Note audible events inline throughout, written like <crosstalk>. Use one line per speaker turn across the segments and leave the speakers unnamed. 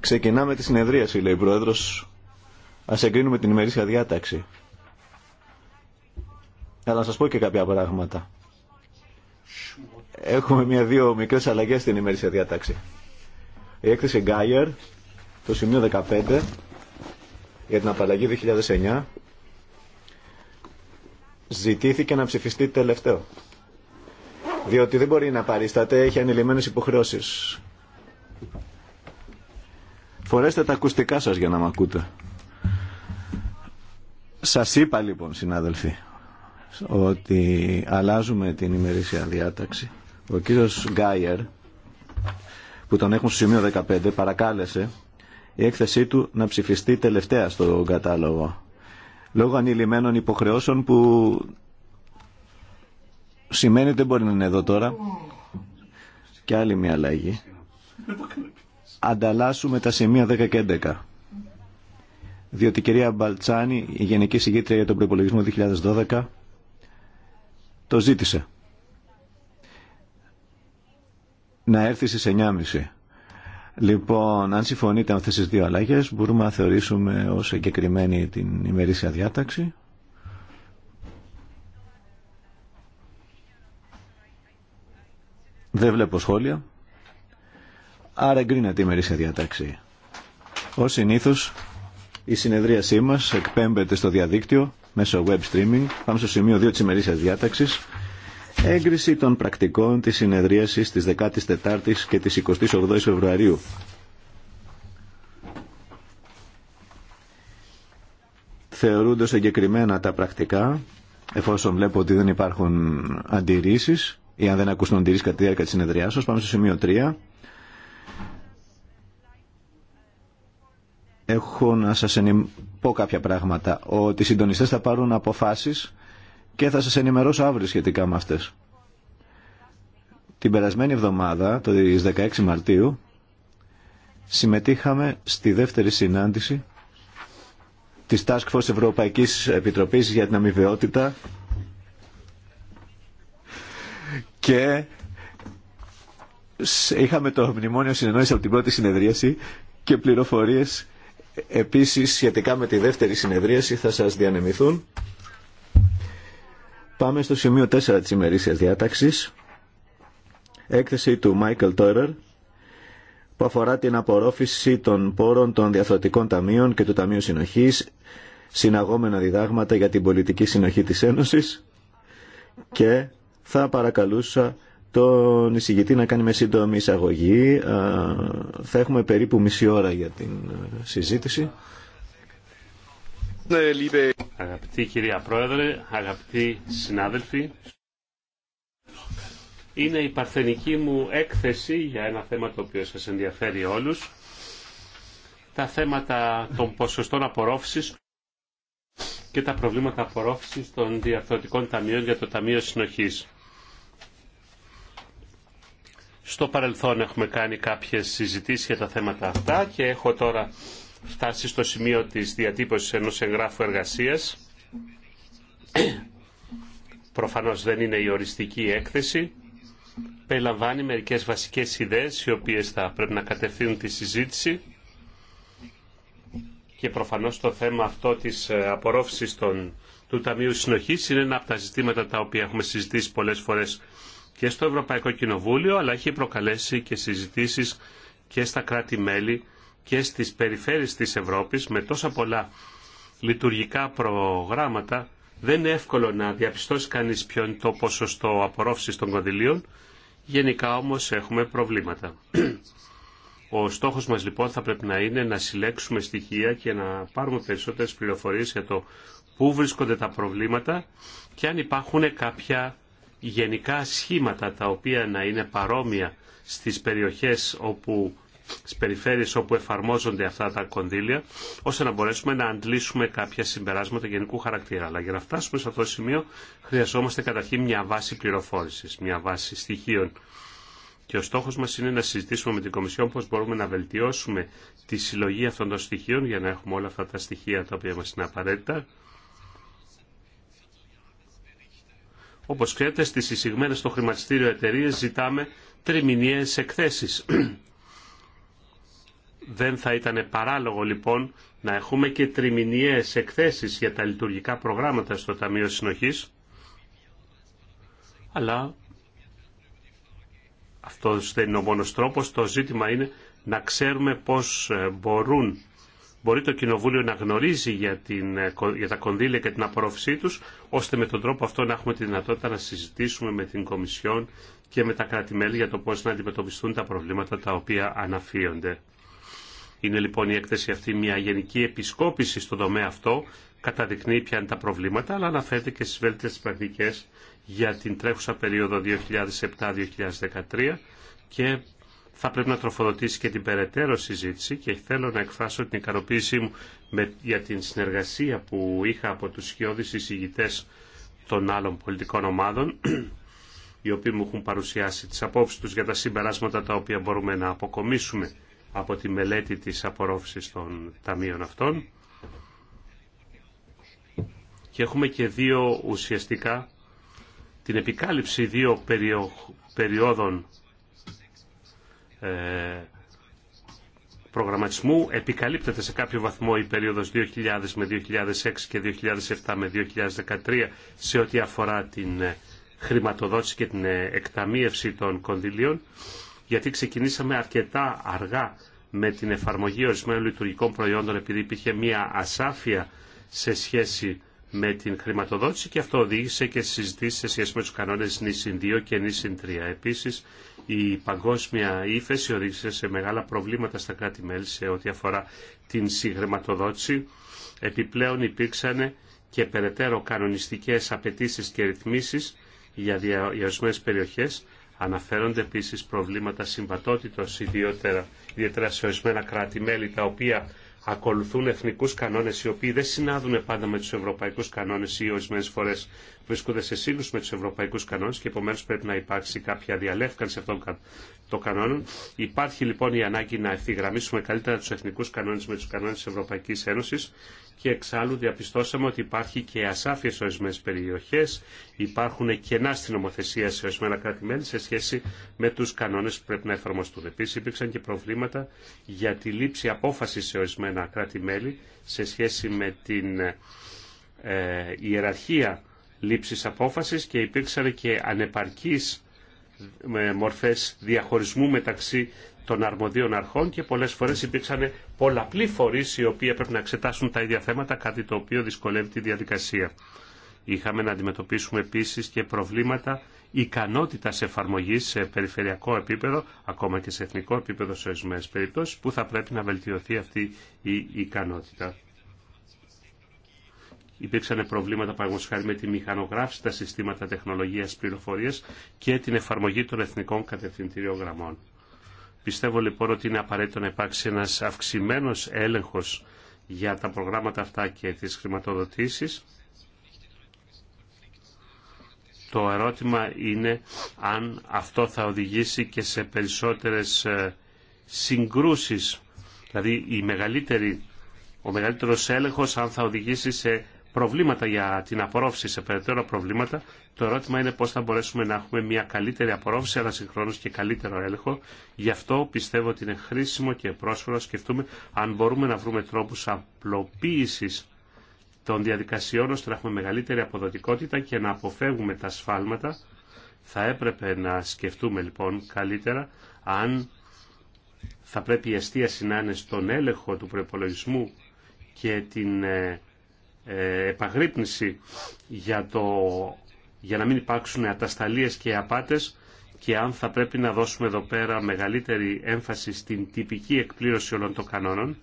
Ξεκινάμε τη συνεδρίαση, λέει ο Πρόεδρος. Ας εγκρίνουμε την ημερήσια διάταξη. Αλλά να σας πω και κάποια πράγματα. Έχουμε μια-δύο μικρές αλλαγές στην ημερήσια διάταξη. Η έκθεση Γκάιερ, το σημείο 15, για την απαλλαγή 2009, ζητήθηκε να ψηφιστεί τελευταίο διότι δεν μπορεί να παρίσταται, έχει ανηλυμένες υποχρεώσεις. Φορέστε τα ακουστικά σας για να μ' ακούτε. Σας είπα λοιπόν συνάδελφοι ότι αλλάζουμε την ημερήσια διάταξη. Ο κύριος Γκάιερ που τον έχουν στο σημείο 15 παρακάλεσε η έκθεσή του να ψηφιστεί τελευταία στο κατάλογο λόγω ανηλυμένων υποχρεώσεων που σημαίνει ότι δεν μπορεί να είναι εδώ τώρα. Και άλλη μια αλλαγή. Ανταλλάσσουμε τα σημεία 10 και 11. Διότι η κυρία Μπαλτσάνη, η Γενική Συγκίτρια για τον Προπολογισμό 2012, το ζήτησε. Να έρθει στις 9.30. Λοιπόν, αν συμφωνείτε με αυτές τις δύο αλλαγές, μπορούμε να θεωρήσουμε ως εγκεκριμένη την ημερήσια διάταξη. Δεν βλέπω σχόλια. Άρα εγκρίνεται η μερίσια διατάξη. Ω συνήθως, η συνεδρίασή μας εκπέμπεται στο διαδίκτυο μέσω web streaming. Πάμε στο σημείο 2 της ημερήσια διάταξη, Έγκριση των πρακτικών της συνεδρίασης της 14 η και τη 28 η Φεβρουαρίου. Θεωρούνται συγκεκριμένα τα πρακτικά, εφόσον βλέπω ότι δεν υπάρχουν αντιρρήσεις, ή αν δεν ακούσουν κατά τη διάρκεια τη συνεδριά σα. Πάμε στο σημείο 3. Έχω να σα ενημ... πω κάποια πράγματα. Ότι οι συντονιστέ θα πάρουν αποφάσει και θα σα ενημερώσω αύριο σχετικά με αυτέ. Την περασμένη εβδομάδα, το 16 Μαρτίου, συμμετείχαμε στη δεύτερη συνάντηση της Task Force Ευρωπαϊκής Επιτροπής για την Αμοιβαιότητα και είχαμε το μνημόνιο συνεννόηση από την πρώτη συνεδρίαση και πληροφορίες επίσης σχετικά με τη δεύτερη συνεδρίαση θα σας διανεμηθούν. Πάμε στο σημείο 4 της ημερήσιας διάταξης. Έκθεση του Μάικλ Τόρερ που αφορά την απορρόφηση των πόρων των διαθροτικών ταμείων και του Ταμείου Συνοχής, συναγόμενα διδάγματα για την πολιτική συνοχή της Ένωσης και θα παρακαλούσα τον εισηγητή να κάνει με σύντομη εισαγωγή. Θα έχουμε περίπου μισή ώρα για την συζήτηση.
Ναι, αγαπητοί κυρία Πρόεδρε, αγαπητοί συνάδελφοι, είναι η παρθενική μου έκθεση για ένα θέμα το οποίο σας ενδιαφέρει όλους. Τα θέματα των ποσοστών απορρόφησης και τα προβλήματα απορρόφησης των διαρθρωτικών ταμείων για το Ταμείο Συνοχής. Στο παρελθόν έχουμε κάνει κάποιες συζητήσεις για τα θέματα αυτά και έχω τώρα φτάσει στο σημείο της διατύπωσης ενός εγγράφου εργασίας. Προφανώς δεν είναι η οριστική έκθεση. Περιλαμβάνει μερικές βασικές ιδέες οι οποίες θα πρέπει να κατευθύνουν τη συζήτηση και προφανώς το θέμα αυτό της ε, απορρόφησης των, του Ταμείου Συνοχής είναι ένα από τα ζητήματα τα οποία έχουμε συζητήσει πολλές φορές και στο Ευρωπαϊκό Κοινοβούλιο, αλλά έχει προκαλέσει και συζητήσεις και στα κράτη-μέλη και στις περιφέρειες της Ευρώπης με τόσα πολλά λειτουργικά προγράμματα δεν είναι εύκολο να διαπιστώσει κανείς ποιο είναι το ποσοστό απορρόφησης των κονδυλίων. Γενικά όμως έχουμε προβλήματα. Ο στόχος μας λοιπόν θα πρέπει να είναι να συλλέξουμε στοιχεία και να πάρουμε περισσότερες πληροφορίες για το πού βρίσκονται τα προβλήματα και αν υπάρχουν κάποια γενικά σχήματα τα οποία να είναι παρόμοια στις περιοχές όπου στις όπου εφαρμόζονται αυτά τα κονδύλια, ώστε να μπορέσουμε να αντλήσουμε κάποια συμπεράσματα γενικού χαρακτήρα. Αλλά για να φτάσουμε σε αυτό το σημείο χρειαζόμαστε καταρχήν μια βάση πληροφόρησης, μια βάση στοιχείων. Και ο στόχος μας είναι να συζητήσουμε με την Κομισιόν πώς μπορούμε να βελτιώσουμε τη συλλογή αυτών των στοιχείων για να έχουμε όλα αυτά τα στοιχεία τα οποία μας είναι απαραίτητα Όπω ξέρετε, στι εισηγμένε στο χρηματιστήριο εταιρείε ζητάμε τριμηνιαίες εκθέσεις. Δεν θα ήταν παράλογο λοιπόν να έχουμε και τριμηνιαίες εκθέσεις για τα λειτουργικά προγράμματα στο Ταμείο Συνοχής, αλλά αυτό δεν είναι ο μόνος τρόπος. Το ζήτημα είναι να ξέρουμε πώς ε, μπορούν μπορεί το Κοινοβούλιο να γνωρίζει για, την, για τα κονδύλια και την απορρόφησή τους, ώστε με τον τρόπο αυτό να έχουμε τη δυνατότητα να συζητήσουμε με την Κομισιόν και με τα κράτη-μέλη για το πώς να αντιμετωπιστούν τα προβλήματα τα οποία αναφύονται. Είναι λοιπόν η έκθεση αυτή μια γενική επισκόπηση στον τομέα αυτό, καταδεικνύει ποια είναι τα προβλήματα, αλλά αναφέρεται και στις βέλτιες πρακτικές για την τρέχουσα περίοδο 2007-2013 και θα πρέπει να τροφοδοτήσει και την περαιτέρω συζήτηση και θέλω να εκφράσω την ικανοποίησή μου με, για την συνεργασία που είχα από τους σκιώδεις εισηγητές των άλλων πολιτικών ομάδων <clears throat> οι οποίοι μου έχουν παρουσιάσει τις απόψεις τους για τα συμπεράσματα τα οποία μπορούμε να αποκομίσουμε από τη μελέτη της απορρόφησης των ταμείων αυτών και έχουμε και δύο ουσιαστικά την επικάλυψη δύο περιόδων ε, προγραμματισμού επικαλύπτεται σε κάποιο βαθμό η περίοδος 2000 με 2006 και 2007 με 2013 σε ό,τι αφορά την ε, χρηματοδότηση και την ε, εκταμείευση των κονδυλίων γιατί ξεκινήσαμε αρκετά αργά με την εφαρμογή ορισμένων λειτουργικών προϊόντων επειδή υπήρχε μία ασάφεια σε σχέση με την χρηματοδότηση και αυτό οδήγησε και συζητήσει σε σχέση με τους κανόνες νησιν 2 και νησιν 3. Επίσης, η παγκόσμια ύφεση οδήγησε σε μεγάλα προβλήματα στα κράτη-μέλη σε ό,τι αφορά την συγχρηματοδότηση. Επιπλέον υπήρξαν και περαιτέρω κανονιστικές απαιτήσει και ρυθμίσεις για διαορισμένε περιοχές. Αναφέρονται επίσης προβλήματα συμβατότητος, ιδιαίτερα ιδιαίτερα σε ορισμένα κράτη-μέλη, τα οποία ακολουθούν εθνικούς κανόνες οι οποίοι δεν συνάδουν πάντα με τους ευρωπαϊκούς κανόνες ή ορισμένε φορές βρίσκονται σε σύγκρουση με τους ευρωπαϊκούς κανόνες και επομένως πρέπει να υπάρξει κάποια διαλεύκανση αυτών των κανόνων. Υπάρχει λοιπόν η ανάγκη να ευθυγραμμίσουμε καλύτερα τους εθνικούς κανόνες με τους κανόνες της Ευρωπαϊκής Ένωσης και εξάλλου διαπιστώσαμε ότι υπάρχει και ασάφεια σε ορισμένε περιοχέ, υπάρχουν κενά στην νομοθεσία σε ορισμένα κράτη-μέλη σε σχέση με του κανόνε που πρέπει να εφαρμοστούν. Επίση, υπήρξαν και προβλήματα για τη λήψη απόφαση σε ορισμένα κράτη-μέλη σε σχέση με την ε, ιεραρχία Λήψη απόφασης και υπήρξαν και ανεπαρκείς ε, μορφές διαχωρισμού μεταξύ των αρμοδίων αρχών και πολλές φορές υπήρξαν πολλαπλοί φορείς οι οποίοι έπρεπε να εξετάσουν τα ίδια θέματα, κάτι το οποίο δυσκολεύει τη διαδικασία. Είχαμε να αντιμετωπίσουμε επίσης και προβλήματα ικανότητας εφαρμογής σε περιφερειακό επίπεδο, ακόμα και σε εθνικό επίπεδο σε ορισμένε περιπτώσει, που θα πρέπει να βελτιωθεί αυτή η ικανότητα υπήρξαν προβλήματα παραγωγικά με τη μηχανογράφηση, τα συστήματα τεχνολογίας πληροφορία και την εφαρμογή των εθνικών κατευθυντηριών γραμμών. Πιστεύω λοιπόν ότι είναι απαραίτητο να υπάρξει ένα αυξημένος έλεγχος για τα προγράμματα αυτά και τις χρηματοδοτήσεις. Το ερώτημα είναι αν αυτό θα οδηγήσει και σε περισσότερες ε, συγκρούσεις, δηλαδή η ο μεγαλύτερος έλεγχος αν θα οδηγήσει σε προβλήματα για την απορρόφηση σε περαιτέρω προβλήματα. Το ερώτημα είναι πώς θα μπορέσουμε να έχουμε μια καλύτερη απορρόφηση αλλά συγχρόνω και καλύτερο έλεγχο. Γι' αυτό πιστεύω ότι είναι χρήσιμο και πρόσφορο να σκεφτούμε αν μπορούμε να βρούμε τρόπους απλοποίησης των διαδικασιών ώστε να έχουμε μεγαλύτερη αποδοτικότητα και να αποφεύγουμε τα σφάλματα. Θα έπρεπε να σκεφτούμε λοιπόν καλύτερα αν θα πρέπει η αστίαση να είναι στον έλεγχο του προπολογισμού και την ε, επαγρύπνηση για, το, για να μην υπάρξουν ατασταλίες και απάτες και αν θα πρέπει να δώσουμε εδώ πέρα μεγαλύτερη έμφαση στην τυπική εκπλήρωση όλων των κανόνων.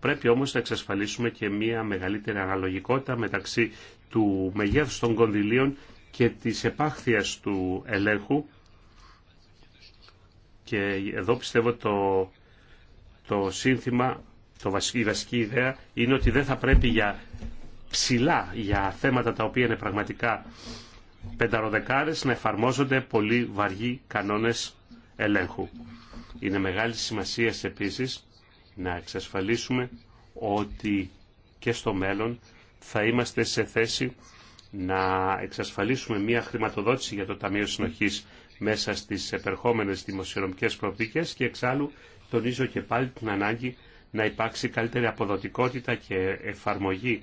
Πρέπει όμως να εξασφαλίσουμε και μια μεγαλύτερη αναλογικότητα μεταξύ του μεγέθους των κονδυλίων και της επάχθειας του ελέγχου. Και εδώ πιστεύω το, το σύνθημα η βασική ιδέα είναι ότι δεν θα πρέπει για ψηλά, για θέματα τα οποία είναι πραγματικά πενταροδεκάρες, να εφαρμόζονται πολύ βαριοί κανόνες ελέγχου. Είναι μεγάλη σημασία επίσης να εξασφαλίσουμε ότι και στο μέλλον θα είμαστε σε θέση να εξασφαλίσουμε μια χρηματοδότηση για το Ταμείο Συνοχής μέσα στις επερχόμενες δημοσιονομικές προοπτικές και εξάλλου τονίζω και πάλι την ανάγκη να υπάρξει καλύτερη αποδοτικότητα και εφαρμογή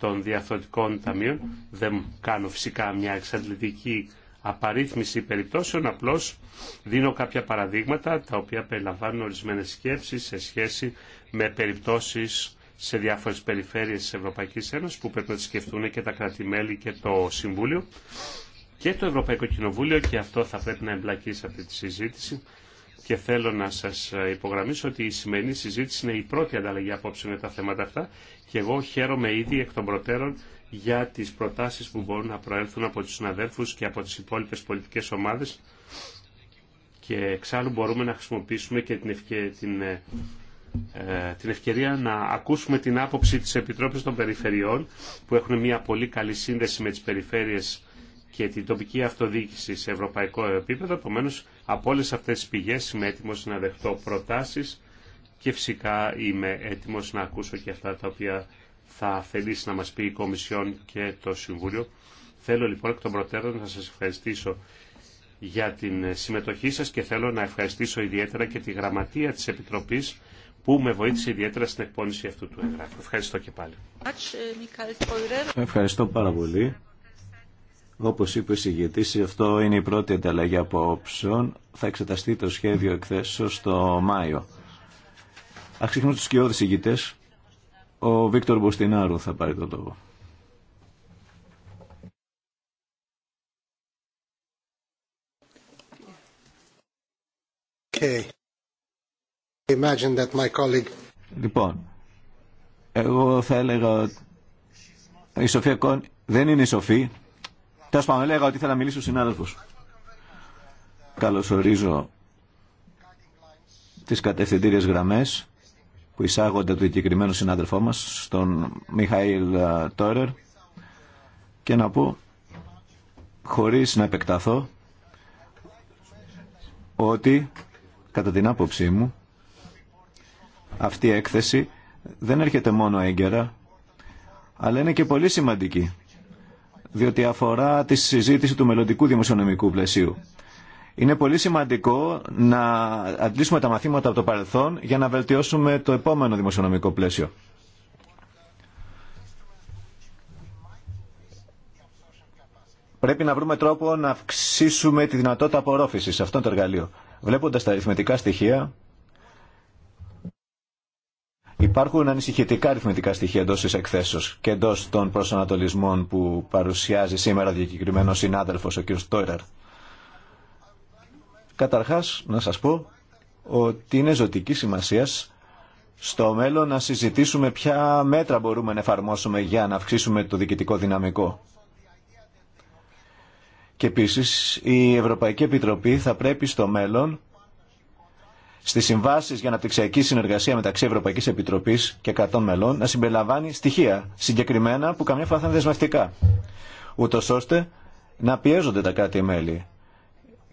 των διαθωτικών ταμείων. Δεν κάνω φυσικά μια εξαντλητική απαρίθμηση περιπτώσεων, απλώς δίνω κάποια παραδείγματα τα οποία περιλαμβάνουν ορισμένες σκέψεις σε σχέση με περιπτώσεις σε διάφορες περιφέρειες της Ευρωπαϊκής Ένωσης που πρέπει να τις σκεφτούν και τα κρατημέλη και το Συμβούλιο και το Ευρωπαϊκό Κοινοβούλιο και αυτό θα πρέπει να εμπλακεί σε αυτή τη συζήτηση και θέλω να σας υπογραμμίσω ότι η σημερινή συζήτηση είναι η πρώτη ανταλλαγή απόψε με τα θέματα αυτά και εγώ χαίρομαι ήδη εκ των προτέρων για τις προτάσεις που μπορούν να προέλθουν από τους συναδέλφου και από τις υπόλοιπε πολιτικές ομάδες και εξάλλου μπορούμε να χρησιμοποιήσουμε και την, την, ε, ε, την ευκαιρία να ακούσουμε την άποψη της Επιτρόπης των Περιφερειών που έχουν μια πολύ καλή σύνδεση με τις περιφέρειες και την τοπική αυτοδιοίκηση σε ευρωπαϊκό επίπεδο. Επομένω, από όλε αυτέ τι πηγέ είμαι έτοιμο να δεχτώ προτάσει και φυσικά είμαι έτοιμο να ακούσω και αυτά τα οποία θα θελήσει να μα πει η Κομισιόν και το Συμβούλιο. Θέλω λοιπόν εκ των προτέρων να σα ευχαριστήσω για την συμμετοχή σας και θέλω να ευχαριστήσω ιδιαίτερα και τη γραμματεία της Επιτροπής που με βοήθησε ιδιαίτερα στην εκπόνηση αυτού του εγγράφου. Ευχαριστώ και πάλι.
Ευχαριστώ πάρα πολύ. Όπως είπε ο συγγετής, αυτό είναι η πρώτη ανταλλαγή απόψεων. Θα εξεταστεί το σχέδιο εκθέσεω το Μάιο. Α ξεχνούμε του σκιώδεις Ο Βίκτορ Μποστινάρου θα πάρει το λόγο.
Okay. Imagine that my colleague...
Λοιπόν, εγώ θα έλεγα ότι η Σοφία Κόν δεν είναι η Σοφή, Τέλο πάντων, έλεγα ότι ήθελα να μιλήσω ο συνάδελφο. Καλωσορίζω τι κατευθυντήριε γραμμέ που εισάγονται του συγκεκριμένου συνάδελφό μα, τον Μιχαήλ ε, Τόρερ, και να πω, χωρί να επεκταθώ, ότι κατά την άποψή μου αυτή η έκθεση δεν έρχεται μόνο έγκαιρα αλλά είναι και πολύ σημαντική διότι αφορά τη συζήτηση του μελλοντικού δημοσιονομικού πλαισίου. Είναι πολύ σημαντικό να αντλήσουμε τα μαθήματα από το παρελθόν για να βελτιώσουμε το επόμενο δημοσιονομικό πλαίσιο. Πρέπει να βρούμε τρόπο να αυξήσουμε τη δυνατότητα απορρόφησης σε αυτό το εργαλείο. Βλέποντας τα αριθμητικά στοιχεία, Υπάρχουν ανησυχητικά αριθμητικά στοιχεία εντό τη εκθέσεω και εντό των προσανατολισμών που παρουσιάζει σήμερα διακεκριμένο συνάδελφο, ο κ. Τόιραρ. Καταρχά, να σα πω ότι είναι ζωτική σημασία στο μέλλον να συζητήσουμε ποια μέτρα μπορούμε να εφαρμόσουμε για να αυξήσουμε το διοικητικό δυναμικό. Και επίση, η Ευρωπαϊκή Επιτροπή θα πρέπει στο μέλλον στι συμβάσει για αναπτυξιακή συνεργασία μεταξύ Ευρωπαϊκή Επιτροπή και 100 μελών να συμπεριλαμβάνει στοιχεία συγκεκριμένα που καμιά φορά θα είναι δεσμευτικά, ούτω ώστε να πιέζονται τα κράτη-μέλη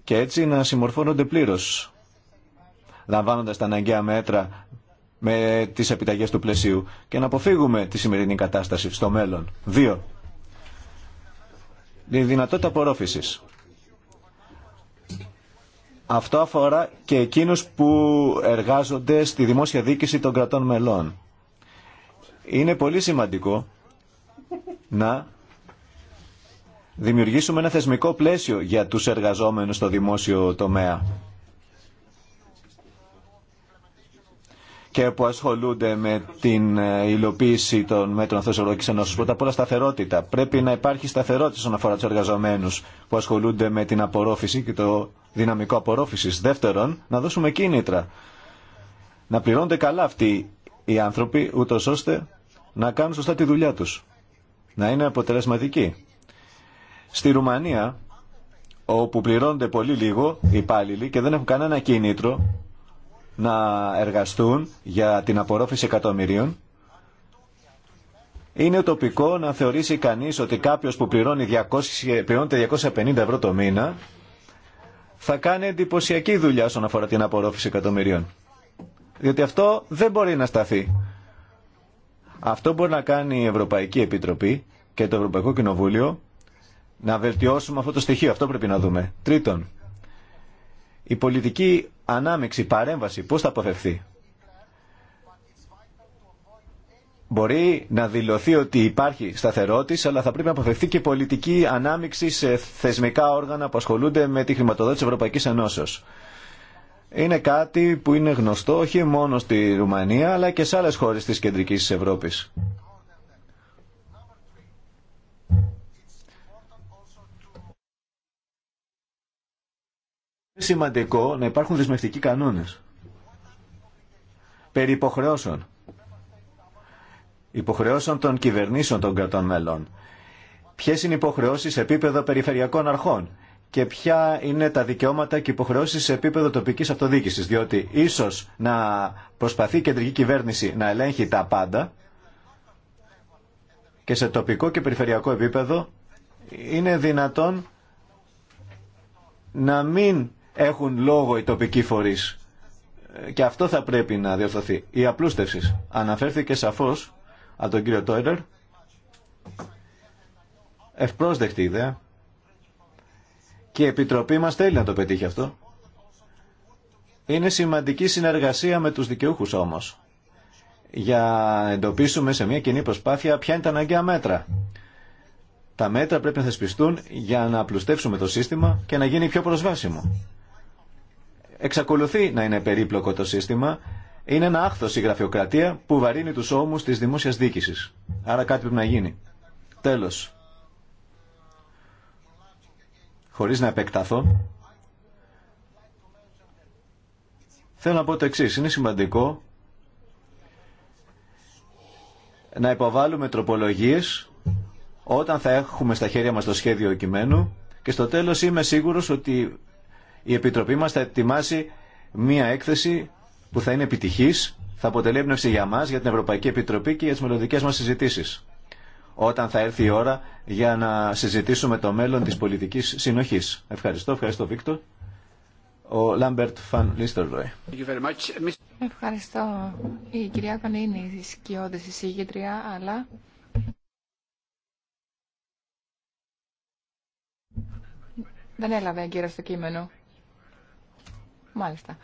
και έτσι να συμμορφώνονται πλήρω, λαμβάνοντα τα αναγκαία μέτρα με τι επιταγέ του πλαισίου και να αποφύγουμε τη σημερινή κατάσταση στο μέλλον. Δύο, Η δυνατότητα απορρόφηση. Αυτό αφορά και εκείνους που εργάζονται στη δημόσια δίκηση των κρατών μελών. Είναι πολύ σημαντικό να δημιουργήσουμε ένα θεσμικό πλαίσιο για τους εργαζόμενους στο δημόσιο τομέα και που ασχολούνται με την ε, υλοποίηση των μέτρων αυτών τη Ευρωπαϊκή Ενώση. Πρώτα απ' όλα σταθερότητα. Πρέπει να υπάρχει σταθερότητα όσον αφορά του εργαζομένου που ασχολούνται με την απορρόφηση και το δυναμικό απορρόφηση. Δεύτερον, να δώσουμε κίνητρα. Να πληρώνονται καλά αυτοί οι άνθρωποι, ούτω ώστε να κάνουν σωστά τη δουλειά του. Να είναι αποτελεσματικοί. Στη Ρουμανία, όπου πληρώνονται πολύ λίγο οι υπάλληλοι και δεν έχουν κανένα κίνητρο, να εργαστούν για την απορρόφηση εκατομμυρίων. Είναι τοπικό να θεωρήσει κανείς ότι κάποιος που πληρώνει 200, πληρώνεται 250 ευρώ το μήνα θα κάνει εντυπωσιακή δουλειά όσον αφορά την απορρόφηση εκατομμυρίων. Διότι αυτό δεν μπορεί να σταθεί. Αυτό μπορεί να κάνει η Ευρωπαϊκή Επιτροπή και το Ευρωπαϊκό Κοινοβούλιο να βελτιώσουμε αυτό το στοιχείο. Αυτό πρέπει να δούμε. Τρίτον, η πολιτική ανάμειξη, παρέμβαση, πώς θα αποφευθεί. Μπορεί να δηλωθεί ότι υπάρχει σταθερότης, αλλά θα πρέπει να αποφευθεί και πολιτική ανάμειξη σε θεσμικά όργανα που ασχολούνται με τη χρηματοδότηση Ευρωπαϊκής Ενώσεως. Είναι κάτι που είναι γνωστό όχι μόνο στη Ρουμανία, αλλά και σε άλλες χώρες της κεντρικής Ευρώπης. Είναι σημαντικό να υπάρχουν δεσμευτικοί κανόνες περί υποχρεώσεων. Υποχρεώσεων των κυβερνήσεων των κρατών μελών. Ποιε είναι οι υποχρεώσει σε επίπεδο περιφερειακών αρχών και ποια είναι τα δικαιώματα και υποχρεώσει σε επίπεδο τοπική αυτοδιοίκηση. Διότι ίσω να προσπαθεί η κεντρική κυβέρνηση να ελέγχει τα πάντα και σε τοπικό και περιφερειακό επίπεδο είναι δυνατόν να μην έχουν λόγο οι τοπικοί φορεί. Και αυτό θα πρέπει να διορθωθεί. Η απλούστευση. Αναφέρθηκε σαφώ από τον κύριο Τόιλερ Ευπρόσδεκτη ιδέα. Και η Επιτροπή μας θέλει να το πετύχει αυτό. Είναι σημαντική συνεργασία με τους δικαιούχους όμως. Για να εντοπίσουμε σε μια κοινή προσπάθεια ποια είναι τα αναγκαία μέτρα. Τα μέτρα πρέπει να θεσπιστούν για να απλουστεύσουμε το σύστημα και να γίνει πιο προσβάσιμο. Εξακολουθεί να είναι περίπλοκο το σύστημα. Είναι ένα άχθος η γραφειοκρατία που βαρύνει τους ώμους της δημόσιας δίκησης. Άρα κάτι πρέπει να γίνει. Τέλος. Χωρίς να επεκταθώ, θέλω να πω το εξής. Είναι σημαντικό να υποβάλουμε τροπολογίες όταν θα έχουμε στα χέρια μας το σχέδιο κειμένου και στο τέλος είμαι σίγουρος ότι η Επιτροπή μας θα ετοιμάσει μία έκθεση που θα είναι επιτυχής, θα αποτελεί έμπνευση για μας, για την Ευρωπαϊκή Επιτροπή και για τις μελλοντικέ μας συζητήσεις. Όταν θα έρθει η ώρα για να συζητήσουμε το μέλλον της πολιτικής συνοχής. Ευχαριστώ, ευχαριστώ Βίκτορ. Ο Λάμπερτ Φαν Λίστερροϊ.
Ευχαριστώ. Η κυρία είναι η σκιώδης εισηγήτρια, αλλά δεν έλαβε εγκύρα στο κείμενο. Μάλιστα.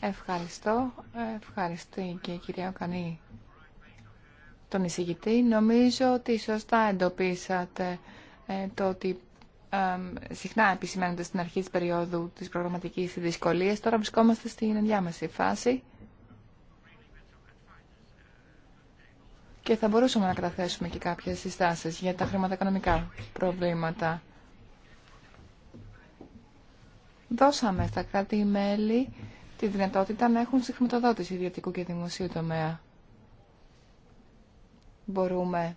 Ευχαριστώ. Ευχαριστώ και η κυρία Οκανή τον εισηγητή. Νομίζω ότι σωστά εντοπίσατε ε, το ότι συχνά επισημαίνονται στην αρχή της περίοδου της προγραμματικής δυσκολίες. Τώρα βρισκόμαστε στην ενδιάμεση φάση και θα μπορούσαμε να καταθέσουμε και κάποιες συστάσεις για τα χρηματοοικονομικά προβλήματα δώσαμε στα κράτη-μέλη τη δυνατότητα να έχουν συγχρηματοδότηση ιδιωτικού και δημοσίου τομέα. Μπορούμε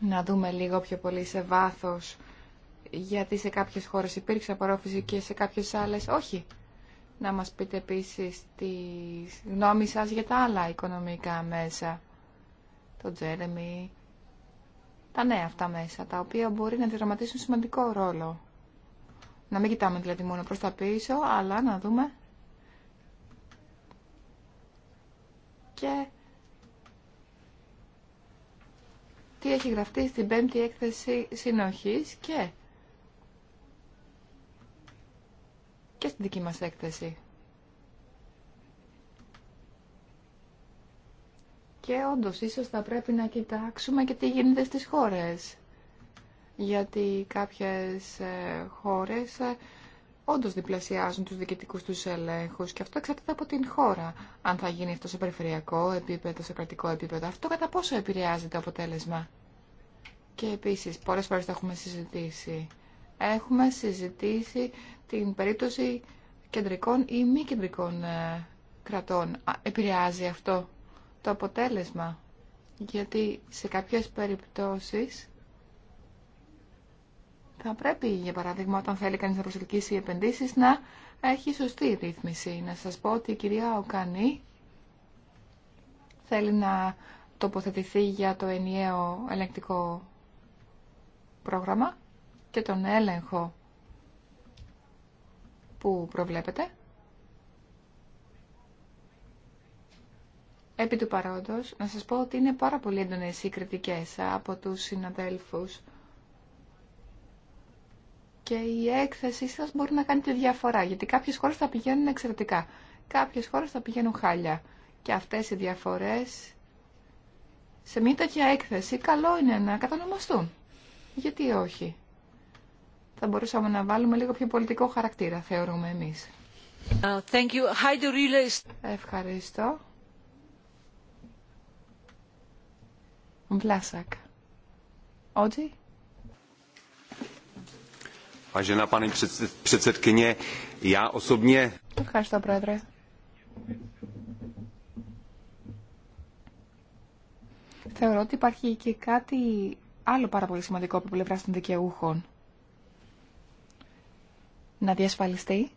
να δούμε λίγο πιο πολύ σε βάθος γιατί σε κάποιες χώρες υπήρξε απορρόφηση και σε κάποιες άλλες όχι. Να μας πείτε επίσης τη γνώμη σας για τα άλλα οικονομικά μέσα. Το Τζέρεμι, τα νέα αυτά μέσα, τα οποία μπορεί να διδραματίσουν σημαντικό ρόλο να μην κοιτάμε δηλαδή μόνο προς τα πίσω, αλλά να δούμε και τι έχει γραφτεί στην πέμπτη έκθεση συνοχής και, και στην δική μας έκθεση. Και όντως ίσως θα πρέπει να κοιτάξουμε και τι γίνεται στις χώρες γιατί κάποιες ε, χώρες ε, όντω διπλασιάζουν τους διοικητικούς τους ελέγχους και αυτό εξαρτάται από την χώρα. Αν θα γίνει αυτό σε περιφερειακό επίπεδο, σε κρατικό επίπεδο, αυτό κατά πόσο επηρεάζει το αποτέλεσμα. Και επίσης, πολλές φορές το έχουμε συζητήσει. Έχουμε συζητήσει την περίπτωση κεντρικών ή μη κεντρικών ε, κρατών. Επηρεάζει αυτό το αποτέλεσμα. Γιατί σε κάποιες περιπτώσεις θα πρέπει, για παράδειγμα, όταν θέλει κανείς να προσελκύσει επενδύσεις, να έχει σωστή ρύθμιση. Να σας πω ότι η κυρία Οκανή θέλει να τοποθετηθεί για το ενιαίο ελεγκτικό πρόγραμμα και τον έλεγχο που προβλέπετε. Επί του παρόντος, να σας πω ότι είναι πάρα πολύ έντονες οι κριτικές από τους συναδέλφους και η έκθεσή σας μπορεί να κάνει τη διαφορά, γιατί κάποιες χώρες θα πηγαίνουν εξαιρετικά, κάποιες χώρες θα πηγαίνουν χάλια. Και αυτές οι διαφορές σε μια τέτοια έκθεση καλό είναι να κατανομαστούν. Γιατί όχι. Θα μπορούσαμε να βάλουμε λίγο πιο πολιτικό χαρακτήρα, θεωρούμε εμείς. Uh, thank you. Ευχαριστώ. Βλάσακ. Ότζι paní Ευχαριστώ, Πρόεδρε. Θεωρώ ότι υπάρχει και κάτι άλλο πάρα πολύ σημαντικό από πλευρά των δικαιούχων. Να διασφαλιστεί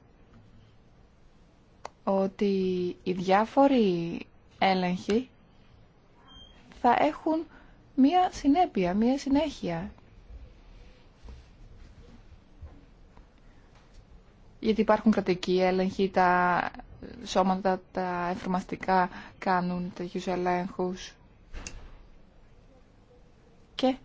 ότι οι διάφοροι έλεγχοι θα έχουν μία συνέπεια, μία συνέχεια γιατί υπάρχουν κρατικοί έλεγχοι, τα σώματα τα εφαρμαστικά κάνουν τέτοιου ελέγχου. Και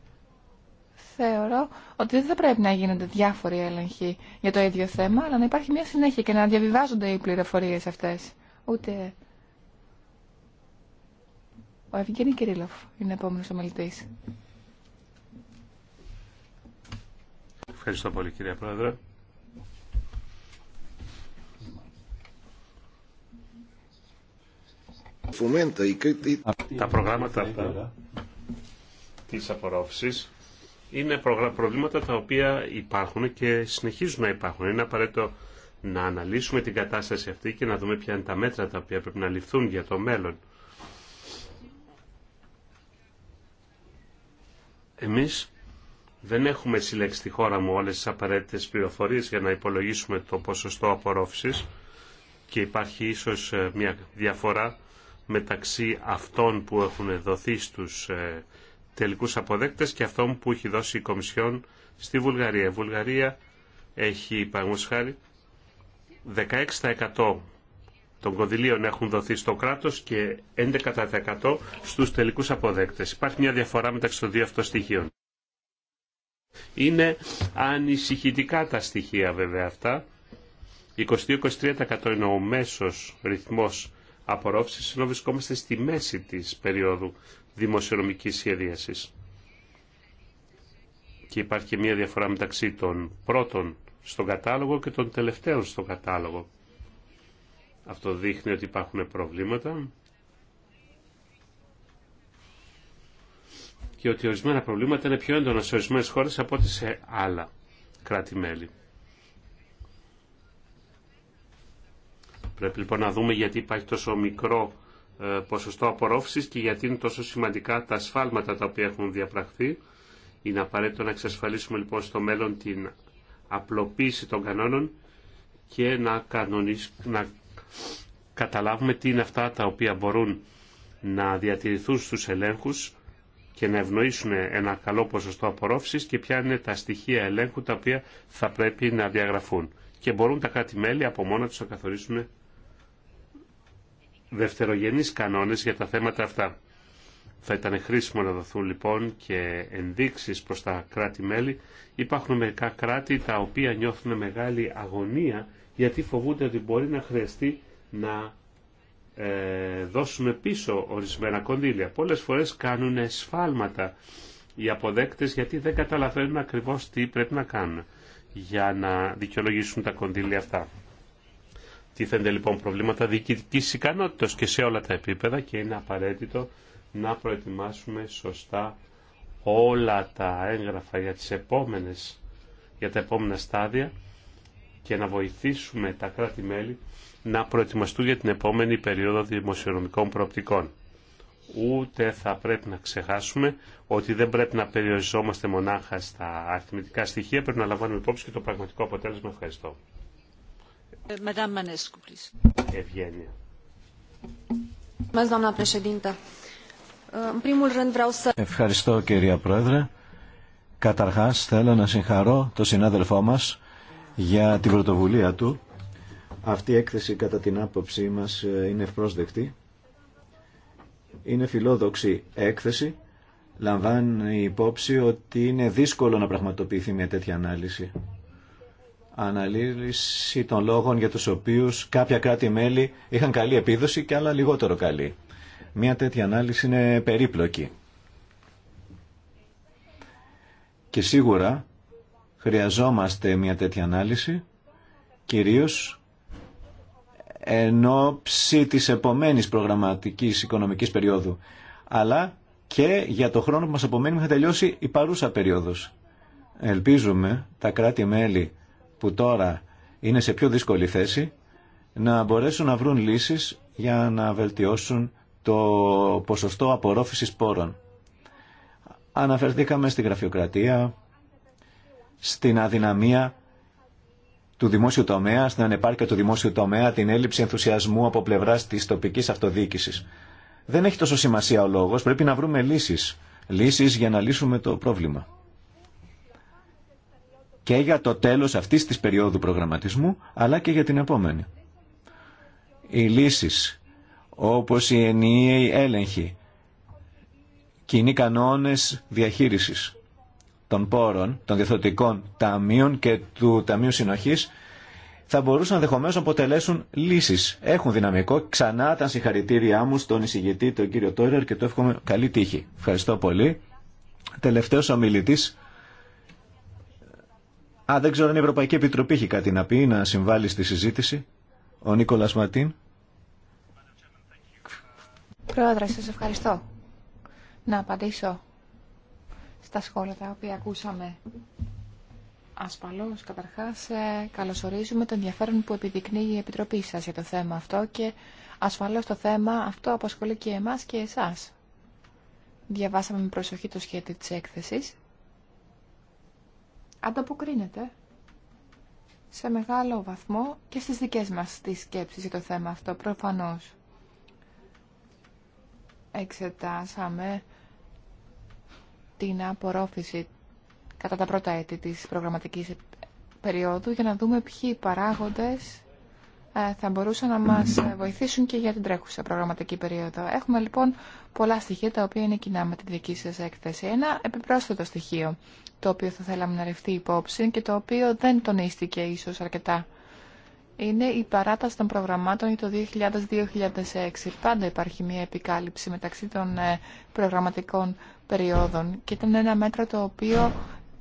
θεωρώ ότι δεν θα πρέπει να γίνονται διάφοροι έλεγχοι για το ίδιο θέμα, αλλά να υπάρχει μια συνέχεια και να διαβιβάζονται οι πληροφορίε αυτές. Ούτε... Ο Ευγένη Κυρίλοφ είναι επόμενο ομιλητή.
Ευχαριστώ πολύ κυρία Πρόεδρε. Τα προγράμματα της απορρόφησης είναι προβλήματα τα οποία υπάρχουν και συνεχίζουν να υπάρχουν. Είναι απαραίτητο να αναλύσουμε την κατάσταση αυτή και να δούμε ποια είναι τα μέτρα τα οποία πρέπει να ληφθούν για το μέλλον. Εμείς δεν έχουμε συλλέξει στη χώρα μου όλες τις απαραίτητες πληροφορίες για να υπολογίσουμε το ποσοστό απορρόφησης και υπάρχει ίσως ε, μια διαφορά μεταξύ αυτών που έχουν δοθεί στους ε, τελικούς αποδέκτες και αυτών που έχει δώσει η Κομισιόν στη Βουλγαρία. Η Βουλγαρία έχει, παραγωγός χάρη, 16% των κονδυλίων έχουν δοθεί στο κράτος και 11% στους τελικούς αποδέκτες. Υπάρχει μια διαφορά μεταξύ των δύο αυτών στοιχείων. Είναι ανησυχητικά τα στοιχεία βέβαια αυτά. 22-23% είναι ο μέσος ρυθμός απορρόφησης, ενώ βρισκόμαστε στη μέση της περίοδου δημοσιονομικής σχεδίασης. Και υπάρχει και μία διαφορά μεταξύ των πρώτων στον κατάλογο και των τελευταίων στον κατάλογο. Αυτό δείχνει ότι υπάρχουν προβλήματα και ότι ορισμένα προβλήματα είναι πιο έντονα σε ορισμένες χώρες από ό,τι σε άλλα κράτη-μέλη. Πρέπει λοιπόν να δούμε γιατί υπάρχει τόσο μικρό ε, ποσοστό απορρόφησης και γιατί είναι τόσο σημαντικά τα σφάλματα τα οποία έχουν διαπραχθεί. Είναι απαραίτητο να εξασφαλίσουμε λοιπόν στο μέλλον την απλοποίηση των κανόνων και να, να καταλάβουμε τι είναι αυτά τα οποία μπορούν να διατηρηθούν στους ελέγχους και να ευνοήσουν ένα καλό ποσοστό απορρόφησης και ποια είναι τα στοιχεία ελέγχου τα οποία θα πρέπει να διαγραφούν. Και μπορούν τα κάτι μελη από μόνα τους να καθορίσουν δευτερογενείς κανόνες για τα θέματα αυτά. Θα ήταν χρήσιμο να δοθούν λοιπόν και ενδείξεις προς τα κράτη-μέλη. Υπάρχουν μερικά κράτη τα οποία νιώθουν μεγάλη αγωνία γιατί φοβούνται ότι μπορεί να χρειαστεί να ε, δώσουν πίσω ορισμένα κονδύλια. Πολλές φορές κάνουν σφάλματα οι αποδέκτες γιατί δεν καταλαβαίνουν ακριβώς τι πρέπει να κάνουν για να δικαιολογήσουν τα κονδύλια αυτά. Τίθενται λοιπόν προβλήματα διοικητική ικανότητα και σε όλα τα επίπεδα και είναι απαραίτητο να προετοιμάσουμε σωστά όλα τα έγγραφα για, για τα επόμενα στάδια και να βοηθήσουμε τα κράτη-μέλη να προετοιμαστούν για την επόμενη περίοδο δημοσιονομικών προοπτικών. Ούτε θα πρέπει να ξεχάσουμε ότι δεν πρέπει να περιοριζόμαστε μονάχα στα αριθμητικά στοιχεία, πρέπει να λαμβάνουμε υπόψη και το πραγματικό αποτέλεσμα. Ευχαριστώ.
Euh, uh, Ευχαριστώ κυρία Πρόεδρε. Καταρχάς θέλω να συγχαρώ τον συνάδελφό μας για την πρωτοβουλία του. Αυτή η έκθεση κατά την άποψή μας ε, είναι ευπρόσδεκτη. Είναι φιλόδοξη έκθεση. Λαμβάνει υπόψη ότι είναι δύσκολο να πραγματοποιηθεί μια τέτοια ανάλυση αναλύση των λόγων για τους οποίους κάποια κράτη-μέλη είχαν καλή επίδοση και άλλα λιγότερο καλή. Μια τέτοια ανάλυση είναι περίπλοκη. Και σίγουρα χρειαζόμαστε μια τέτοια ανάλυση, κυρίως εν της επομένης προγραμματικής οικονομικής περίοδου, αλλά και για το χρόνο που μας απομένει θα τελειώσει η παρούσα περίοδος. Ελπίζουμε τα κράτη-μέλη που τώρα είναι σε πιο δύσκολη θέση να μπορέσουν να βρουν λύσεις για να βελτιώσουν το ποσοστό απορρόφησης πόρων. Αναφερθήκαμε στη γραφειοκρατία, στην αδυναμία του δημόσιου τομέα, στην ανεπάρκεια του δημόσιου τομέα, την έλλειψη ενθουσιασμού από πλευρά τη τοπική αυτοδιοίκηση. Δεν έχει τόσο σημασία ο λόγο, πρέπει να βρούμε λύσει. Λύσει για να λύσουμε το πρόβλημα και για το τέλος αυτής της περίοδου προγραμματισμού, αλλά και για την επόμενη. Οι λύσεις, όπως η ενιαίοι έλεγχη, κοινοί κανόνες διαχείρισης των πόρων, των διαθωτικών ταμείων και του Ταμείου Συνοχής, θα μπορούσαν να να αποτελέσουν λύσει. Έχουν δυναμικό. Ξανά τα συγχαρητήριά μου στον εισηγητή, τον κύριο Τόιρερ, και το εύχομαι καλή τύχη. Ευχαριστώ πολύ. Τελευταίο ομιλητή, Α, δεν ξέρω αν η Ευρωπαϊκή Επιτροπή έχει κάτι να πει, να συμβάλλει στη συζήτηση. Ο Νίκολας Ματίν.
Πρόεδρε, σα ευχαριστώ. Να απαντήσω στα σχόλια τα οποία ακούσαμε. Ασφαλώς, καταρχάς, ε, καλωσορίζουμε το ενδιαφέρον που επιδεικνύει η Επιτροπή σας για το θέμα αυτό και ασφαλώς το θέμα αυτό απασχολεί και εμάς και εσάς. Διαβάσαμε με προσοχή το σχέδιο της έκθεσης ανταποκρίνεται σε μεγάλο βαθμό και στις δικές μας τις σκέψεις για το θέμα αυτό, προφανώς. Εξετάσαμε την απορρόφηση κατά τα πρώτα έτη της προγραμματικής περίοδου για να δούμε ποιοι παράγοντες ε, θα μπορούσαν να μας βοηθήσουν και για την τρέχουσα προγραμματική περίοδο. Έχουμε λοιπόν πολλά στοιχεία τα οποία είναι κοινά με την δική σας έκθεση. Ένα επιπρόσθετο στοιχείο το οποίο θα θέλαμε να ρευτεί υπόψη και το οποίο δεν τονίστηκε ίσως αρκετά. Είναι η παράταση των προγραμμάτων για το 2000-2006. Πάντα υπάρχει μια επικάλυψη μεταξύ των ε, προγραμματικών περιόδων και ήταν ένα μέτρο το οποίο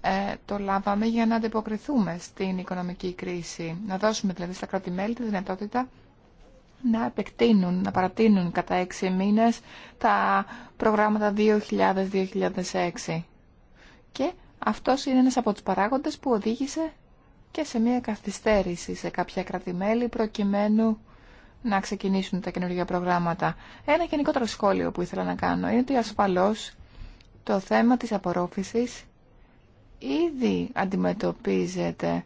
ε, το λάβαμε για να αντιποκριθούμε στην οικονομική κρίση. Να δώσουμε δηλαδή στα κράτη-μέλη τη δυνατότητα να επεκτείνουν, να παρατείνουν κατά έξι μήνες τα προγράμματα 2000-2006. Και αυτός είναι ένας από τους παράγοντες που οδήγησε και σε μια καθυστέρηση σε κάποια κράτη-μέλη προκειμένου να ξεκινήσουν τα καινούργια προγράμματα. Ένα γενικότερο σχόλιο που ήθελα να κάνω είναι ότι ασφαλώς το θέμα της απορρόφησης ήδη αντιμετωπίζεται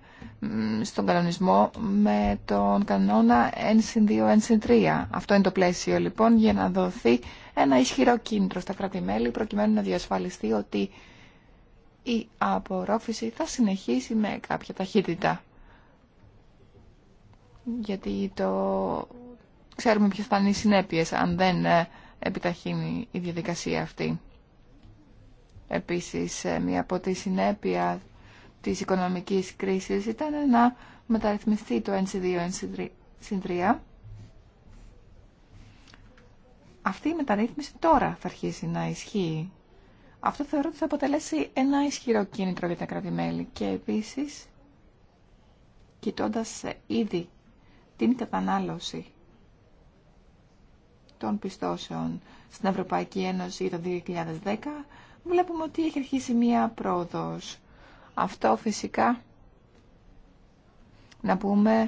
στον κανονισμό με τον κανονα 1 NSYN2, 3 Αυτό είναι το πλαίσιο λοιπόν για να δοθεί ένα ισχυρό κίνητρο στα κράτη-μέλη προκειμένου να διασφαλιστεί ότι η απορρόφηση θα συνεχίσει με κάποια ταχύτητα. Γιατί το ξέρουμε ποιες θα είναι οι συνέπειες αν δεν ε, επιταχύνει η διαδικασία αυτή. Επίσης, ε, μία από τη συνέπεια της οικονομικής κρίσης ήταν να μεταρρυθμιστεί το NC2-NC3. Αυτή η μεταρρύθμιση τώρα θα αρχίσει να ισχύει. Αυτό θεωρώ ότι θα αποτελέσει ένα ισχυρό κίνητρο για τα κρατημέλη και επίσης κοιτώντας ε, ήδη την κατανάλωση των πιστώσεων στην Ευρωπαϊκή Ένωση το 2010 βλέπουμε ότι έχει αρχίσει μία πρόοδος. Αυτό φυσικά να πούμε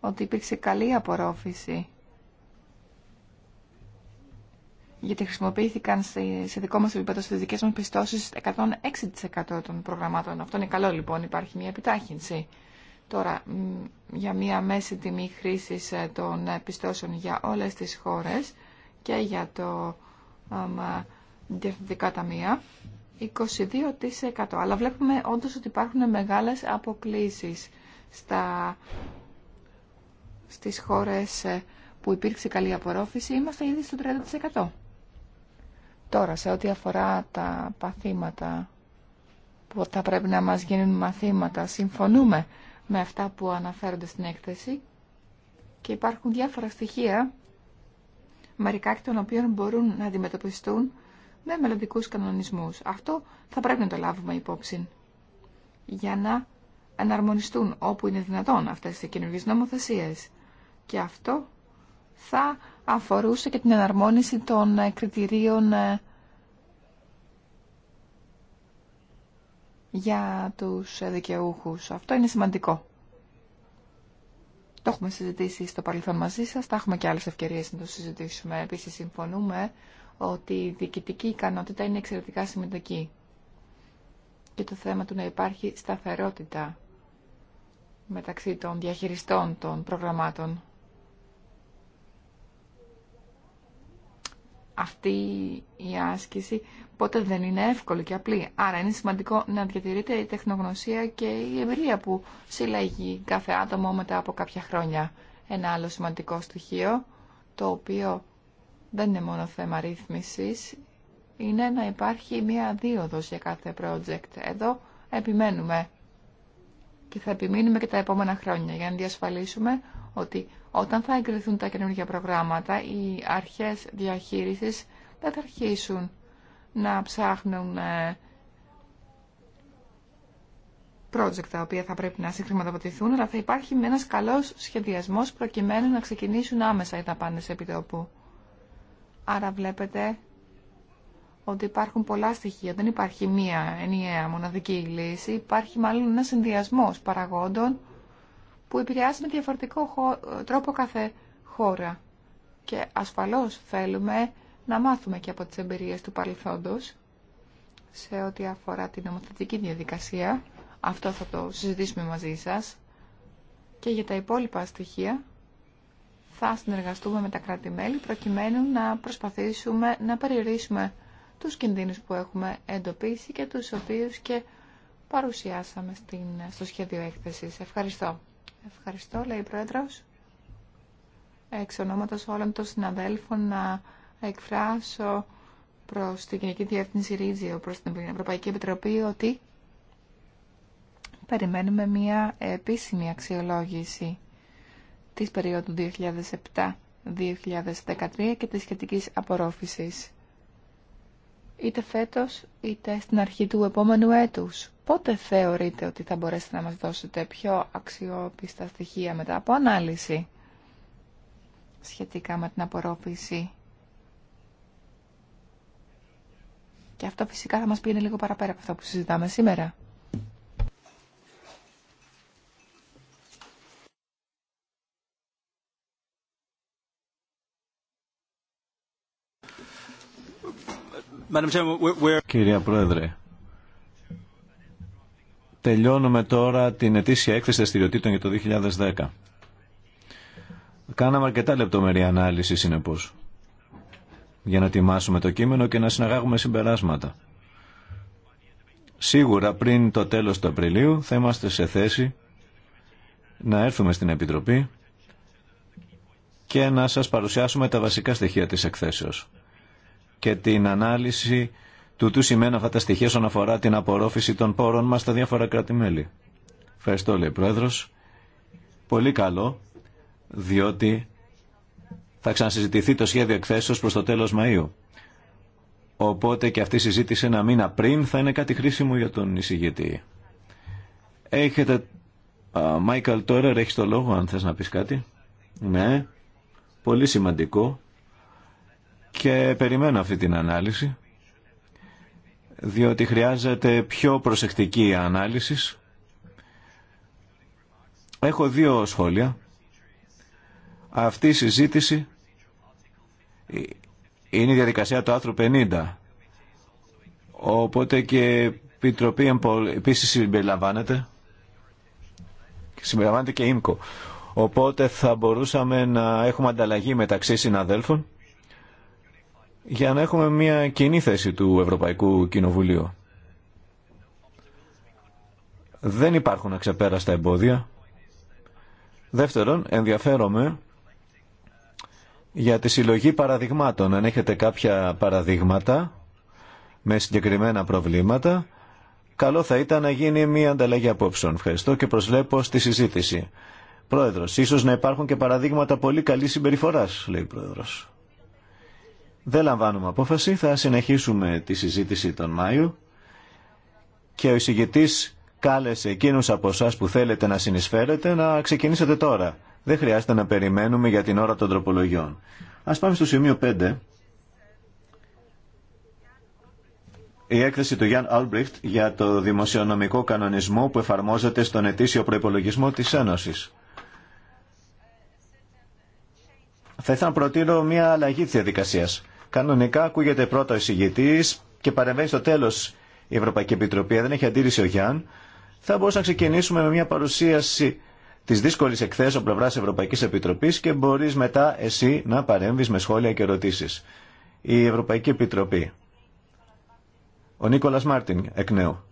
ότι υπήρξε καλή απορρόφηση γιατί χρησιμοποιήθηκαν σε δικό μας επίπεδο στις δικές μας πιστώσεις 106% των προγραμμάτων. Αυτό είναι καλό λοιπόν, υπάρχει μια επιτάχυνση. Τώρα, για μια μέση τιμή χρήσης ε, των πιστώσεων για όλες τις χώρες και για το διευθυντικά ταμεία, 22%. Αλλά βλέπουμε όντως ότι υπάρχουν μεγάλες αποκλήσεις στα, στις χώρες ε, που υπήρξε καλή απορρόφηση. Είμαστε ήδη στο 30%. Τώρα, σε ό,τι αφορά τα παθήματα που θα πρέπει να μας γίνουν μαθήματα, συμφωνούμε με αυτά που αναφέρονται στην έκθεση και υπάρχουν διάφορα στοιχεία, μερικά και των οποίων μπορούν να αντιμετωπιστούν με μελλοντικού κανονισμού. Αυτό θα πρέπει να το λάβουμε υπόψη για να εναρμονιστούν όπου είναι δυνατόν αυτές οι καινούργιε νομοθεσίες. Και αυτό θα αφορούσε και την εναρμόνιση των ε, κριτηρίων ε, για τους ε, δικαιούχους. Αυτό είναι σημαντικό. Το έχουμε συζητήσει στο παρελθόν μαζί σας, θα έχουμε και άλλες ευκαιρίες να το συζητήσουμε. Επίσης συμφωνούμε ότι η διοικητική ικανότητα είναι εξαιρετικά σημαντική. Και το θέμα του να υπάρχει σταθερότητα μεταξύ των διαχειριστών των προγραμμάτων. Αυτή η άσκηση ποτέ δεν είναι εύκολη και απλή. Άρα είναι σημαντικό να διατηρείται η τεχνογνωσία και η εμπειρία που συλλαγεί κάθε άτομο μετά από κάποια χρόνια. Ένα άλλο σημαντικό στοιχείο, το οποίο δεν είναι μόνο θέμα ρύθμισης, είναι να υπάρχει μία δίωδος για κάθε project. Εδώ επιμένουμε και θα επιμείνουμε και τα επόμενα χρόνια για να διασφαλίσουμε ότι όταν θα εγκριθούν τα καινούργια προγράμματα, οι αρχές διαχείρισης δεν θα αρχίσουν να ψάχνουν ε, project τα οποία θα πρέπει να συγχρηματοδοτηθούν, αλλά θα υπάρχει ένας καλός σχεδιασμός προκειμένου να ξεκινήσουν άμεσα οι δαπάνες επιτόπου. Άρα βλέπετε ότι υπάρχουν πολλά στοιχεία. Δεν υπάρχει μία ενιαία μοναδική λύση. Υπάρχει μάλλον ένα συνδυασμό παραγόντων που επηρεάζει με διαφορετικό τρόπο κάθε χώρα. Και ασφαλώς θέλουμε να μάθουμε και από τις εμπειρίες του παρελθόντος σε ό,τι αφορά την νομοθετική διαδικασία. Αυτό θα το συζητήσουμε μαζί σας. Και για τα υπόλοιπα στοιχεία θα συνεργαστούμε με τα κράτη-μέλη προκειμένου να προσπαθήσουμε να περιορίσουμε τους κινδύνους που έχουμε εντοπίσει και τους οποίους και παρουσιάσαμε στην, στο σχέδιο έκθεσης. Ευχαριστώ. Ευχαριστώ, λέει η Πρόεδρος. Εξ ονόματος όλων των συναδέλφων να εκφράσω προς την Γενική Διεύθυνση Ρίζιο, προς την Ευρωπαϊκή Επιτροπή, ότι περιμένουμε μία επίσημη αξιολόγηση της περίοδου 2007-2013 και της σχετικής απορρόφησης. Είτε φέτος, είτε στην αρχή του επόμενου έτους. Πότε θεωρείτε ότι θα μπορέσετε να μας δώσετε πιο αξιόπιστα στοιχεία μετά από ανάλυση σχετικά με την απορρόφηση. Και αυτό φυσικά θα μας πήγαινε λίγο παραπέρα από αυτό που συζητάμε σήμερα.
Κυρία Πρόεδρε, τελειώνουμε τώρα την ετήσια έκθεση δραστηριοτήτων για το 2010. Κάναμε αρκετά λεπτομερή ανάλυση, συνεπώς, για να τιμάσουμε το κείμενο και να συναγάγουμε συμπεράσματα. Σίγουρα πριν το τέλος του Απριλίου θα είμαστε σε θέση να έρθουμε στην Επιτροπή και να σας παρουσιάσουμε τα βασικά στοιχεία της εκθέσεως και την ανάλυση του τι σημαίνουν αυτά τα στοιχεία όσον αφορά την απορρόφηση των πόρων μας στα διάφορα κράτη-μέλη. Ευχαριστώ, λέει Πρόεδρος. Πολύ καλό, διότι θα ξανασυζητηθεί το σχέδιο εκθέσεως προς το τέλος Μαΐου. Οπότε και αυτή η συζήτηση ένα μήνα πριν θα είναι κάτι χρήσιμο για τον εισηγητή. Έχετε... Μάικαλ Τόρερ, έχεις το λόγο αν θες να πεις κάτι. Ναι, πολύ σημαντικό και περιμένω αυτή την ανάλυση διότι χρειάζεται πιο προσεκτική ανάλυση. Έχω δύο σχόλια. Αυτή η συζήτηση είναι η διαδικασία του άρθρου 50. Οπότε και η Επιτροπή επίσης συμπεριλαμβάνεται. Συμπεριλαμβάνεται και η ΙΜΚΟ. Οπότε θα μπορούσαμε να έχουμε ανταλλαγή μεταξύ συναδέλφων για να έχουμε μια κοινή θέση του Ευρωπαϊκού Κοινοβουλίου. Δεν υπάρχουν αξεπέραστα εμπόδια. Δεύτερον, ενδιαφέρομαι για τη συλλογή παραδειγμάτων. Αν έχετε κάποια παραδείγματα με συγκεκριμένα προβλήματα, καλό θα ήταν να γίνει μια ανταλλαγή απόψεων. Ευχαριστώ και προσλέπω στη συζήτηση. Πρόεδρος, ίσως να υπάρχουν και παραδείγματα πολύ καλής συμπεριφοράς, λέει ο Πρόεδρος. Δεν λαμβάνουμε απόφαση, θα συνεχίσουμε τη συζήτηση τον Μάιο και ο εισηγητής κάλεσε εκείνους από εσά που θέλετε να συνεισφέρετε να ξεκινήσετε τώρα. Δεν χρειάζεται να περιμένουμε για την ώρα των τροπολογιών. Ας πάμε στο σημείο 5. Η έκθεση του Γιάνν Αλμπριχτ για το δημοσιονομικό κανονισμό που εφαρμόζεται στον ετήσιο προπολογισμό της Ένωσης. Θα ήθελα να προτείνω μια αλλαγή τη διαδικασία. Κανονικά ακούγεται πρώτα ο εισηγητή και παρεμβαίνει στο τέλο η Ευρωπαϊκή Επιτροπή. Δεν έχει αντίρρηση ο Γιάν. Θα μπορούσαμε να ξεκινήσουμε με μια παρουσίαση τη δύσκολη από πλευρά Ευρωπαϊκή Επιτροπή και μπορεί μετά εσύ να παρέμβει με σχόλια και ερωτήσει. Η Ευρωπαϊκή Επιτροπή. Ο Νίκολα Μάρτιν εκ νέου.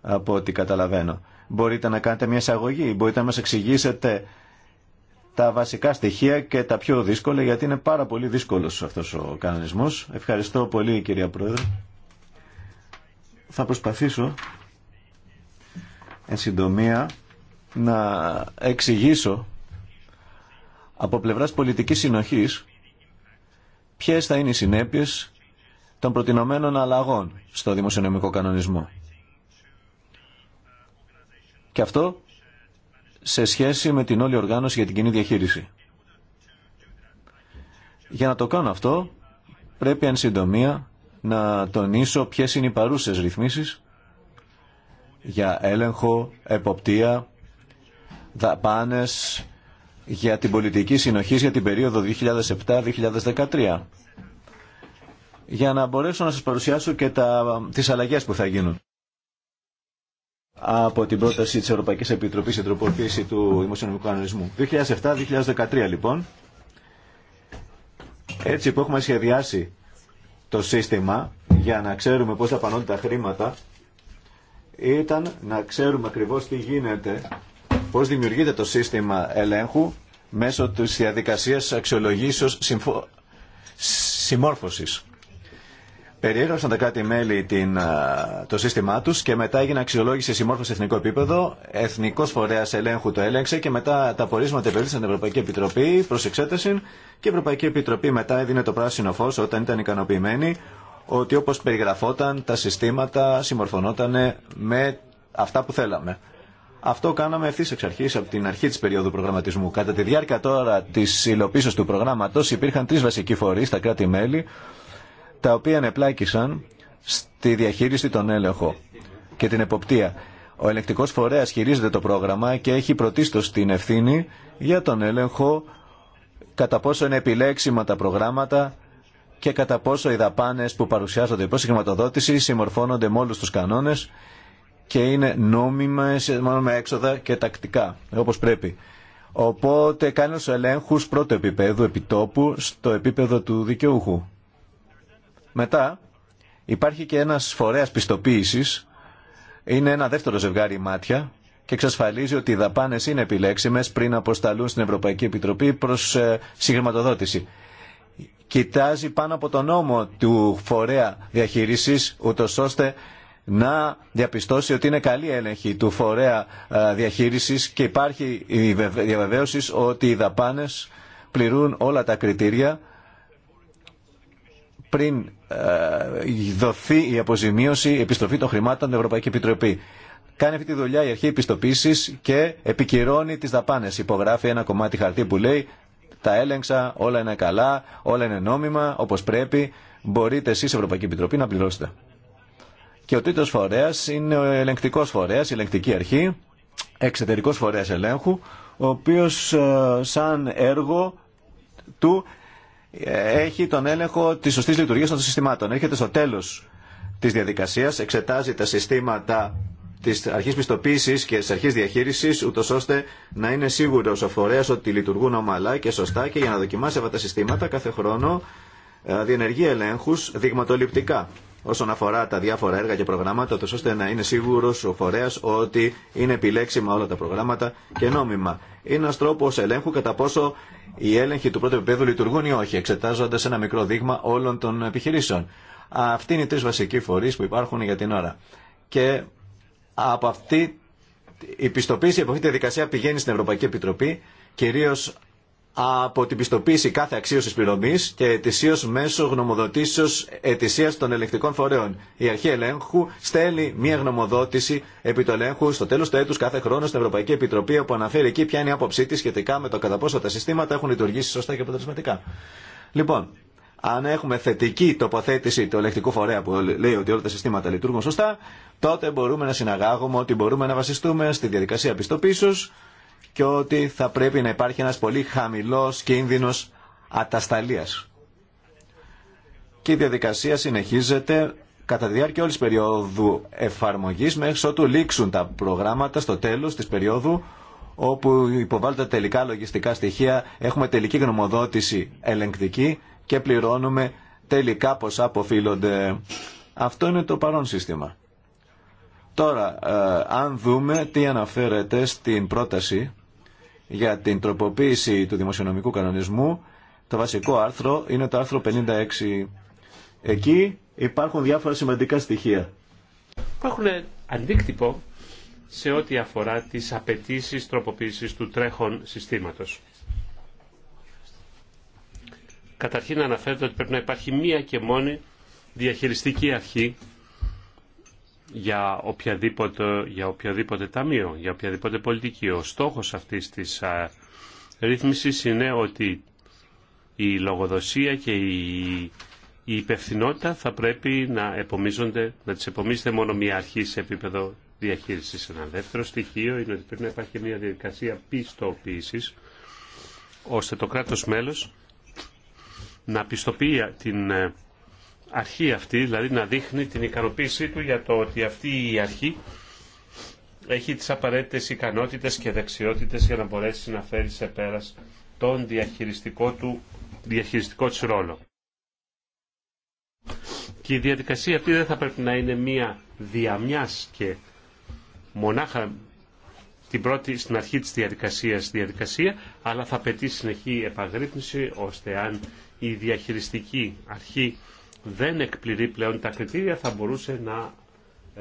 Από ό,τι καταλαβαίνω. Μπορείτε να κάνετε μια εισαγωγή, μπορείτε να μα εξηγήσετε τα βασικά στοιχεία και τα πιο δύσκολα γιατί είναι πάρα πολύ δύσκολος αυτός ο κανονισμός. Ευχαριστώ πολύ κυρία Πρόεδρε. Θα προσπαθήσω εν συντομία να εξηγήσω από πλευράς πολιτικής συνοχής ποιες θα είναι οι συνέπειες των προτινομένων αλλαγών στο δημοσιονομικό κανονισμό. Και αυτό σε σχέση με την όλη οργάνωση για την κοινή διαχείριση. Για να το κάνω αυτό, πρέπει εν συντομία να τονίσω ποιες είναι οι παρούσες ρυθμίσεις για έλεγχο, εποπτεία, δαπάνες για την πολιτική συνοχή για την περίοδο 2007-2013. Για να μπορέσω να σας παρουσιάσω και τα, τις αλλαγές που θα γίνουν από την πρόταση της Ευρωπαϊκής Επιτροπής για τροποποίηση του δημοσιονομικού κανονισμού. 2007-2013 λοιπόν. Έτσι που έχουμε σχεδιάσει το σύστημα για να ξέρουμε πώς θα πανώνται τα χρήματα ήταν να ξέρουμε ακριβώς τι γίνεται, πώς δημιουργείται το σύστημα ελέγχου μέσω της διαδικασίας αξιολογήσεως συμφο... συμμόρφωσης. Περιέγραψαν τα κράτη-μέλη το σύστημά του και μετά έγινε αξιολόγηση συμμόρφωση σε εθνικό επίπεδο. Εθνικό φορέα ελέγχου το έλεγξε και μετά τα πορίσματα επέλεξαν την Ευρωπαϊκή Επιτροπή προ εξέταση και η Ευρωπαϊκή Επιτροπή μετά έδινε το πράσινο φω όταν ήταν ικανοποιημένη ότι όπω περιγραφόταν τα συστήματα συμμορφωνόταν με αυτά που θέλαμε. Αυτό κάναμε ευθύ εξ αρχή, από την αρχή τη περίοδου προγραμματισμού. Κατά τη διάρκεια τώρα τη υλοποίηση του προγράμματο υπήρχαν τρει βασικοί φορεί, τα κράτη-μέλη τα οποία ανεπλάκησαν στη διαχείριση των έλεγχο και την εποπτεία. Ο ελεκτικός φορέας χειρίζεται το πρόγραμμα και έχει πρωτίστως την ευθύνη για τον έλεγχο κατά πόσο είναι επιλέξιμα τα προγράμματα και κατά πόσο οι δαπάνε που παρουσιάζονται υπό συγχρηματοδότηση συμμορφώνονται με όλου του κανόνε και είναι νόμιμα μόνο με έξοδα και τακτικά, όπω πρέπει. Οπότε κάνει του ελέγχου πρώτο επίπεδο επιτόπου, στο επίπεδο του δικαιούχου. Μετά υπάρχει και ένας φορέας πιστοποίησης, είναι ένα δεύτερο ζευγάρι μάτια και εξασφαλίζει ότι οι δαπάνε είναι επιλέξιμες πριν αποσταλούν στην Ευρωπαϊκή Επιτροπή προς ε, συγχρηματοδότηση. Κοιτάζει πάνω από τον νόμο του φορέα διαχείρισης, ούτως ώστε να διαπιστώσει ότι είναι καλή έλεγχη του φορέα ε, διαχείρισης και υπάρχει η διαβεβαίωση ότι οι δαπάνες πληρούν όλα τα κριτήρια πριν ε, δοθεί η αποζημίωση, η επιστροφή των χρημάτων στην Ευρωπαϊκή Επιτροπή. Κάνει αυτή τη δουλειά η αρχή επιστοποίηση και επικυρώνει τι δαπάνε. Υπογράφει ένα κομμάτι χαρτί που λέει τα έλεγξα, όλα είναι καλά, όλα είναι νόμιμα, όπω πρέπει. Μπορείτε εσεί, Ευρωπαϊκή Επιτροπή, να πληρώσετε. Και ο τρίτο φορέα είναι ο ελεγκτικό φορέα, η ελεγκτική αρχή, εξωτερικό φορέα ελέγχου, ο οποίο ε, σαν έργο του έχει τον έλεγχο της σωστή λειτουργίας των συστημάτων. Έρχεται στο τέλο της διαδικασίας, εξετάζει τα συστήματα της αρχή πιστοποίηση και τη αρχής διαχείρισης, ούτω ώστε να είναι σίγουρος ο φορέας ότι λειτουργούν ομαλά και σωστά και για να δοκιμάσει αυτά τα συστήματα κάθε χρόνο ε, διενεργεί ελέγχους δειγματοληπτικά όσον αφορά τα διάφορα έργα και προγράμματα, ώστε να είναι σίγουρο ο φορέα ότι είναι επιλέξιμα όλα τα προγράμματα και νόμιμα. Είναι ένα τρόπο ελέγχου κατά πόσο οι έλεγχοι του πρώτου επίπεδου λειτουργούν ή όχι, εξετάζοντα ένα μικρό δείγμα όλων των επιχειρήσεων. Αυτοί είναι οι τρει βασικοί φορεί που υπάρχουν για την ώρα. Και από αυτή η πιστοποίηση από αυτή τη διαδικασία πηγαίνει στην Ευρωπαϊκή Επιτροπή, κυρίω από την πιστοποίηση κάθε αξίωση πληρωμή και ετησίω μέσω γνωμοδοτήσεω ετησία των ελεκτικών φορέων. Η αρχή ελέγχου στέλνει μία γνωμοδότηση επί του ελέγχου στο τέλο του έτου κάθε χρόνο στην Ευρωπαϊκή Επιτροπή, όπου αναφέρει εκεί ποια είναι η άποψή τη σχετικά με το κατά πόσο τα συστήματα έχουν λειτουργήσει σωστά και αποτελεσματικά. Λοιπόν, αν έχουμε θετική τοποθέτηση του ελεκτικού φορέα που λέει ότι όλα τα συστήματα λειτουργούν σωστά, τότε μπορούμε να συναγάγουμε ότι μπορούμε να βασιστούμε στη διαδικασία πιστοποίησεω και ότι θα πρέπει να υπάρχει ένας πολύ χαμηλός κίνδυνος ατασταλίας. Και η διαδικασία συνεχίζεται κατά τη διάρκεια όλης της περίοδου εφαρμογής μέχρι ότου λήξουν τα προγράμματα στο τέλος της περίοδου όπου υποβάλλονται τελικά λογιστικά στοιχεία, έχουμε τελική γνωμοδότηση ελεγκτική και πληρώνουμε τελικά ποσά οφείλονται. Αυτό είναι το παρόν σύστημα. Τώρα, ε, αν δούμε τι αναφέρεται στην πρόταση για την τροποποίηση του δημοσιονομικού κανονισμού. Το βασικό άρθρο είναι το άρθρο 56. Εκεί υπάρχουν διάφορα σημαντικά στοιχεία.
Υπάρχουν αντίκτυπο σε ό,τι αφορά τις απαιτήσει τροποποίησης του τρέχον συστήματος. Καταρχήν αναφέρεται ότι πρέπει να υπάρχει μία και μόνη διαχειριστική αρχή για οποιαδήποτε, για οποιαδήποτε ταμείο, για οποιαδήποτε πολιτική. Ο στόχος αυτής της α, ρύθμισης είναι ότι η λογοδοσία και η, η υπευθυνότητα θα πρέπει να, επομίζονται, να τις επομίζεται μόνο μια αρχή σε επίπεδο διαχείρισης. Ένα δεύτερο στοιχείο είναι ότι πρέπει να υπάρχει μια διαδικασία πιστοποίησης ώστε το κράτος μέλος να πιστοποιεί την ε, αρχή αυτή, δηλαδή να δείχνει την ικανοποίησή του για το ότι αυτή η αρχή έχει τις απαραίτητες ικανότητες και δεξιότητες για να μπορέσει να φέρει σε πέρας τον διαχειριστικό, του, διαχειριστικό ρόλο. Και η διαδικασία αυτή δεν θα πρέπει να είναι μία διαμιάς και μονάχα την πρώτη, στην αρχή της διαδικασίας διαδικασία, αλλά θα απαιτεί συνεχή επαγρύπνηση, ώστε αν η διαχειριστική αρχή δεν εκπληρεί πλέον τα κριτήρια θα μπορούσε να,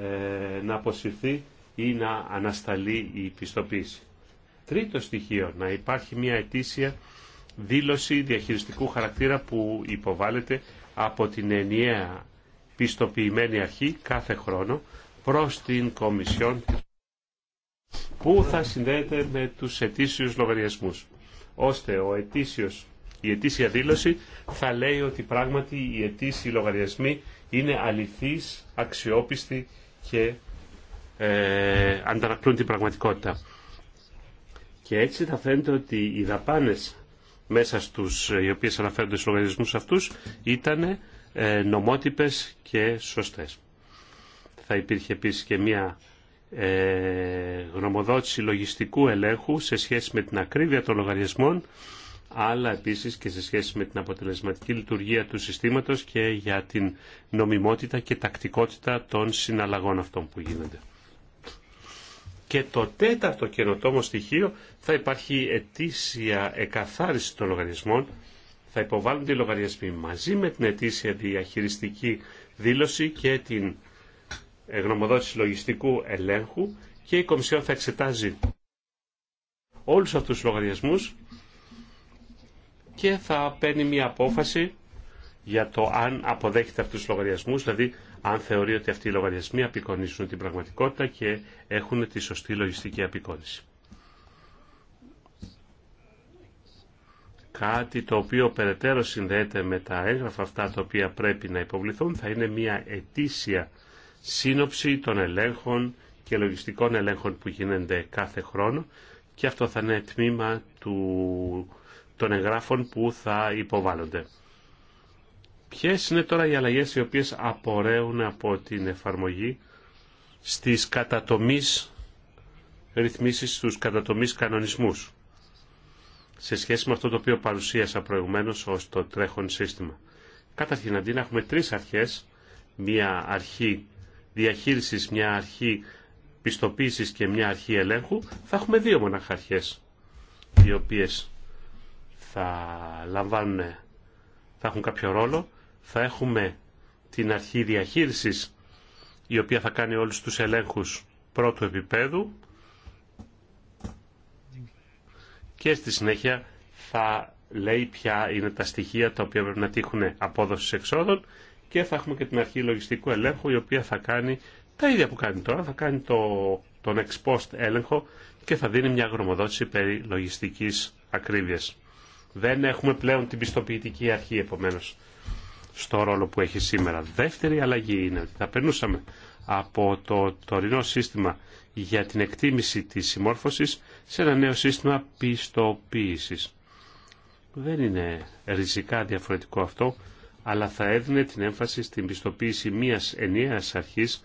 ε, να αποσυρθεί ή να ανασταλεί η πιστοποίηση. Τρίτο στοιχείο, να υπάρχει μια ετήσια δήλωση διαχειριστικού χαρακτήρα που υποβάλλεται από την ενιαία πιστοποιημένη αρχή κάθε χρόνο προς την Κομισιόν που θα συνδέεται με τους ετήσιους λογαριασμούς, ώστε ο ετήσιος η ετήσια δήλωση θα λέει ότι πράγματι οι ετήσιοι λογαριασμοί είναι αληθείς, αξιόπιστοι και ε, αντανακλούν την πραγματικότητα. Και έτσι θα φαίνεται ότι οι δαπάνες μέσα στους οι οποίες αναφέρονται στους λογαριασμούς αυτούς ήταν ε, νομότυπες και σωστές. Θα υπήρχε επίσης και μια ε, γνωμοδότηση λογιστικού ελέγχου σε σχέση με την ακρίβεια των λογαριασμών αλλά επίσης και σε σχέση με την αποτελεσματική λειτουργία του συστήματος και για την νομιμότητα και τακτικότητα των συναλλαγών αυτών που γίνονται. Και το τέταρτο καινοτόμο στοιχείο θα υπάρχει ετήσια εκαθάριση των λογαριασμών. Θα υποβάλλονται οι λογαριασμοί μαζί με την ετήσια διαχειριστική δήλωση και την ε, γνωμοδότηση λογιστικού ελέγχου και η Κομισιόν θα εξετάζει όλους αυτούς τους λογαριασμούς και θα παίρνει μια απόφαση για το αν αποδέχεται αυτούς τους λογαριασμούς, δηλαδή αν θεωρεί ότι αυτοί οι λογαριασμοί απεικονίζουν την πραγματικότητα και έχουν τη σωστή λογιστική απεικόνηση. Κάτι το οποίο περαιτέρω συνδέεται με τα έγγραφα αυτά τα οποία πρέπει να υποβληθούν θα είναι μια ετήσια σύνοψη των ελέγχων και λογιστικών ελέγχων που γίνονται κάθε χρόνο και αυτό θα είναι τμήμα του των εγγράφων που θα υποβάλλονται. Ποιες είναι τώρα οι αλλαγές οι οποίες απορρέουν από την εφαρμογή στις κατατομής ρυθμίσεις, στους κατατομής κανονισμούς σε σχέση με αυτό το οποίο παρουσίασα προηγουμένως ως το τρέχον σύστημα. Καταρχήν αντί να έχουμε τρεις αρχές, μία αρχή διαχείρισης, μία αρχή πιστοποίησης και μία αρχή ελέγχου, θα έχουμε δύο μοναχαρχές οι οποίες θα λαμβάνουν, θα έχουν κάποιο ρόλο. Θα έχουμε την αρχή διαχείρισης η οποία θα κάνει όλους τους ελέγχους πρώτου επίπεδου και στη συνέχεια θα λέει ποια είναι τα στοιχεία τα οποία πρέπει να τύχουν απόδοση εξόδων και θα έχουμε και την αρχή λογιστικού ελέγχου η οποία θα κάνει τα ίδια που κάνει τώρα, θα κάνει τον ex post έλεγχο και θα δίνει μια γνωμοδότηση περί λογιστικής ακρίβειας. Δεν έχουμε πλέον την πιστοποιητική αρχή επομένως στο ρόλο που έχει σήμερα. Δεύτερη αλλαγή είναι ότι θα περνούσαμε από το τωρινό σύστημα για την εκτίμηση της συμμόρφωσης σε ένα νέο σύστημα πιστοποίησης. Δεν είναι ριζικά διαφορετικό αυτό, αλλά θα έδινε την έμφαση στην πιστοποίηση μίας ενιαίας αρχής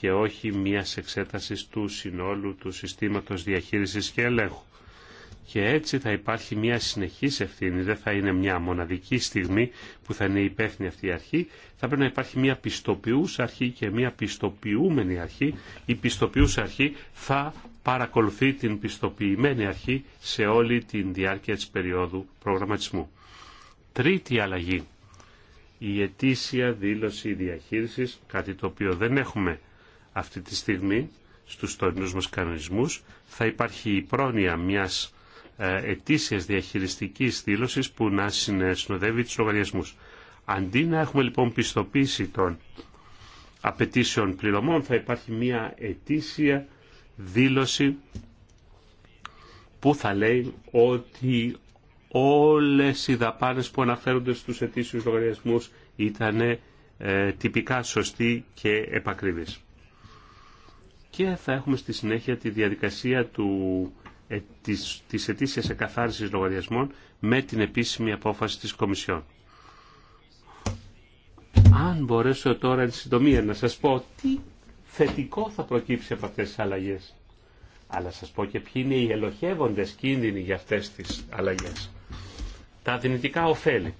και όχι μίας εξέτασης του συνόλου του συστήματος διαχείρισης και ελέγχου και έτσι θα υπάρχει μια συνεχής ευθύνη, δεν θα είναι μια μοναδική στιγμή που θα είναι υπεύθυνη αυτή η αρχή, θα πρέπει να υπάρχει μια πιστοποιούσα αρχή και μια πιστοποιούμενη αρχή. Η πιστοποιούσα αρχή θα παρακολουθεί την πιστοποιημένη αρχή σε όλη την διάρκεια της περίοδου προγραμματισμού. Τρίτη αλλαγή, η ετήσια δήλωση διαχείρισης, κάτι το οποίο δεν έχουμε αυτή τη στιγμή στους τωρινούς μας κανονισμούς, θα υπάρχει η πρόνοια μιας ε, ετήσιας διαχειριστικής δήλωσης που να συνοδεύει τους λογαριασμούς. Αντί να έχουμε λοιπόν πιστοποίηση των απαιτήσεων πληρωμών θα υπάρχει μια ετήσια δήλωση που θα λέει ότι όλες οι δαπάνες που αναφέρονται στους ετήσιους λογαριασμούς ήταν ε, τυπικά σωστοί και επακριβείς. Και θα έχουμε στη συνέχεια τη διαδικασία του ε, τις ετήσιας εκαθάρισης λογαριασμών με την επίσημη απόφαση της Κομισιόν. Αν μπορέσω τώρα εν συντομία να σας πω τι θετικό θα προκύψει από αυτές τις αλλαγές. Αλλά σας πω και ποιοι είναι οι ελοχεύοντες κίνδυνοι για αυτές τις αλλαγές. Τα δυνητικά ωφέλη.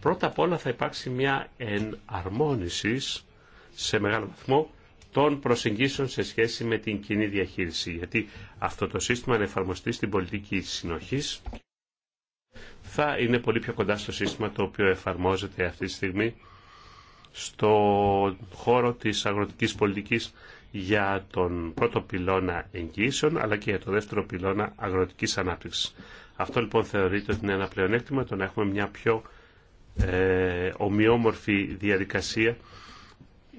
Πρώτα απ' όλα θα υπάρξει μια εναρμόνιση σε μεγάλο βαθμό των προσεγγίσεων σε σχέση με την κοινή διαχείριση. Γιατί αυτό το σύστημα αν εφαρμοστεί στην πολιτική συνοχή θα είναι πολύ πιο κοντά στο σύστημα το οποίο εφαρμόζεται αυτή τη στιγμή στο χώρο της αγροτικής πολιτικής για τον πρώτο πυλώνα εγγύσεων αλλά και για το δεύτερο πυλώνα αγροτικής ανάπτυξης. Αυτό λοιπόν θεωρείται ότι είναι ένα πλεονέκτημα το να έχουμε μια πιο ε, ομοιόμορφη διαδικασία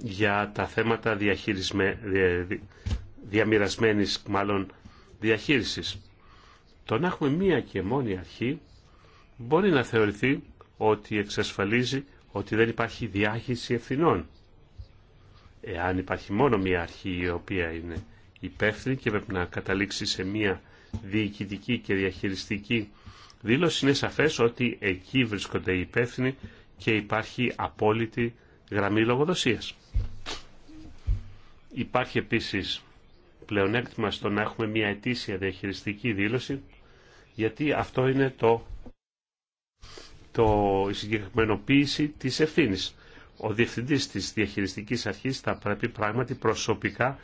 για τα θέματα διαχειρισμέ... διαμοιρασμένης μάλλον διαχείρισης. Το να έχουμε μία και μόνη αρχή μπορεί να θεωρηθεί ότι εξασφαλίζει ότι δεν υπάρχει διάχυση ευθυνών. Εάν υπάρχει μόνο μία αρχή η οποία είναι υπεύθυνη και πρέπει να καταλήξει σε μία διοικητική και διαχειριστική δήλωση, είναι σαφές ότι εκεί βρίσκονται οι υπεύθυνοι και υπάρχει απόλυτη γραμμή λογοδοσίας. Υπάρχει επίσης πλεονέκτημα στο να έχουμε μια ετήσια διαχειριστική δήλωση, γιατί αυτό είναι το, το η συγκεκριμενοποίηση της ευθύνης. Ο διευθυντής της διαχειριστικής αρχής θα πρέπει πράγματι προσωπικά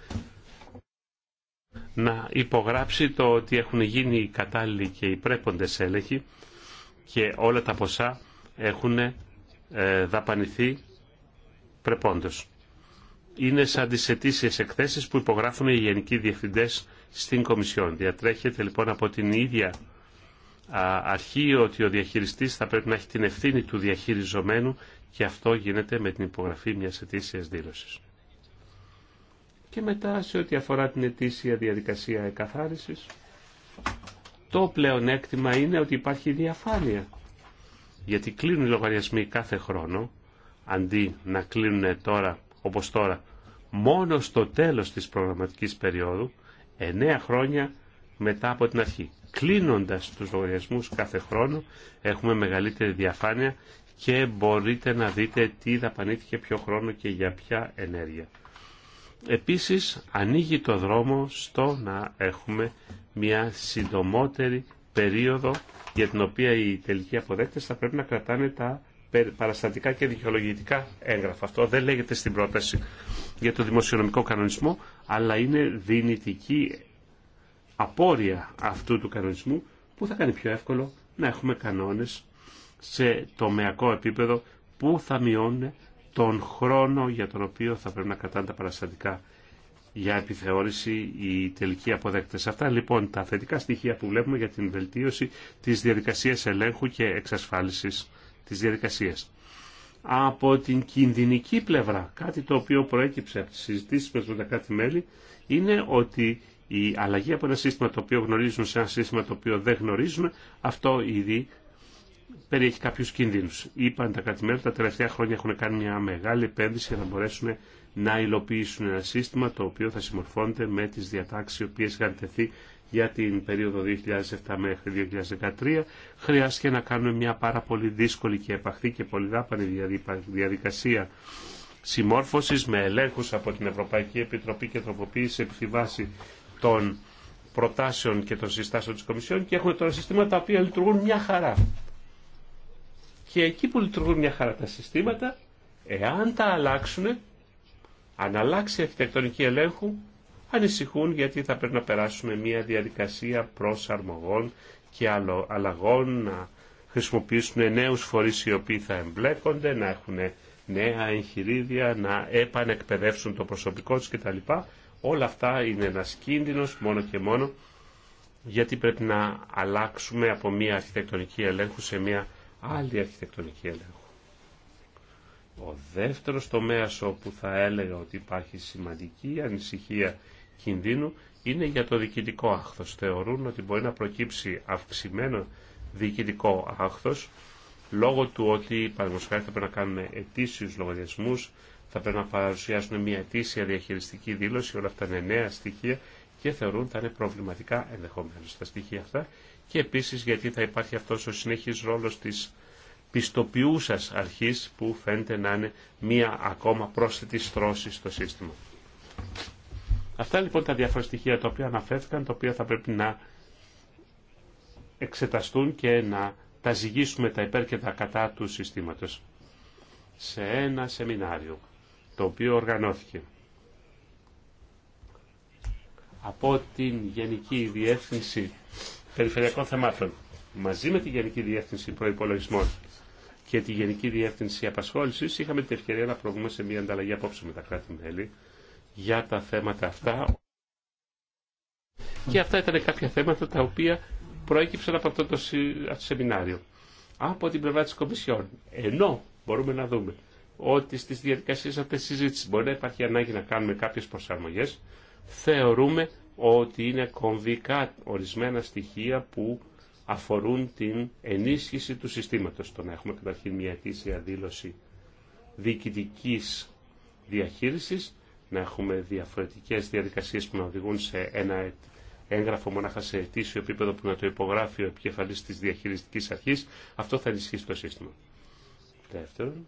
να υπογράψει το ότι έχουν γίνει οι κατάλληλοι και οι πρέποντες έλεγχοι και όλα τα ποσά έχουν ε, δαπανηθεί πρεπόντως είναι σαν τις ετήσιες εκθέσεις που υπογράφουν οι γενικοί διευθυντές στην Κομισιόν. Διατρέχεται λοιπόν από την ίδια αρχή ότι ο διαχειριστής θα πρέπει να έχει την ευθύνη του διαχειριζομένου και αυτό γίνεται με την υπογραφή μιας ετήσιας δήλωσης. Και μετά σε ό,τι αφορά την ετήσια διαδικασία εκαθάρισης, το πλεονέκτημα είναι ότι υπάρχει διαφάνεια. Γιατί κλείνουν οι λογαριασμοί κάθε χρόνο, αντί να κλείνουν τώρα όπως τώρα. Μόνο στο τέλος της προγραμματικής περίοδου, εννέα χρόνια μετά από την αρχή. Κλείνοντας τους λογαριασμούς κάθε χρόνο, έχουμε μεγαλύτερη διαφάνεια και μπορείτε να δείτε τι δαπανήθηκε πιο χρόνο και για ποια ενέργεια. Επίσης, ανοίγει το δρόμο στο να έχουμε μια συντομότερη περίοδο για την οποία οι τελικοί αποδέκτες θα πρέπει να κρατάνε τα παραστατικά και δικαιολογητικά έγγραφα. Αυτό δεν λέγεται στην πρόταση για το δημοσιονομικό κανονισμό, αλλά είναι δυνητική απόρρια αυτού του κανονισμού που θα κάνει πιο εύκολο να έχουμε κανόνες σε τομεακό επίπεδο που θα μειώνουν τον χρόνο για τον οποίο θα πρέπει να κρατάνε τα παραστατικά για επιθεώρηση οι τελικοί αποδέκτες. Αυτά λοιπόν τα θετικά στοιχεία που βλέπουμε για την βελτίωση της διαδικασίας ελέγχου και εξασφάλισης της διαδικασίας. Από την κινδυνική πλευρά, κάτι το οποίο προέκυψε από τις συζητήσεις με τα κάτι μέλη, είναι ότι η αλλαγή από ένα σύστημα το οποίο γνωρίζουν σε ένα σύστημα το οποίο δεν γνωρίζουν, αυτό ήδη περιέχει κάποιους κινδύνους. Είπαν τα κράτη-μέλη τα τελευταία χρόνια έχουν κάνει μια μεγάλη επένδυση για να μπορέσουν να υλοποιήσουν ένα σύστημα το οποίο θα συμμορφώνεται με τις διατάξεις οι οποίες είχαν τεθεί για την περίοδο 2007 μέχρι 2013 χρειάστηκε να κάνουμε μια πάρα πολύ δύσκολη και επαχθή και πολυδάπανη διαδικασία συμμόρφωσης με ελέγχους από την Ευρωπαϊκή Επιτροπή και τροποποίηση επί τη βάση των προτάσεων και των συστάσεων της Κομισιόν και έχουμε τώρα συστήματα τα οποία λειτουργούν μια χαρά. Και εκεί που λειτουργούν μια χαρά τα συστήματα, εάν τα αλλάξουν, αν αλλάξει η αρχιτεκτονική ελέγχου, ανησυχούν γιατί θα πρέπει να περάσουμε μια διαδικασία προσαρμογών και αλλαγών, να χρησιμοποιήσουν νέους φορείς οι οποίοι θα εμπλέκονται, να έχουν νέα εγχειρίδια, να επανεκπαιδεύσουν το προσωπικό τους κτλ. Όλα αυτά είναι ένας κίνδυνος μόνο και μόνο γιατί πρέπει να αλλάξουμε από μία αρχιτεκτονική ελέγχου σε μία άλλη αρχιτεκτονική ελέγχου. Ο δεύτερος τομέας όπου θα έλεγα ότι υπάρχει σημαντική ανησυχία κινδύνου είναι για το διοικητικό άχθος. Θεωρούν ότι μπορεί να προκύψει αυξημένο διοικητικό άχθος λόγω του ότι οι παραδοσιακοί θα πρέπει να κάνουν ετήσιους λογαριασμούς, θα πρέπει να παρουσιάσουν μια αιτήσια διαχειριστική δήλωση, όλα αυτά είναι νέα στοιχεία και θεωρούν ότι θα είναι προβληματικά ενδεχομένω τα στοιχεία αυτά και επίσης γιατί θα υπάρχει αυτός ο συνεχής ρόλος της πιστοποιούσας αρχής που φαίνεται να είναι μία ακόμα πρόσθετη στρώση στο σύστημα. Αυτά λοιπόν τα διάφορα στοιχεία τα οποία αναφέρθηκαν, τα οποία θα πρέπει να εξεταστούν και να τα ζυγίσουμε τα υπέρ και τα κατά του συστήματος σε ένα σεμινάριο το οποίο οργανώθηκε από την Γενική Διεύθυνση Περιφερειακών Θεμάτων μαζί με τη Γενική Διεύθυνση Προϋπολογισμών και τη Γενική Διεύθυνση Απασχόλησης είχαμε την ευκαιρία να προβούμε σε μια ανταλλαγή απόψε με τα κράτη-μέλη για τα θέματα αυτά. Και αυτά ήταν κάποια θέματα τα οποία προέκυψαν από αυτό το σεμινάριο. Από την πλευρά της Κομισιόν. Ενώ μπορούμε να δούμε ότι στις διαδικασίες αυτές της συζήτησης μπορεί να υπάρχει ανάγκη να κάνουμε κάποιες προσαρμογές, θεωρούμε ότι είναι κομβικά ορισμένα στοιχεία που αφορούν την ενίσχυση του συστήματος. Το να έχουμε καταρχήν μια αιτήσια δήλωση διοικητικής διαχείρισης, να έχουμε διαφορετικές διαδικασίες που να οδηγούν σε ένα έγγραφο μονάχα σε αιτήσιο επίπεδο που να το υπογράφει ο επικεφαλής της διαχειριστικής αρχής, αυτό θα ενισχύσει το σύστημα. Δεύτερον,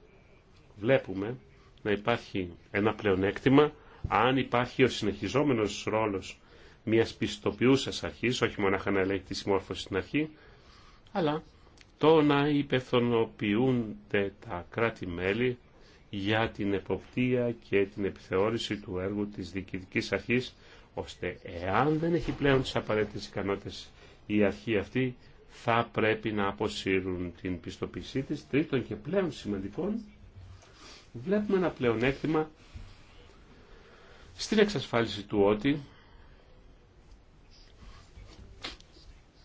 βλέπουμε να υπάρχει ένα πλεονέκτημα αν υπάρχει ο συνεχιζόμενος ρόλος μιας πιστοποιούσας αρχής, όχι μονάχα να ελέγχει τη συμμόρφωση στην αρχή, αλλά το να υπευθυνοποιούνται τα κράτη-μέλη για την εποπτεία και την επιθεώρηση του έργου της διοικητικής αρχής, ώστε εάν δεν έχει πλέον τις απαραίτητες ικανότητες η αρχή αυτή, θα πρέπει να αποσύρουν την πιστοποίησή της. Τρίτον και πλέον σημαντικών, βλέπουμε ένα πλεονέκτημα στην εξασφάλιση του ότι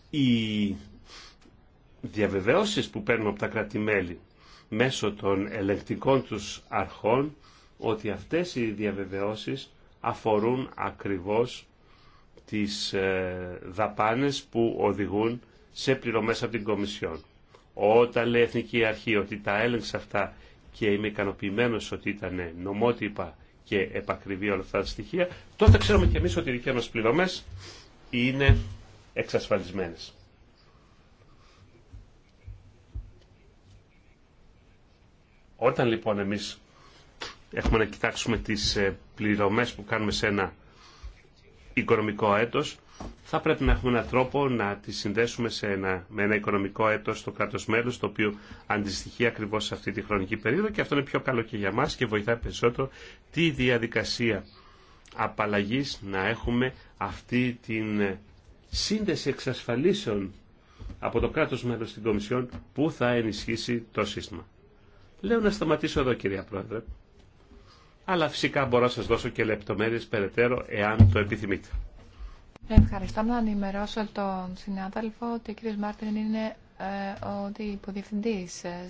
οι διαβεβαιώσεις που παίρνουμε από τα κρατη μέσω των ελεγκτικών τους αρχών ότι αυτές οι διαβεβαιώσεις αφορούν ακριβώς τις ε, δαπάνες που οδηγούν σε πληρωμές από την Κομισιόν. Όταν λέει η Εθνική Αρχή ότι τα έλεγξα αυτά και είμαι ικανοποιημένο ότι ήταν νομότυπα και επακριβή όλα αυτά τα στοιχεία, τότε ξέρουμε και εμείς ότι οι δικές μας πληρωμές είναι εξασφαλισμένες. Όταν λοιπόν εμείς έχουμε να κοιτάξουμε τις ε, πληρωμές που κάνουμε σε ένα οικονομικό έτος, θα πρέπει να έχουμε έναν τρόπο να τις συνδέσουμε σε ένα, με ένα οικονομικό έτος στο κράτος μέλος, το οποίο αντιστοιχεί ακριβώς σε αυτή τη χρονική περίοδο και αυτό είναι πιο καλό και για μας και βοηθάει περισσότερο τη διαδικασία απαλλαγής να έχουμε αυτή την ε, σύνδεση εξασφαλίσεων από το κράτος μέλος στην Κομισιόν που θα ενισχύσει το σύστημα. Λέω να σταματήσω εδώ κυρία Πρόεδρε. Αλλά φυσικά μπορώ να σας δώσω και λεπτομέρειες περαιτέρω εάν το επιθυμείτε.
Ευχαριστώ να ενημερώσω τον συνάδελφο ότι ο κ. Μάρτιν είναι ε, ο ότι υποδιευθυντής ε,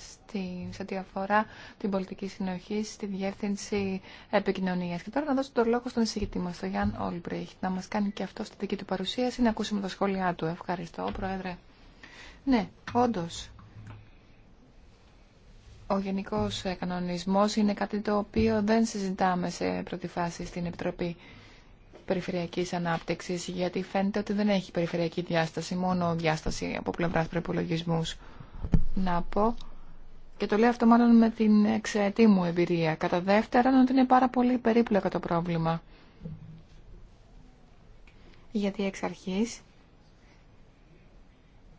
σε ό,τι αφορά την πολιτική συνοχή στη διεύθυνση επικοινωνίας. Και τώρα να δώσω τον λόγο στον εισηγητή μας, τον Γιάνν Όλμπριχτ, να μας κάνει και αυτό στη δική του παρουσίαση, να ακούσουμε τα σχόλιά του. Ευχαριστώ, Πρόεδρε. Ναι, όντως, ο γενικός ε, κανονισμός είναι κάτι το οποίο δεν συζητάμε σε πρώτη φάση στην Επιτροπή Περιφερειακής Ανάπτυξης, γιατί φαίνεται ότι δεν έχει περιφερειακή διάσταση, μόνο διάσταση από πλευράς προπολογισμού. Να πω, και το λέω αυτό μάλλον με την εξαιτή μου εμπειρία, κατά δεύτερον ότι είναι πάρα πολύ περίπλοκο το πρόβλημα. Γιατί εξ αρχής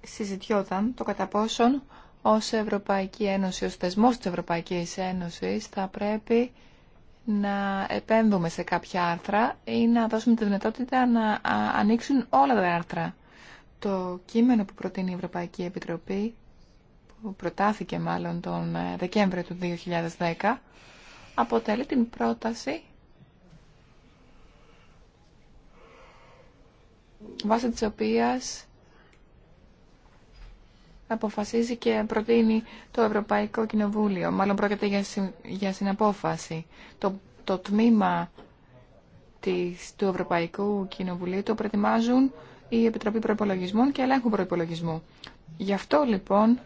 συζητιόταν το κατά πόσον ως Ευρωπαϊκή Ένωση, ως θεσμός της Ευρωπαϊκής Ένωσης θα πρέπει να επένδουμε σε κάποια άρθρα ή να δώσουμε τη δυνατότητα να ανοίξουν όλα τα άρθρα. Το κείμενο που προτείνει η Ευρωπαϊκή Επιτροπή, που προτάθηκε μάλλον τον ε, Δεκέμβριο του 2010, αποτελεί την πρόταση βάσει της οποίας αποφασίζει και προτείνει το Ευρωπαϊκό Κοινοβούλιο. Μάλλον πρόκειται για, συ, για συναπόφαση. Το, τμήμα της, του Ευρωπαϊκού Κοινοβουλίου το προετοιμάζουν η Επιτροπή Προπολογισμών και Ελέγχου Προπολογισμού. Γι' αυτό λοιπόν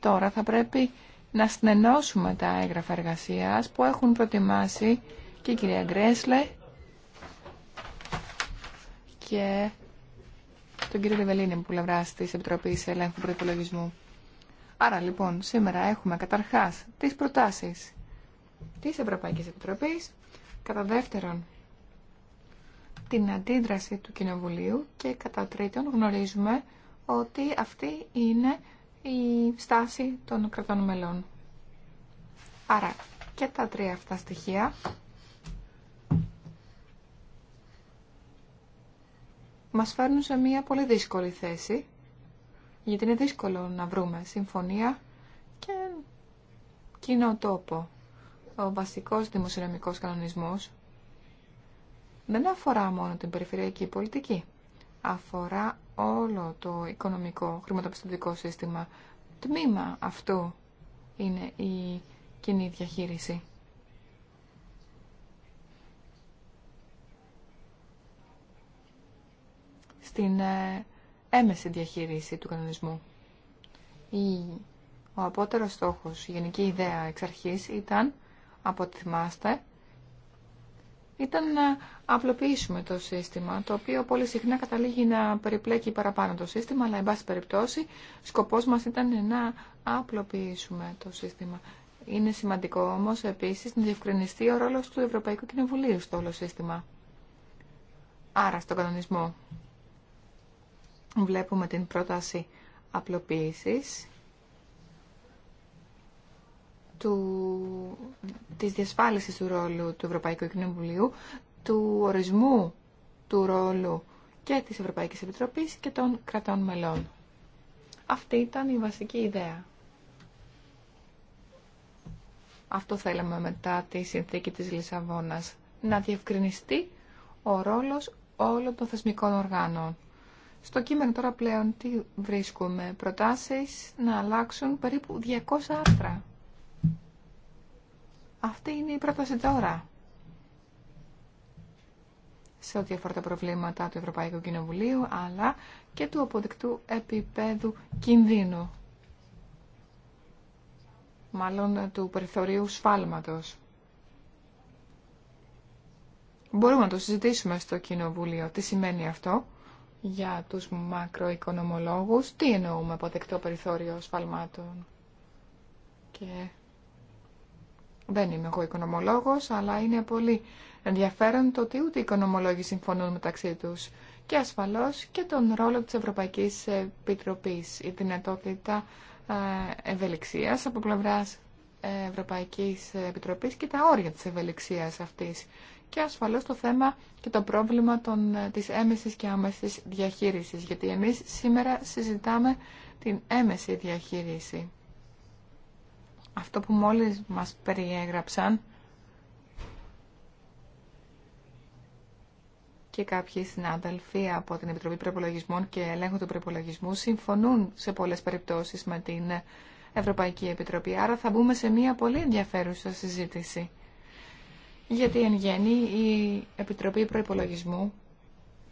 τώρα θα πρέπει να συνενώσουμε τα έγγραφα εργασίας που έχουν προετοιμάσει και η κυρία Γκρέσλε και τον κύριο Δεβελίνη που πλευρά τη Επιτροπή Ελέγχου Προπολογισμού. Άρα λοιπόν σήμερα έχουμε καταρχά τι προτάσει τη Ευρωπαϊκή Επιτροπή, κατά δεύτερον την αντίδραση του Κοινοβουλίου και κατά τρίτον γνωρίζουμε ότι αυτή είναι η στάση των κρατών μελών. Άρα και τα τρία αυτά στοιχεία μας φέρνουν σε μια πολύ δύσκολη θέση, γιατί είναι δύσκολο να βρούμε συμφωνία και κοινό τόπο. Ο βασικός δημοσιονομικός κανονισμός δεν αφορά μόνο την περιφερειακή πολιτική. Αφορά όλο το οικονομικό χρηματοπιστωτικό σύστημα. Τμήμα αυτού είναι η κοινή διαχείριση. στην ε, έμεση διαχείριση του κανονισμού. Ο απότερος στόχος, η γενική ιδέα εξ αρχής ήταν, από ήταν να απλοποιήσουμε το σύστημα, το οποίο πολύ συχνά καταλήγει να περιπλέκει παραπάνω το σύστημα, αλλά εν πάση περιπτώσει σκοπός μας ήταν να απλοποιήσουμε το σύστημα. Είναι σημαντικό όμως επίσης να διευκρινιστεί ο ρόλος του Ευρωπαϊκού Κοινοβουλίου στο όλο σύστημα. Άρα στον κανονισμό βλέπουμε την πρόταση απλοποίησης του, της διασφάλισης του ρόλου του Ευρωπαϊκού Κοινοβουλίου, του ορισμού του ρόλου και της Ευρωπαϊκής Επιτροπής και των κρατών μελών. Αυτή ήταν η βασική ιδέα. Αυτό θέλαμε μετά τη συνθήκη της Λισαβόνας, να διευκρινιστεί ο ρόλος όλων των θεσμικών οργάνων. Στο κείμενο τώρα πλέον τι βρίσκουμε. Προτάσεις να αλλάξουν περίπου 200 άρθρα. Αυτή είναι η πρόταση τώρα. Σε ό,τι αφορά τα προβλήματα του Ευρωπαϊκού Κοινοβουλίου, αλλά και του αποδεκτού επίπεδου κινδύνου. Μάλλον του περιθωρίου σφάλματος. Μπορούμε να το συζητήσουμε στο Κοινοβούλιο. Τι σημαίνει αυτό για τους μακροοικονομολόγους. Τι εννοούμε από δεκτό περιθώριο ασφαλμάτων. Και δεν είμαι εγώ οικονομολόγος, αλλά είναι πολύ ενδιαφέρον το ότι ούτε οι οικονομολόγοι συμφωνούν μεταξύ τους. Και ασφαλώς και τον ρόλο της Ευρωπαϊκής Επιτροπής, η δυνατότητα ε, ευελιξίας από πλευράς Ευρωπαϊκής Επιτροπής και τα όρια της ευελιξίας αυτής και ασφαλώς το θέμα και το πρόβλημα των, ε, της έμεσης και άμεσης διαχείρισης, γιατί εμείς σήμερα συζητάμε την έμεση διαχείριση. Αυτό που μόλις μας περιέγραψαν και κάποιοι συνάδελφοι από την Επιτροπή Προπολογισμών και Ελέγχου του Προπολογισμού συμφωνούν σε πολλές περιπτώσεις με την Ευρωπαϊκή Επιτροπή. Άρα θα μπούμε σε μια πολύ ενδιαφέρουσα συζήτηση γιατί εν γέννη η Επιτροπή Προϋπολογισμού,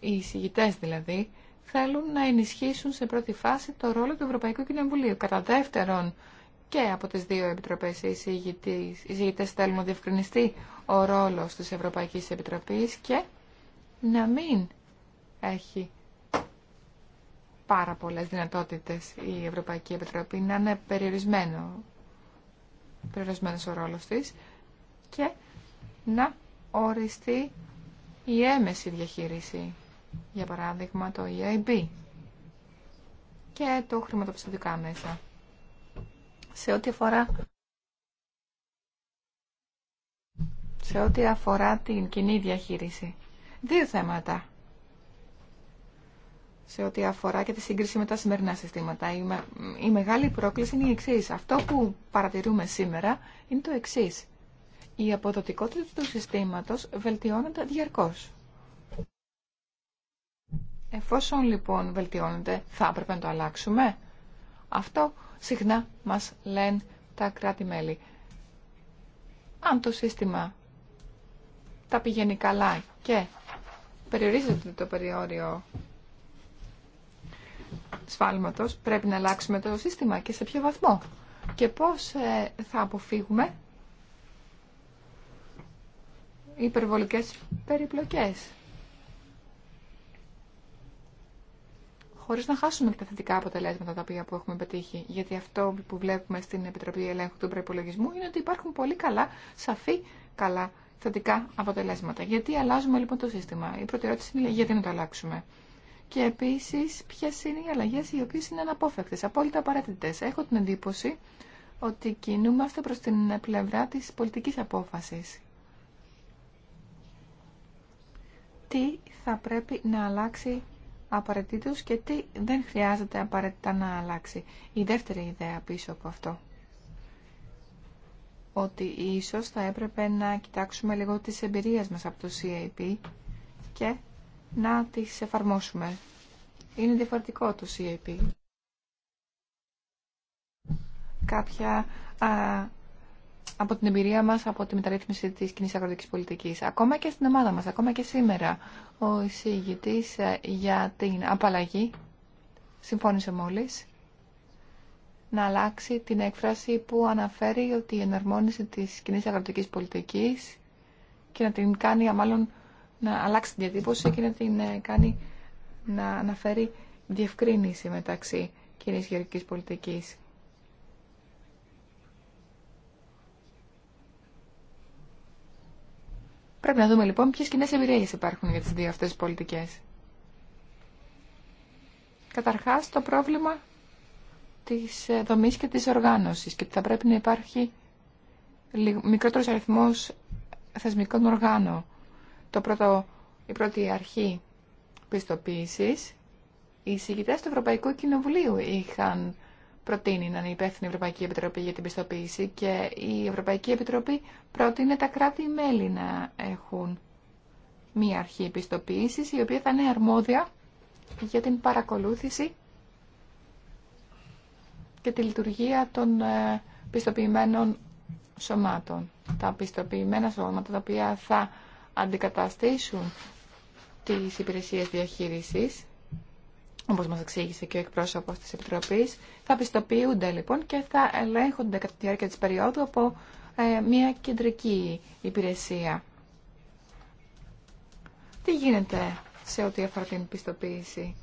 οι εισηγητές δηλαδή, θέλουν να ενισχύσουν σε πρώτη φάση το ρόλο του Ευρωπαϊκού Κοινοβουλίου. Κατά δεύτερον, και από τις δύο επιτροπές οι εισηγητές θέλουν να διευκρινιστεί ο ρόλος της Ευρωπαϊκής Επιτροπής και να μην έχει πάρα πολλές δυνατότητες η Ευρωπαϊκή Επιτροπή να είναι περιορισμένο, περιορισμένος ο ρόλος της και να οριστεί η έμεση διαχείριση, για παράδειγμα το EIB και το χρηματοπιστωτικά μέσα. Σε ό,τι αφορά... Σε ό,τι αφορά την κοινή διαχείριση. Δύο θέματα. Σε ό,τι αφορά και τη σύγκριση με τα σημερινά συστήματα. Η, η μεγάλη πρόκληση είναι η εξή. Αυτό που παρατηρούμε σήμερα είναι το εξή. Η αποδοτικότητα του συστήματος βελτιώνεται διαρκώς. Εφόσον λοιπόν βελτιώνεται, θα έπρεπε να το αλλάξουμε. Αυτό συχνά μας λένε τα κράτη-μέλη. Αν το σύστημα τα πηγαίνει καλά και περιορίζεται το περιόριο σφάλματος, πρέπει να αλλάξουμε το σύστημα και σε ποιο βαθμό. Και πώς ε, θα αποφύγουμε υπερβολικές περιπλοκές. Χωρίς να χάσουμε τα θετικά αποτελέσματα τα οποία που έχουμε πετύχει. Γιατί αυτό που βλέπουμε στην Επιτροπή Ελέγχου του Προπολογισμού είναι ότι υπάρχουν πολύ καλά, σαφή, καλά θετικά αποτελέσματα. Γιατί αλλάζουμε λοιπόν το σύστημα. Η πρώτη ερώτηση είναι γιατί να το αλλάξουμε. Και επίση, ποιε είναι οι αλλαγέ οι οποίε είναι αναπόφευκτε, απόλυτα απαραίτητε. Έχω την εντύπωση ότι κινούμαστε προ την πλευρά τη πολιτική απόφαση. τι θα πρέπει να αλλάξει απαραίτητος και τι δεν χρειάζεται απαραίτητα να αλλάξει. Η δεύτερη ιδέα πίσω από αυτό. Ότι ίσως θα έπρεπε να κοιτάξουμε λίγο τις εμπειρίες μας από το CAP και να τις εφαρμόσουμε. Είναι διαφορετικό το CAP. Κάποια α, από την εμπειρία μας από τη μεταρρύθμιση της κοινή αγροτικής πολιτικής. Ακόμα και στην ομάδα μας, ακόμα και σήμερα, ο εισηγητή ε, για την απαλλαγή συμφώνησε μόλις να αλλάξει την έκφραση που αναφέρει ότι η εναρμόνιση της κοινή αγροτικής πολιτικής και να την κάνει, μάλλον να αλλάξει την διατύπωση και να την ε, κάνει να αναφέρει διευκρίνηση μεταξύ κοινή γεωργικής πολιτική. Πρέπει να δούμε λοιπόν ποιες κοινέ εμπειρίε υπάρχουν για τις δύο αυτές πολιτικές. Καταρχάς το πρόβλημα της ε, δομής και της οργάνωσης και ότι θα πρέπει να υπάρχει μικρότερος αριθμός θεσμικών οργάνων. Το πρώτο, η πρώτη αρχή πιστοποίησης, οι συγκητές του Ευρωπαϊκού Κοινοβουλίου είχαν προτείνει να είναι υπεύθυνη η Ευρωπαϊκή Επιτροπή για την πιστοποίηση και η Ευρωπαϊκή Επιτροπή προτείνει τα κράτη-μέλη να έχουν μία αρχή πιστοποίησης η οποία θα είναι αρμόδια για την παρακολούθηση και τη λειτουργία των ε, πιστοποιημένων σωμάτων. Τα πιστοποιημένα σώματα τα οποία θα αντικαταστήσουν τις υπηρεσίες διαχείρισης όπως μας εξήγησε και ο εκπρόσωπος της Επιτροπής, θα πιστοποιούνται λοιπόν και θα ελέγχονται κατά τη διάρκεια της περίοδου από ε, μια κεντρική υπηρεσία. Τι γίνεται σε ό,τι αφορά την πιστοποίηση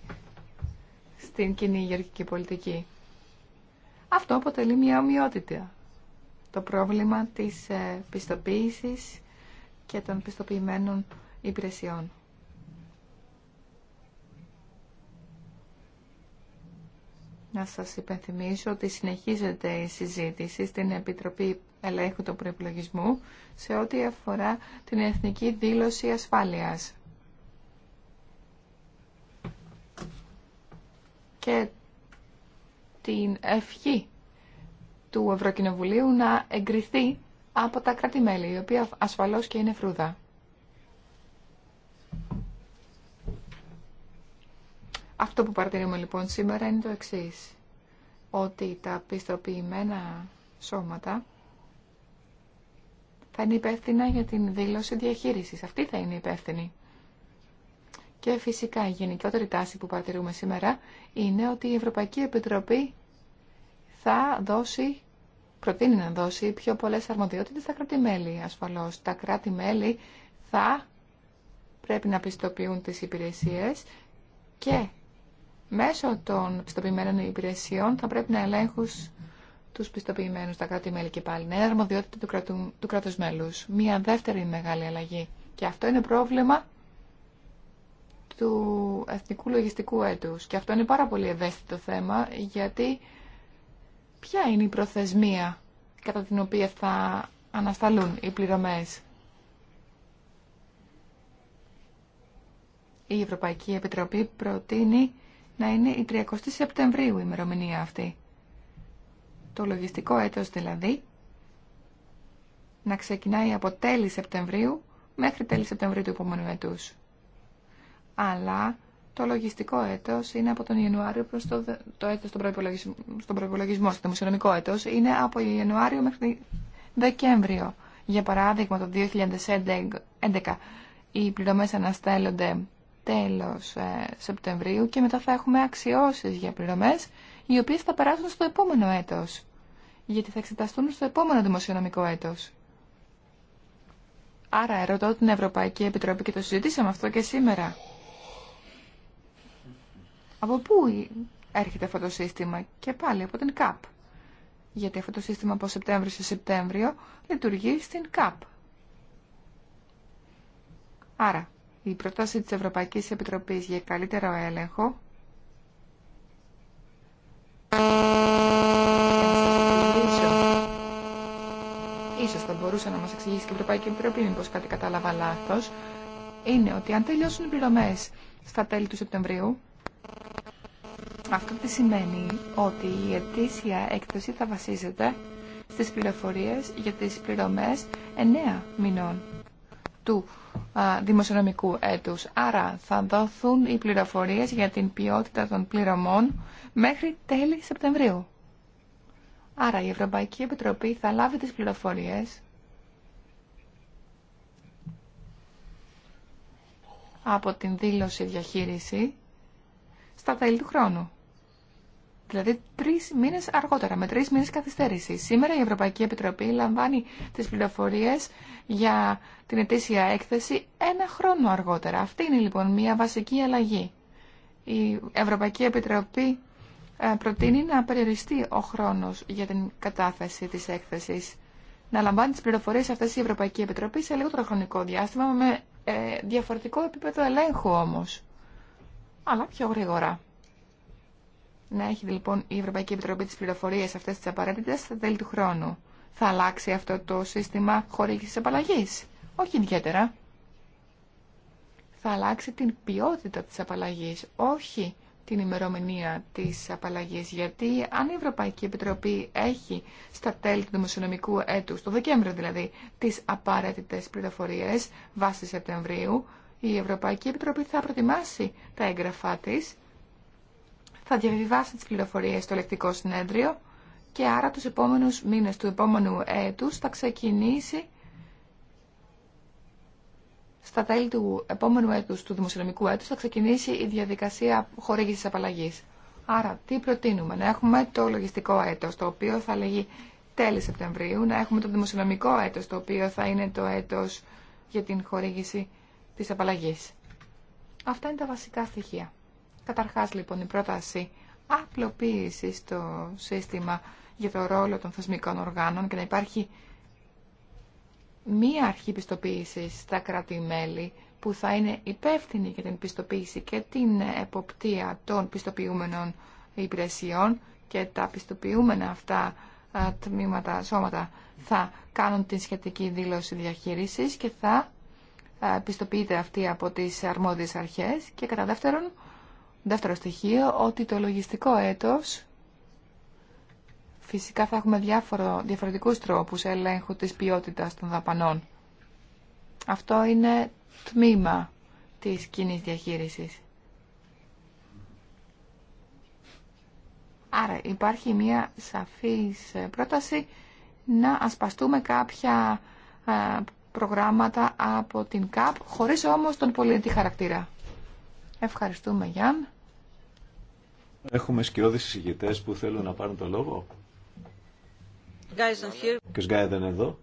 στην κοινή γεωργική πολιτική. Αυτό αποτελεί μια ομοιότητα. Το πρόβλημα της ε, πιστοποίησης και των πιστοποιημένων υπηρεσιών. Να σας υπενθυμίσω ότι συνεχίζεται η συζήτηση στην Επιτροπή Ελέγχου του Προεπλογισμού σε ό,τι αφορά την Εθνική Δήλωση Ασφάλειας. Και την ευχή του Ευρωκοινοβουλίου να εγκριθεί από τα κράτη-μέλη, η οποία ασφαλώς και είναι φρούδα. Αυτό που παρατηρούμε λοιπόν σήμερα είναι το εξή. Ότι τα πιστοποιημένα σώματα θα είναι υπεύθυνα για την δήλωση διαχείρισης. Αυτή θα είναι υπεύθυνη. Και φυσικά η γενικότερη τάση που παρατηρούμε σήμερα είναι ότι η Ευρωπαϊκή Επιτροπή θα δώσει, προτείνει να δώσει πιο πολλές αρμοδιότητες στα κράτη-μέλη ασφαλώς. Τα κράτη-μέλη θα πρέπει να πιστοποιούν τις υπηρεσίες και μέσω των πιστοποιημένων υπηρεσιών θα πρέπει να ελέγχουν του πιστοποιημένου τα κράτη-μέλη και πάλι. Είναι αρμοδιότητα του, κρατου, του μέλου. Μία δεύτερη μεγάλη αλλαγή. Και αυτό είναι πρόβλημα του εθνικού λογιστικού έτου. Και αυτό είναι πάρα πολύ ευαίσθητο θέμα, γιατί ποια είναι η προθεσμία κατά την οποία θα ανασταλούν οι πληρωμές. Η Ευρωπαϊκή Επιτροπή προτείνει να είναι η 30 Σεπτεμβρίου η ημερομηνία αυτή. Το λογιστικό έτος δηλαδή να ξεκινάει από τέλη Σεπτεμβρίου μέχρι τέλη Σεπτεμβρίου του επόμενου έτους. Αλλά το λογιστικό έτος είναι από τον Ιανουάριο προς το, το έτος στον προϋπολογισμό, στον προϋπολογισμό, στο δημοσιονομικό έτος, είναι από Ιανουάριο μέχρι Δεκέμβριο. Για παράδειγμα, το 2011 οι πληρωμές αναστέλλονται τέλος ε, Σεπτεμβρίου και μετά θα έχουμε αξιώσεις για πληρωμές οι οποίες θα περάσουν στο επόμενο έτος γιατί θα εξεταστούν στο επόμενο δημοσιονομικό έτος. Άρα ερωτώ την Ευρωπαϊκή Επιτροπή και το συζητήσαμε αυτό και σήμερα. Από πού έρχεται αυτό το σύστημα και πάλι από την ΚΑΠ. Γιατί αυτό το σύστημα από Σεπτέμβριο σε Σεπτέμβριο λειτουργεί στην ΚΑΠ. Άρα η πρόταση της Ευρωπαϊκής Επιτροπής για καλύτερο έλεγχο Ίσως θα μπορούσε να μας εξηγήσει και η Ευρωπαϊκή Επιτροπή μήπως κάτι κατάλαβα λάθος είναι ότι αν τελειώσουν οι πληρωμές στα τέλη του Σεπτεμβρίου αυτό τι σημαίνει ότι η ετήσια έκθεση θα βασίζεται στις πληροφορίες για τις πληρωμές 9 μηνών του δημοσιονομικού έτους. Άρα θα δοθούν οι πληροφορίες για την ποιότητα των πληρωμών μέχρι τέλη Σεπτεμβρίου. Άρα η Ευρωπαϊκή Επιτροπή θα λάβει τις πληροφορίες από την δήλωση διαχείριση στα τέλη του χρόνου. Δηλαδή τρει μήνε αργότερα, με τρει μήνε καθυστέρηση. Σήμερα η Ευρωπαϊκή Επιτροπή λαμβάνει τι πληροφορίε για την ετήσια έκθεση ένα χρόνο αργότερα. Αυτή είναι λοιπόν μια βασική αλλαγή. Η Ευρωπαϊκή Επιτροπή ε, προτείνει να περιοριστεί ο χρόνος για την κατάθεση της έκθεσης. Να λαμβάνει τι πληροφορίε αυτές η Ευρωπαϊκή Επιτροπή σε λιγότερο χρονικό διάστημα με ε, διαφορετικό επίπεδο ελέγχου όμω. Αλλά πιο γρήγορα να έχει λοιπόν η Ευρωπαϊκή Επιτροπή τις πληροφορίες αυτές τις απαραίτητες στα τέλη του χρόνου. Θα αλλάξει αυτό το σύστημα χορήγησης απαλλαγής. Όχι ιδιαίτερα. Θα αλλάξει την ποιότητα της απαλλαγής, όχι την ημερομηνία της απαλλαγής. Γιατί αν η Ευρωπαϊκή Επιτροπή έχει στα τέλη του δημοσιονομικού έτους, το Δεκέμβριο δηλαδή, τις απαραίτητες πληροφορίες βάσει Σεπτεμβρίου, η Ευρωπαϊκή Επιτροπή θα προετοιμάσει τα έγγραφά της θα διαβιβάσει τις πληροφορίες στο ελεκτικό συνέδριο και άρα τους επόμενους μήνες του επόμενου έτους θα ξεκινήσει στα τέλη του επόμενου έτους του δημοσιονομικού έτους θα ξεκινήσει η διαδικασία χορήγησης απαλλαγής. Άρα τι προτείνουμε, να έχουμε το λογιστικό έτος το οποίο θα λέγει τέλη Σεπτεμβρίου, να έχουμε το δημοσιονομικό έτος το οποίο θα είναι το έτος για την χορήγηση της απαλλαγής. Αυτά είναι τα βασικά στοιχεία. Καταρχάς λοιπόν η πρόταση απλοποίηση στο σύστημα για το ρόλο των θεσμικών οργάνων και να υπάρχει μία αρχή πιστοποίηση στα κράτη-μέλη που θα είναι υπεύθυνη για την πιστοποίηση και την εποπτεία των πιστοποιούμενων υπηρεσιών και τα πιστοποιούμενα αυτά τμήματα, σώματα θα κάνουν την σχετική δήλωση διαχείρισης και θα πιστοποιείται αυτή από τις αρμόδιες αρχές και κατά δεύτερον Δεύτερο στοιχείο, ότι το λογιστικό έτος φυσικά θα έχουμε διάφορο, διαφορετικούς τρόπους ελέγχου της ποιότητας των δαπανών. Αυτό είναι τμήμα της κοινή διαχείρισης. Άρα υπάρχει μια σαφής ε, πρόταση να ασπαστούμε κάποια ε, προγράμματα από την ΚΑΠ, χωρίς όμως τον πολιτική χαρακτήρα. Ευχαριστούμε, Γιάν.
Έχουμε σκυρώδεις συγγητές που θέλουν να πάρουν το λόγο. Και Γκάι δεν είναι εδώ.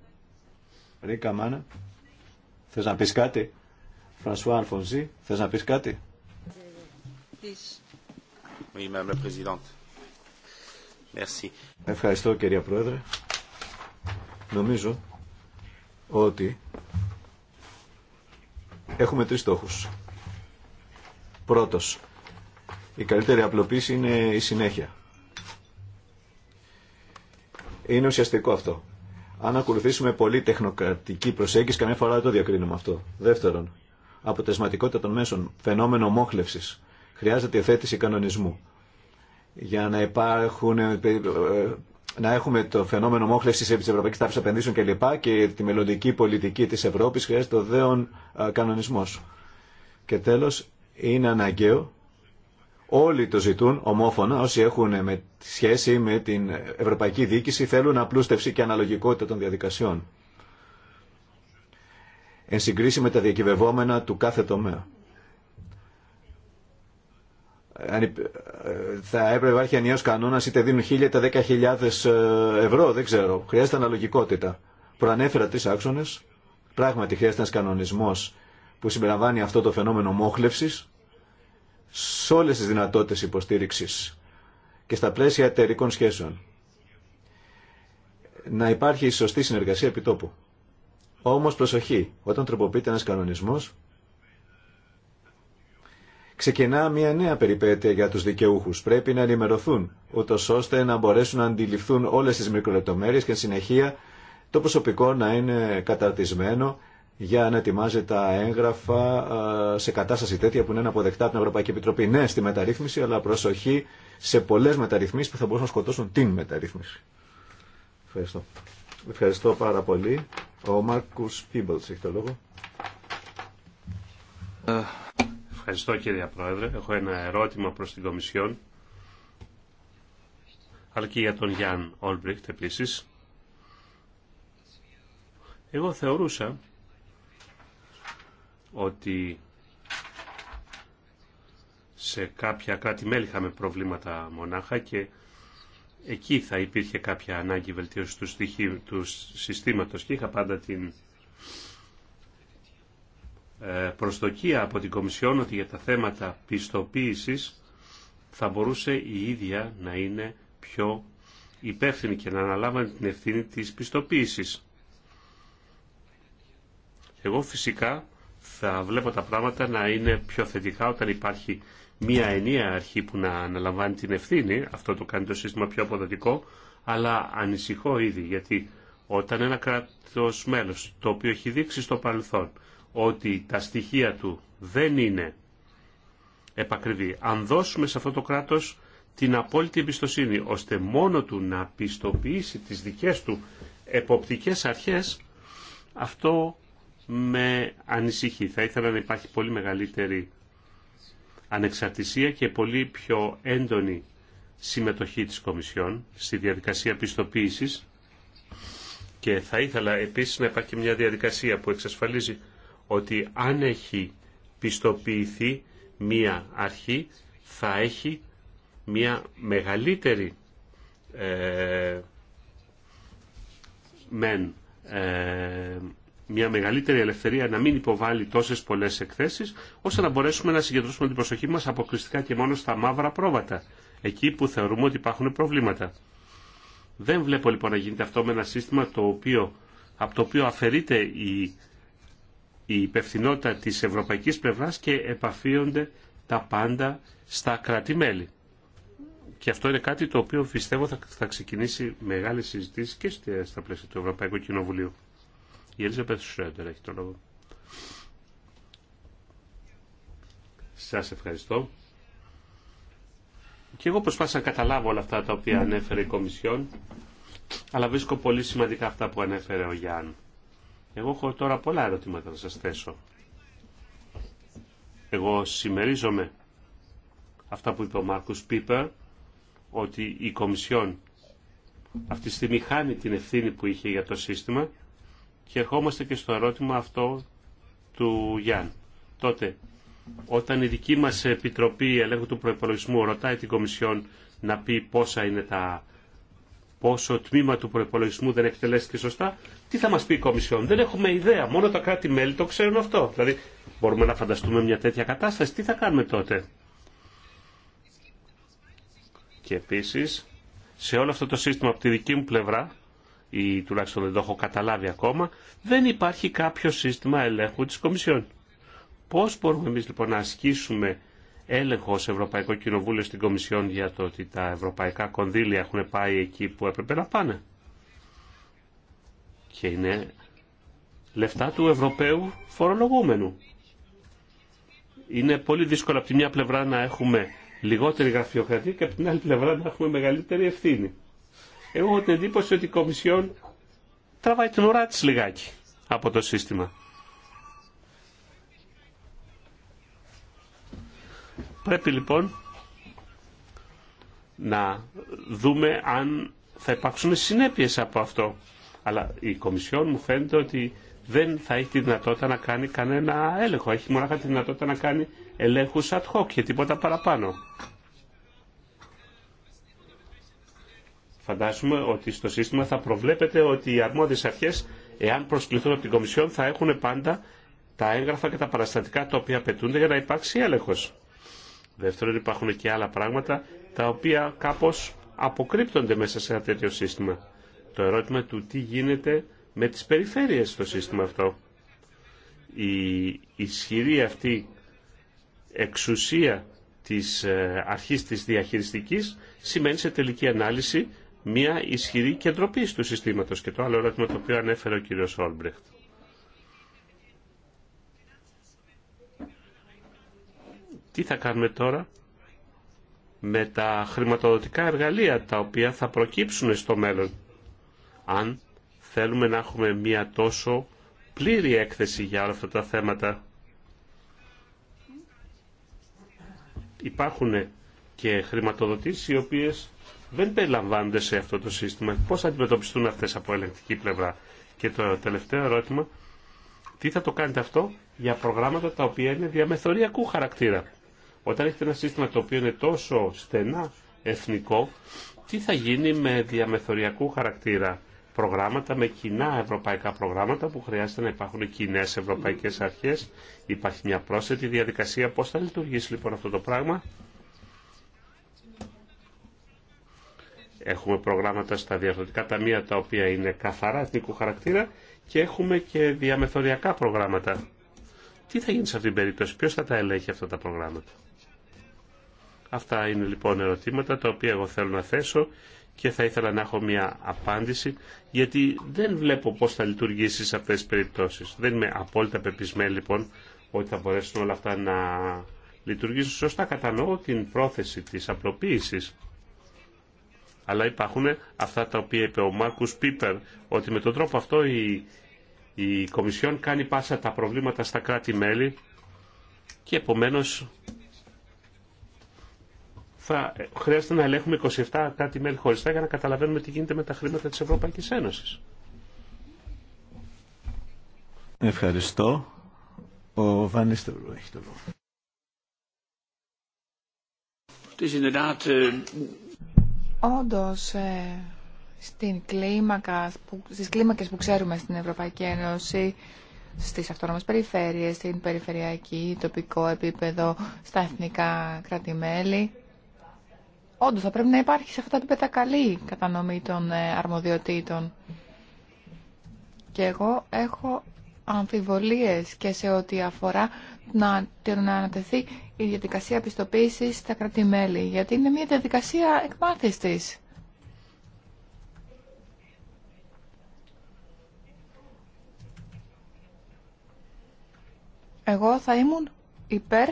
Ρίκα Μάνα, θες να πεις κάτι. Φρανσουά Αλφονζή, θες να πεις κάτι. Ευχαριστώ κυρία Πρόεδρε. Νομίζω ότι έχουμε τρεις στόχους. Πρώτος, η καλύτερη απλοποίηση είναι η συνέχεια. Είναι ουσιαστικό αυτό. Αν ακολουθήσουμε πολύ τεχνοκρατική προσέγγιση, καμιά φορά δεν το διακρίνουμε αυτό. Δεύτερον, αποτεσματικότητα των μέσων, φαινόμενο μόχλευση. Χρειάζεται θέτηση κανονισμού. Για να υπάρχουν, ε, ε, να έχουμε το φαινόμενο μόχλευση τη Ευρωπαϊκή Τάξη Επενδύσεων κλπ. και τη μελλοντική πολιτική τη Ευρώπη, χρειάζεται ο δέον ε, κανονισμό. Και τέλο, είναι αναγκαίο. Όλοι το ζητούν ομόφωνα, όσοι έχουν με σχέση με την ευρωπαϊκή διοίκηση θέλουν απλούστευση και αναλογικότητα των διαδικασιών. Εν συγκρίση με τα διακυβευόμενα του κάθε τομέα. Θα έπρεπε να υπάρχει ενιαίο κανόνα είτε δίνουν χίλια, είτε χιλιάδε ε, ευρώ, δεν ξέρω. Χρειάζεται αναλογικότητα. Προανέφερα τρει άξονε. Πράγματι χρειάζεται ένα κανονισμό που συμπεριλαμβάνει αυτό το φαινόμενο μόχλευσης σε όλες τις δυνατότητες υποστήριξης και στα πλαίσια εταιρικών σχέσεων. Να υπάρχει σωστή συνεργασία επί τόπου. Όμως προσοχή, όταν τροποποιείται ένας κανονισμός, ξεκινά μια νέα περιπέτεια για τους δικαιούχους. Πρέπει να ενημερωθούν, ούτως ώστε να μπορέσουν να αντιληφθούν όλες τις μικρολεπτομέρειες και συνεχεία το προσωπικό να είναι καταρτισμένο για να ετοιμάζει τα έγγραφα σε κατάσταση τέτοια που είναι αποδεκτά από την Ευρωπαϊκή Επιτροπή. Ναι, στη μεταρρύθμιση, αλλά προσοχή σε πολλέ μεταρρυθμίσει που θα μπορούσαν να σκοτώσουν την μεταρρύθμιση. Ευχαριστώ. Ευχαριστώ πάρα πολύ. Ο Μάρκο Πίμπελ έχει το λόγο.
Ευχαριστώ κύριε Πρόεδρε. Έχω ένα ερώτημα προς την Κομισιόν, αλλά και για τον Γιάνν Όλμπριχτ επίσης. Εγώ θεωρούσα ότι σε κάποια κράτη-μέλη είχαμε προβλήματα μονάχα και εκεί θα υπήρχε κάποια ανάγκη βελτίωση του, στοιχείου, του συστήματος και είχα πάντα την ε, προσδοκία από την Κομισιόν ότι για τα θέματα πιστοποίησης θα μπορούσε η ίδια να είναι πιο υπεύθυνη και να αναλάβανε την ευθύνη της πιστοποίησης. Εγώ φυσικά θα βλέπω τα πράγματα να είναι πιο θετικά όταν υπάρχει μία ενία αρχή που να αναλαμβάνει την ευθύνη. Αυτό το κάνει το σύστημα πιο αποδοτικό, αλλά ανησυχώ ήδη γιατί όταν ένα κράτος μέλος το οποίο έχει δείξει στο παρελθόν ότι τα στοιχεία του δεν είναι επακριβή, αν δώσουμε σε αυτό το κράτος την απόλυτη εμπιστοσύνη ώστε μόνο του να πιστοποιήσει τις δικές του εποπτικές αρχές, αυτό με ανησυχεί. Θα ήθελα να υπάρχει πολύ μεγαλύτερη ανεξαρτησία και πολύ πιο έντονη συμμετοχή της Κομισιόν στη διαδικασία πιστοποίησης και θα ήθελα επίσης να υπάρχει μια διαδικασία που εξασφαλίζει ότι αν έχει πιστοποιηθεί μία αρχή θα έχει μια μεγαλύτερη ε, μεν ε, μια μεγαλύτερη ελευθερία να μην υποβάλει τόσε πολλέ εκθέσει ώστε να μπορέσουμε να συγκεντρώσουμε την προσοχή μα αποκλειστικά και μόνο στα μαύρα πρόβατα, εκεί που θεωρούμε ότι υπάρχουν προβλήματα. Δεν βλέπω λοιπόν να γίνεται αυτό με ένα σύστημα το οποίο, από το οποίο αφαιρείται η, η υπευθυνότητα τη Ευρωπαϊκή πλευρά και επαφίονται τα πάντα στα κράτη-μέλη. Και αυτό είναι κάτι το οποίο πιστεύω θα, θα ξεκινήσει μεγάλη συζήτηση και στα πλαίσια του Ευρωπαϊκού Κοινοβουλίου. Η Ελίζαπεθ Σρέντερ έχει το λόγο. Σας ευχαριστώ. Και εγώ προσπάθησα να καταλάβω όλα αυτά τα οποία ανέφερε η Κομισιόν, αλλά βρίσκω πολύ σημαντικά αυτά που ανέφερε ο Γιάννη. Εγώ έχω τώρα πολλά ερωτήματα να σας θέσω. Εγώ συμμερίζομαι αυτά που είπε ο Μάρκους Πίπερ, ότι η Κομισιόν αυτή τη στιγμή χάνει την ευθύνη που είχε για το σύστημα και ερχόμαστε και στο ερώτημα αυτό του Γιάννη. Τότε, όταν η δική μας Επιτροπή Ελέγχου του Προϋπολογισμού ρωτάει την Κομισιόν να πει πόσα είναι τα πόσο τμήμα του προπολογισμού δεν εκτελέστηκε σωστά, τι θα μας πει η Κομισιόν. Δεν έχουμε ιδέα. Μόνο τα κράτη-μέλη το ξέρουν αυτό. Δηλαδή, μπορούμε να φανταστούμε μια τέτοια κατάσταση. Τι θα κάνουμε τότε. Και επίσης, σε όλο αυτό το σύστημα από τη δική μου πλευρά, ή τουλάχιστον δεν το έχω καταλάβει ακόμα, δεν υπάρχει κάποιο σύστημα ελέγχου της Κομισιόν. Πώς μπορούμε εμείς λοιπόν να ασκήσουμε έλεγχο σε Ευρωπαϊκό Κοινοβούλιο στην Κομισιόν για το ότι τα ευρωπαϊκά κονδύλια έχουν πάει εκεί που έπρεπε να πάνε. Και είναι λεφτά του Ευρωπαίου φορολογούμενου. Είναι πολύ δύσκολο από τη μια πλευρά να έχουμε λιγότερη γραφειοκρατία και από την άλλη πλευρά να έχουμε μεγαλύτερη ευθύνη. Εγώ έχω την εντύπωση ότι η Κομισιόν τραβάει την ουρά της λιγάκι από το σύστημα. Πρέπει λοιπόν να δούμε αν θα υπάρξουν συνέπειες από αυτό. Αλλά η Κομισιόν μου φαίνεται ότι δεν θα έχει τη δυνατότητα να κάνει κανένα έλεγχο. Έχει μόνο τη δυνατότητα να κάνει ελέγχους ad hoc και τίποτα παραπάνω. Φαντάζομαι ότι στο σύστημα θα προβλέπετε ότι οι αρμόδιες αρχές, εάν προσκληθούν από την Κομισιόν, θα έχουν πάντα τα έγγραφα και τα παραστατικά τα οποία απαιτούνται για να υπάρξει έλεγχος. Δεύτερον, υπάρχουν και άλλα πράγματα τα οποία κάπως αποκρύπτονται μέσα σε ένα τέτοιο σύστημα. Το ερώτημα του τι γίνεται με τις περιφέρειες στο σύστημα αυτό. Η ισχυρή αυτή εξουσία της ε, αρχής της διαχειριστικής σημαίνει σε τελική ανάλυση μια ισχυρή κεντροποίηση του συστήματος και το άλλο ερώτημα το οποίο ανέφερε ο κύριος Όλμπρεχτ. Τι θα κάνουμε τώρα με τα χρηματοδοτικά εργαλεία τα οποία θα προκύψουν στο μέλλον αν θέλουμε να έχουμε μια τόσο πλήρη έκθεση για όλα αυτά τα θέματα. Υπάρχουν και χρηματοδοτήσεις οι οποίες δεν περιλαμβάνονται σε αυτό το σύστημα. πώ θα αντιμετωπιστούν αυτέ από ελεγκτική πλευρά. Και το τελευταίο ερώτημα, τι θα το κάνετε αυτό για προγράμματα τα οποία είναι διαμεθοριακού χαρακτήρα. Όταν έχετε ένα σύστημα το οποίο είναι τόσο στενά εθνικό, τι θα γίνει με διαμεθοριακού χαρακτήρα προγράμματα, με κοινά ευρωπαϊκά προγράμματα που χρειάζεται να υπάρχουν κοινέ ευρωπαϊκέ αρχέ. Υπάρχει μια πρόσθετη διαδικασία. Πώ θα λειτουργήσει λοιπόν αυτό το πράγμα. Έχουμε προγράμματα στα διαρθρωτικά ταμεία τα οποία είναι καθαρά εθνικού χαρακτήρα και έχουμε και διαμεθοριακά προγράμματα. Τι θα γίνει σε αυτήν την περίπτωση, ποιο θα τα ελέγχει αυτά τα προγράμματα. Αυτά είναι λοιπόν ερωτήματα τα οποία εγώ θέλω να θέσω και θα ήθελα να έχω μια απάντηση γιατί δεν βλέπω πώς θα λειτουργήσει σε αυτές τις περιπτώσεις. Δεν είμαι απόλυτα πεπισμένη λοιπόν ότι θα μπορέσουν όλα αυτά να λειτουργήσουν σωστά. Κατανοώ την πρόθεση της απλοποίησης αλλά υπάρχουν αυτά τα οποία είπε ο Μάρκους Πίπερ, ότι με τον τρόπο αυτό η, η Κομισιόν κάνει πάσα τα προβλήματα στα κράτη-μέλη και επομένως θα χρειάζεται να ελέγχουμε 27 κράτη-μέλη χωριστά για να καταλαβαίνουμε τι γίνεται με τα χρήματα της Ευρωπαϊκής
Ένωσης. Ευχαριστώ. Ο Βανίστερο έχει το λόγο. Eh,
Όντως, ε, στην κλίμακα, στις κλίμακες που ξέρουμε στην Ευρωπαϊκή Ένωση, στις αυτόνομες περιφέρειες, στην περιφερειακή, τοπικό επίπεδο, στα εθνικά κρατημέλη. Όντως θα πρέπει να υπάρχει σε αυτά τα επίπεδα καλή κατανομή των ε, αρμοδιοτήτων. Και εγώ έχω αμφιβολίες και σε ό,τι αφορά να, να ανατεθεί η διαδικασία πιστοποίηση στα κρατημέλη. μελη γιατί είναι μια διαδικασία εκμάθησης Εγώ θα ήμουν υπέρ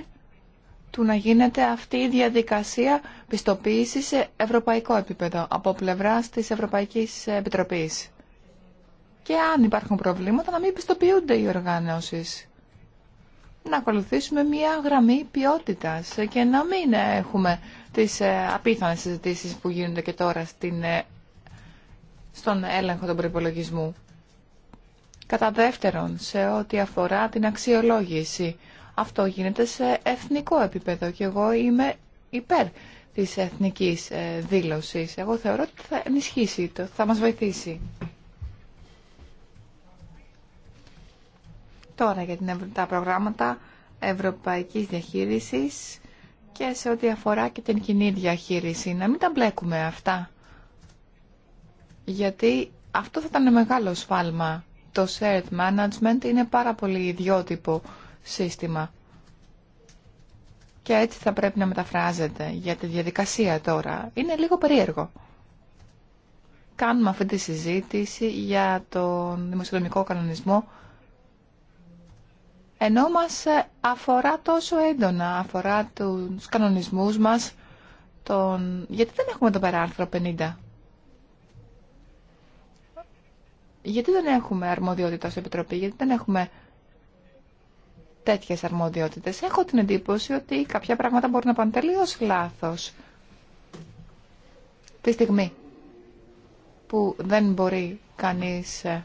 του να γίνεται αυτή η διαδικασία πιστοποίηση σε ευρωπαϊκό επίπεδο από πλευρά τη Ευρωπαϊκή Επιτροπή. Και αν υπάρχουν προβλήματα, να μην πιστοποιούνται οι οργανώσει να ακολουθήσουμε μια γραμμή ποιότητας και να μην έχουμε τις ε, απίθανες συζητήσει που γίνονται και τώρα στην, ε, στον έλεγχο των προπολογισμού. Κατά δεύτερον, σε ό,τι αφορά την αξιολόγηση, αυτό γίνεται σε εθνικό επίπεδο και εγώ είμαι υπέρ της εθνικής ε, δήλωσης. Εγώ θεωρώ ότι θα ενισχύσει, το, θα μας βοηθήσει. Τώρα για την, τα προγράμματα ευρωπαϊκής διαχείρισης και σε ό,τι αφορά και την κοινή διαχείριση. Να μην τα μπλέκουμε αυτά. Γιατί αυτό θα ήταν μεγάλο σφάλμα. Το shared management είναι πάρα πολύ ιδιότυπο σύστημα. Και έτσι θα πρέπει να μεταφράζεται για τη διαδικασία τώρα. Είναι λίγο περίεργο. Κάνουμε αυτή τη συζήτηση για τον δημοσιονομικό κανονισμό ενώ μας ε, αφορά τόσο έντονα, αφορά τους κανονισμούς μας, τον... γιατί δεν έχουμε το περάρθρο 50. Γιατί δεν έχουμε αρμοδιότητα στην Επιτροπή, γιατί δεν έχουμε τέτοιες αρμοδιότητες. Έχω την εντύπωση ότι κάποια πράγματα μπορούν να πάνε τελείως λάθος. Τη στιγμή που δεν μπορεί κανείς ε,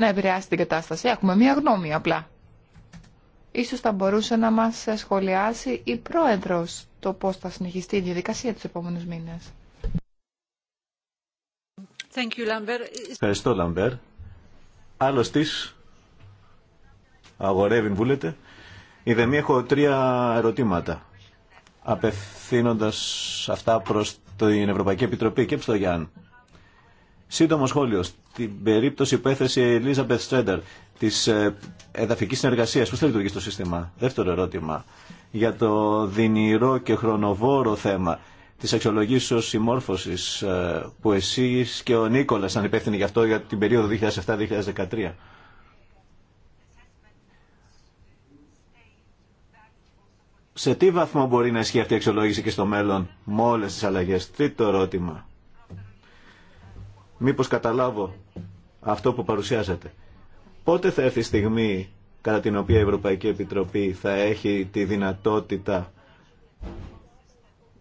να επηρεάσει την κατάσταση. Έχουμε μία γνώμη απλά. Ίσως θα μπορούσε να μας σχολιάσει η πρόεδρος το πώς θα συνεχιστεί η διαδικασία τους επόμενους μήνες.
Ευχαριστώ, Λαμπέρ. Άλλος της, αγορεύει, βούλετε. μία, έχω τρία ερωτήματα, απευθύνοντας αυτά προς την Ευρωπαϊκή Επιτροπή και προς τον Γιάννη. Σύντομο σχόλιο. Στην περίπτωση που έθεσε η Ελίζα Στρέντερ τη ε, εδαφική συνεργασία, πώ θα λειτουργήσει το σύστημα. Δεύτερο ερώτημα. Για το δινηρό και χρονοβόρο θέμα τη αξιολογήσεω συμμόρφωση ε, που εσεί και ο Νίκολα ήταν υπεύθυνοι γι' αυτό για την περίοδο 2007-2013. Σε τι βαθμό μπορεί να ισχύει αυτή η αξιολόγηση και στο μέλλον με όλε τι αλλαγέ. Τρίτο ερώτημα μήπως καταλάβω αυτό που παρουσιάζετε. Πότε θα έρθει η στιγμή κατά την οποία η Ευρωπαϊκή Επιτροπή θα έχει τη δυνατότητα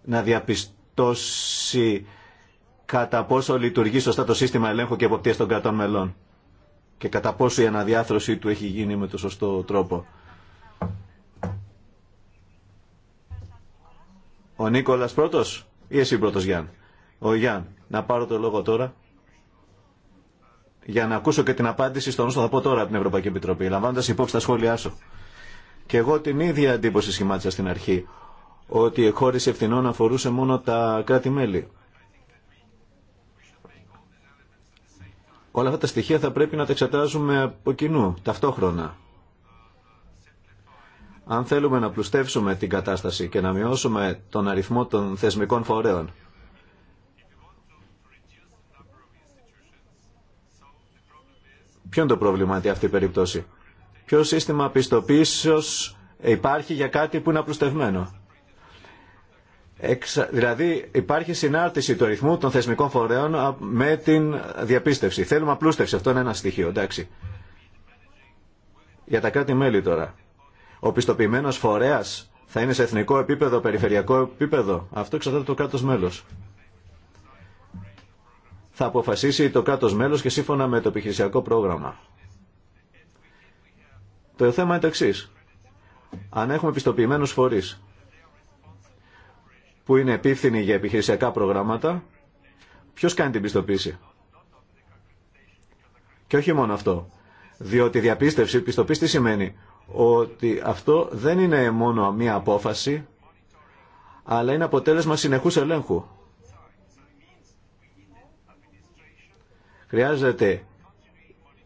να διαπιστώσει κατά πόσο λειτουργεί σωστά το σύστημα ελέγχου και εποπτείας των κρατών μελών και κατά πόσο η αναδιάθρωσή του έχει γίνει με το σωστό τρόπο. Ο Νίκολας πρώτος ή εσύ πρώτος Γιάννη. Ο Γιάννη, να πάρω το λόγο τώρα για να ακούσω και την απάντηση στον όσο θα πω τώρα από την Ευρωπαϊκή Επιτροπή, λαμβάνοντα υπόψη τα σχόλιά σου. Και εγώ την ίδια εντύπωση σχημάτισα στην αρχή, ότι η εκχώρηση ευθυνών αφορούσε μόνο τα κράτη-μέλη. Όλα αυτά τα στοιχεία θα πρέπει να τα εξετάζουμε από κοινού, ταυτόχρονα. Αν θέλουμε να πλουστεύσουμε την κατάσταση και να μειώσουμε τον αριθμό των θεσμικών φορέων, Ποιο είναι το πρόβλημα για αυτή η περίπτωση. Ποιο σύστημα πιστοποίησης υπάρχει για κάτι που είναι απλουστευμένο. Δηλαδή υπάρχει συνάρτηση του αριθμού των θεσμικών φορέων με την διαπίστευση. Θέλουμε απλούστευση. Αυτό είναι ένα στοιχείο. Εντάξει. Για τα κράτη-μέλη τώρα. Ο πιστοποιημένο φορέας θα είναι σε εθνικό επίπεδο, περιφερειακό επίπεδο. Αυτό εξαρτάται το κράτο μέλο θα αποφασίσει το κάτω μέλος και σύμφωνα με το επιχειρησιακό πρόγραμμα. Το θέμα είναι το εξή. Αν έχουμε πιστοποιημένους φορείς που είναι επίφθηνοι για επιχειρησιακά προγράμματα, ποιος κάνει την πιστοποίηση. Και όχι μόνο αυτό. Διότι διαπίστευση, πιστοποίηση τι σημαίνει. Ότι αυτό δεν είναι μόνο μία απόφαση, αλλά είναι αποτέλεσμα συνεχούς ελέγχου. Χρειάζεται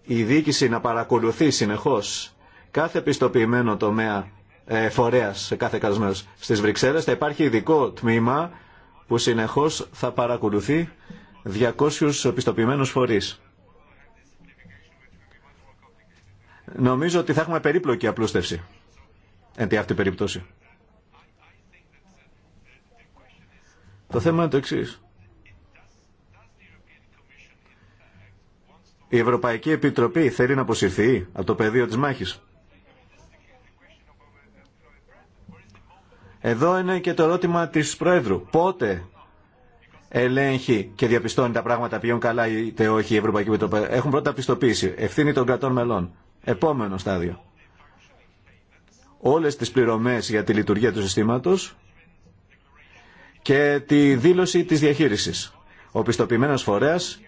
η διοίκηση να παρακολουθεί συνεχώς κάθε πιστοποιημένο τομέα ε, φορέας σε κάθε κράτος Στις Βρυξέλλες θα υπάρχει ειδικό τμήμα που συνεχώς θα παρακολουθεί 200 πιστοποιημένους φορείς. Νομίζω ότι θα έχουμε περίπλοκη απλούστευση εν τη αυτή περίπτωση. Το θέμα είναι το εξής. Η Ευρωπαϊκή Επιτροπή θέλει να αποσυρθεί από το πεδίο της μάχης. Εδώ είναι και το ερώτημα της Πρόεδρου. Πότε ελέγχει και διαπιστώνει τα πράγματα πηγαίνουν καλά είτε όχι η Ευρωπαϊκή Επιτροπή. Έχουν πρώτα πιστοποίηση. Ευθύνη των κρατών μελών. Επόμενο στάδιο. Όλες τις πληρωμές για τη λειτουργία του συστήματος και τη δήλωση της διαχείρισης. Ο πιστοποιημένος φορέας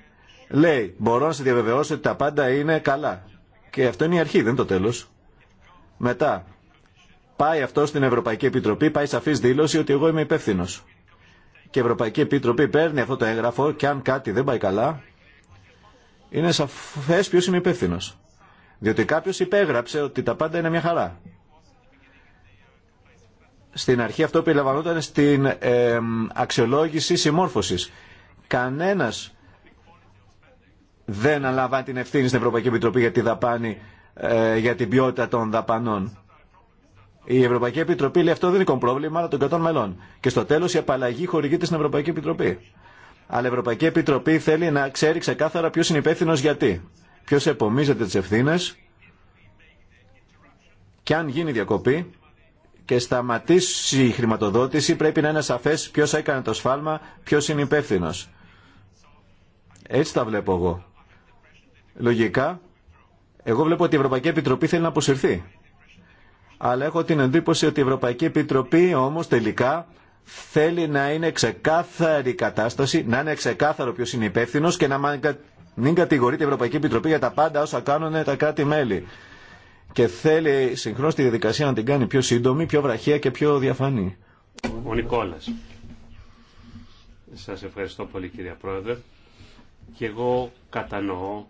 Λέει, μπορώ να σε διαβεβαιώσω ότι τα πάντα είναι καλά. Και αυτό είναι η αρχή, δεν το τέλος. Μετά, πάει αυτό στην Ευρωπαϊκή Επιτροπή, πάει σαφής δήλωση ότι εγώ είμαι υπεύθυνο. Και η Ευρωπαϊκή Επιτροπή παίρνει αυτό το έγγραφο και αν κάτι δεν πάει καλά, είναι σαφές ποιος είναι υπεύθυνο. Διότι κάποιο υπέγραψε ότι τα πάντα είναι μια χαρά. Στην αρχή αυτό περιλαμβανόταν στην αξιολόγηση συμμόρφωσης. Κανένας δεν αναλαμβάνει την ευθύνη στην Ευρωπαϊκή Επιτροπή για, τη δαπάνη, ε, για την ποιότητα των δαπανών. Η Ευρωπαϊκή Επιτροπή λέει αυτό δεν είναι πρόβλημα, αλλά των κρατών μελών. Και στο τέλο η απαλλαγή χορηγείται στην Ευρωπαϊκή Επιτροπή. Αλλά η Ευρωπαϊκή Επιτροπή θέλει να ξέρει ξεκάθαρα ποιο είναι υπεύθυνο γιατί. Ποιο επομίζεται τι ευθύνε. Και αν γίνει διακοπή και σταματήσει η χρηματοδότηση, πρέπει να είναι σαφέ ποιο έκανε το σφάλμα, ποιο είναι υπεύθυνο. Έτσι τα βλέπω εγώ. Λογικά, εγώ βλέπω ότι η Ευρωπαϊκή Επιτροπή θέλει να αποσυρθεί. Αλλά έχω την εντύπωση ότι η Ευρωπαϊκή Επιτροπή όμως τελικά θέλει να είναι ξεκάθαρη η κατάσταση, να είναι ξεκάθαρο ποιος είναι υπεύθυνο και να μην κατηγορεί την Ευρωπαϊκή Επιτροπή για τα πάντα όσα κάνουν τα κράτη-μέλη. Και θέλει συγχρόνω τη διαδικασία να την κάνει πιο σύντομη, πιο βραχεία και πιο διαφανή.
Ο ευχαριστώ πολύ κύριε Πρόεδρε. Και εγώ κατανοώ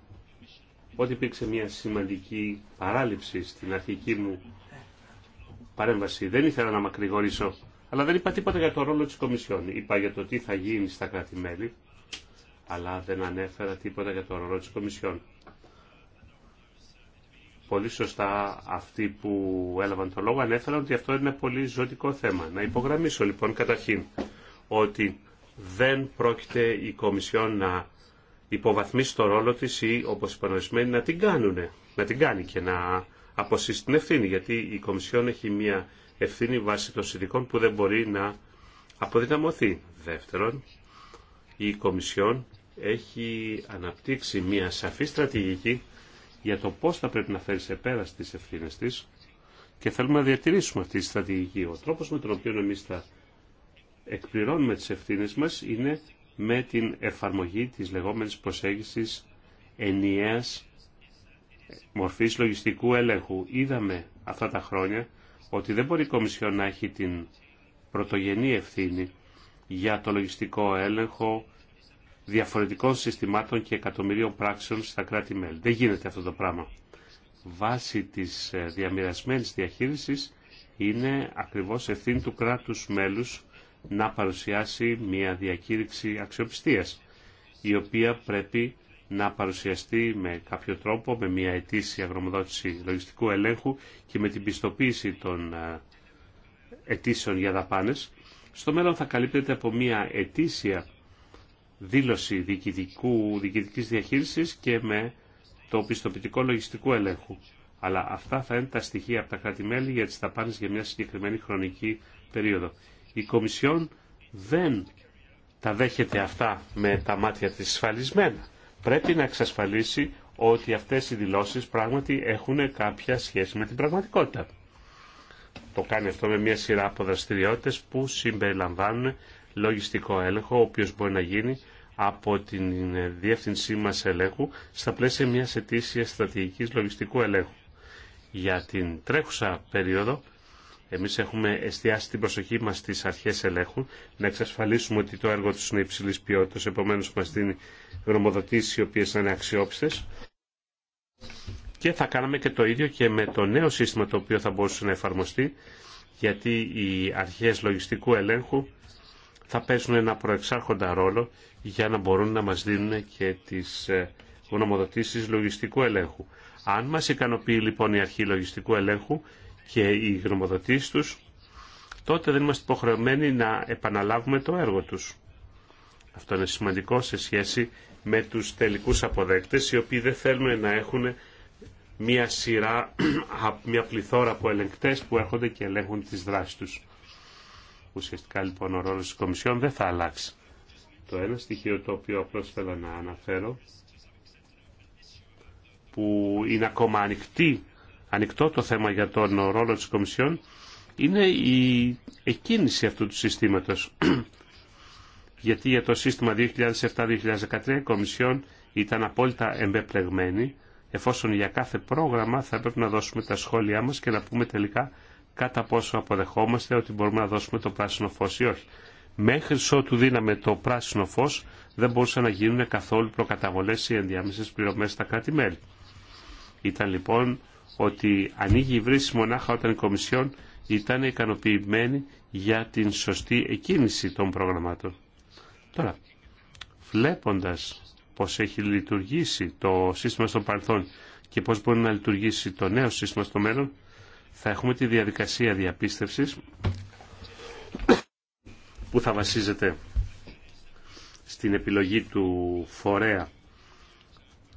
ότι υπήρξε μια σημαντική παράληψη στην αρχική μου παρέμβαση. Δεν ήθελα να μακρηγορήσω, αλλά δεν είπα τίποτα για το ρόλο της Κομισιόν. Είπα για το τι θα γίνει στα κράτη-μέλη, αλλά δεν ανέφερα τίποτα για το ρόλο της Κομισιόν. Πολύ σωστά αυτοί που έλαβαν το λόγο ανέφεραν ότι αυτό είναι ένα πολύ ζωτικό θέμα. Να υπογραμμίσω λοιπόν καταρχήν ότι δεν πρόκειται η Κομισιόν να υποβαθμίσει το ρόλο της ή όπως υπονοησμένοι να την κάνουν, να την κάνει και να αποσύσει την ευθύνη γιατί η Κομισιόν έχει μια ευθύνη βάσει των συνδικών που δεν μπορεί να αποδυναμωθεί. Δεύτερον, η Κομισιόν έχει αναπτύξει μια σαφή στρατηγική για το πώς θα πρέπει να φέρει σε πέρα στις ευθύνε της και θέλουμε να διατηρήσουμε αυτή τη στρατηγική. Ο τρόπος με τον οποίο εμείς θα εκπληρώνουμε τις ευθύνε μας είναι με την εφαρμογή της λεγόμενης προσέγγισης ενιαίας μορφής λογιστικού ελέγχου. Είδαμε αυτά τα χρόνια ότι δεν μπορεί η Κομισιόν να έχει την πρωτογενή ευθύνη για το λογιστικό έλεγχο διαφορετικών συστημάτων και εκατομμυρίων πράξεων στα κράτη-μέλη. Δεν γίνεται αυτό το πράγμα. Βάση της ε, διαμοιρασμένης διαχείρισης είναι ακριβώς ευθύνη του κράτους μέλους να παρουσιάσει μια διακήρυξη αξιοπιστίας, η οποία πρέπει να παρουσιαστεί με κάποιο τρόπο, με μια ετήσια γνωμοδότηση λογιστικού ελέγχου και με την πιστοποίηση των αιτήσεων ε, για δαπάνε. Στο μέλλον θα καλύπτεται από μια ετήσια δήλωση διοικητικής διαχείρισης και με το πιστοποιητικό λογιστικού ελέγχου. Αλλά αυτά θα είναι τα στοιχεία από τα κράτη-μέλη για τις για μια συγκεκριμένη χρονική περίοδο η Κομισιόν δεν τα δέχεται αυτά με τα μάτια της ασφαλισμένα. Πρέπει να εξασφαλίσει ότι αυτές οι δηλώσεις πράγματι έχουν κάποια σχέση με την πραγματικότητα. Το κάνει αυτό με μια σειρά από δραστηριότητε που συμπεριλαμβάνουν λογιστικό έλεγχο, ο οποίος μπορεί να γίνει από την διεύθυνσή μας ελέγχου στα πλαίσια μιας ετήσιας στρατηγικής λογιστικού ελέγχου. Για την τρέχουσα περίοδο εμείς έχουμε εστιάσει την προσοχή μας στις αρχές ελέγχου, να εξασφαλίσουμε ότι το έργο τους είναι υψηλής ποιότητας, επομένως μας δίνει γνωμοδοτήσεις οι οποίες θα είναι αξιόπιστες. Και θα κάναμε και το ίδιο και με το νέο σύστημα το οποίο θα μπορούσε να εφαρμοστεί, γιατί οι αρχές λογιστικού ελέγχου θα παίζουν ένα προεξάρχοντα ρόλο για να μπορούν να μας δίνουν και τις ε, γνωμοδοτήσεις λογιστικού ελέγχου. Αν μας ικανοποιεί λοιπόν η αρχή λογιστικού ελέγχου, και οι γνωμοδοτήσεις τους, τότε δεν είμαστε υποχρεωμένοι να επαναλάβουμε το έργο τους. Αυτό είναι σημαντικό σε σχέση με τους τελικούς αποδέκτες, οι οποίοι δεν θέλουν να έχουν μια σειρά, <clears throat> μια πληθώρα από ελεγκτές που έρχονται και ελέγχουν τις δράσεις τους. Ουσιαστικά λοιπόν ο ρόλος της Κομισιόν δεν θα αλλάξει. Το ένα στοιχείο το οποίο απλώς θέλω να αναφέρω, που είναι ακόμα ανοιχτή ανοιχτό το θέμα για τον ρόλο της Κομισιόν είναι η εκκίνηση αυτού του συστήματος. <clears throat> Γιατί για το σύστημα 2007-2013 η Κομισιόν ήταν απόλυτα εμπεπλεγμένη εφόσον για κάθε πρόγραμμα θα πρέπει να δώσουμε τα σχόλιά μας και να πούμε τελικά κατά πόσο αποδεχόμαστε ότι μπορούμε να δώσουμε το πράσινο φως ή όχι. Μέχρι ότου δίναμε το πράσινο φως δεν μπορούσαν να γίνουν καθόλου προκαταβολές ή ενδιάμεσες πληρωμές στα κράτη-μέλη. Ήταν λοιπόν ότι ανοίγει η βρύση μονάχα όταν η Κομισιόν ήταν ικανοποιημένη για την σωστή εκκίνηση των προγραμμάτων. Τώρα, βλέποντας πώς έχει λειτουργήσει το σύστημα στο παρελθόν και πώς μπορεί να λειτουργήσει το νέο σύστημα στο μέλλον, θα έχουμε τη διαδικασία διαπίστευσης που θα βασίζεται στην επιλογή του φορέα,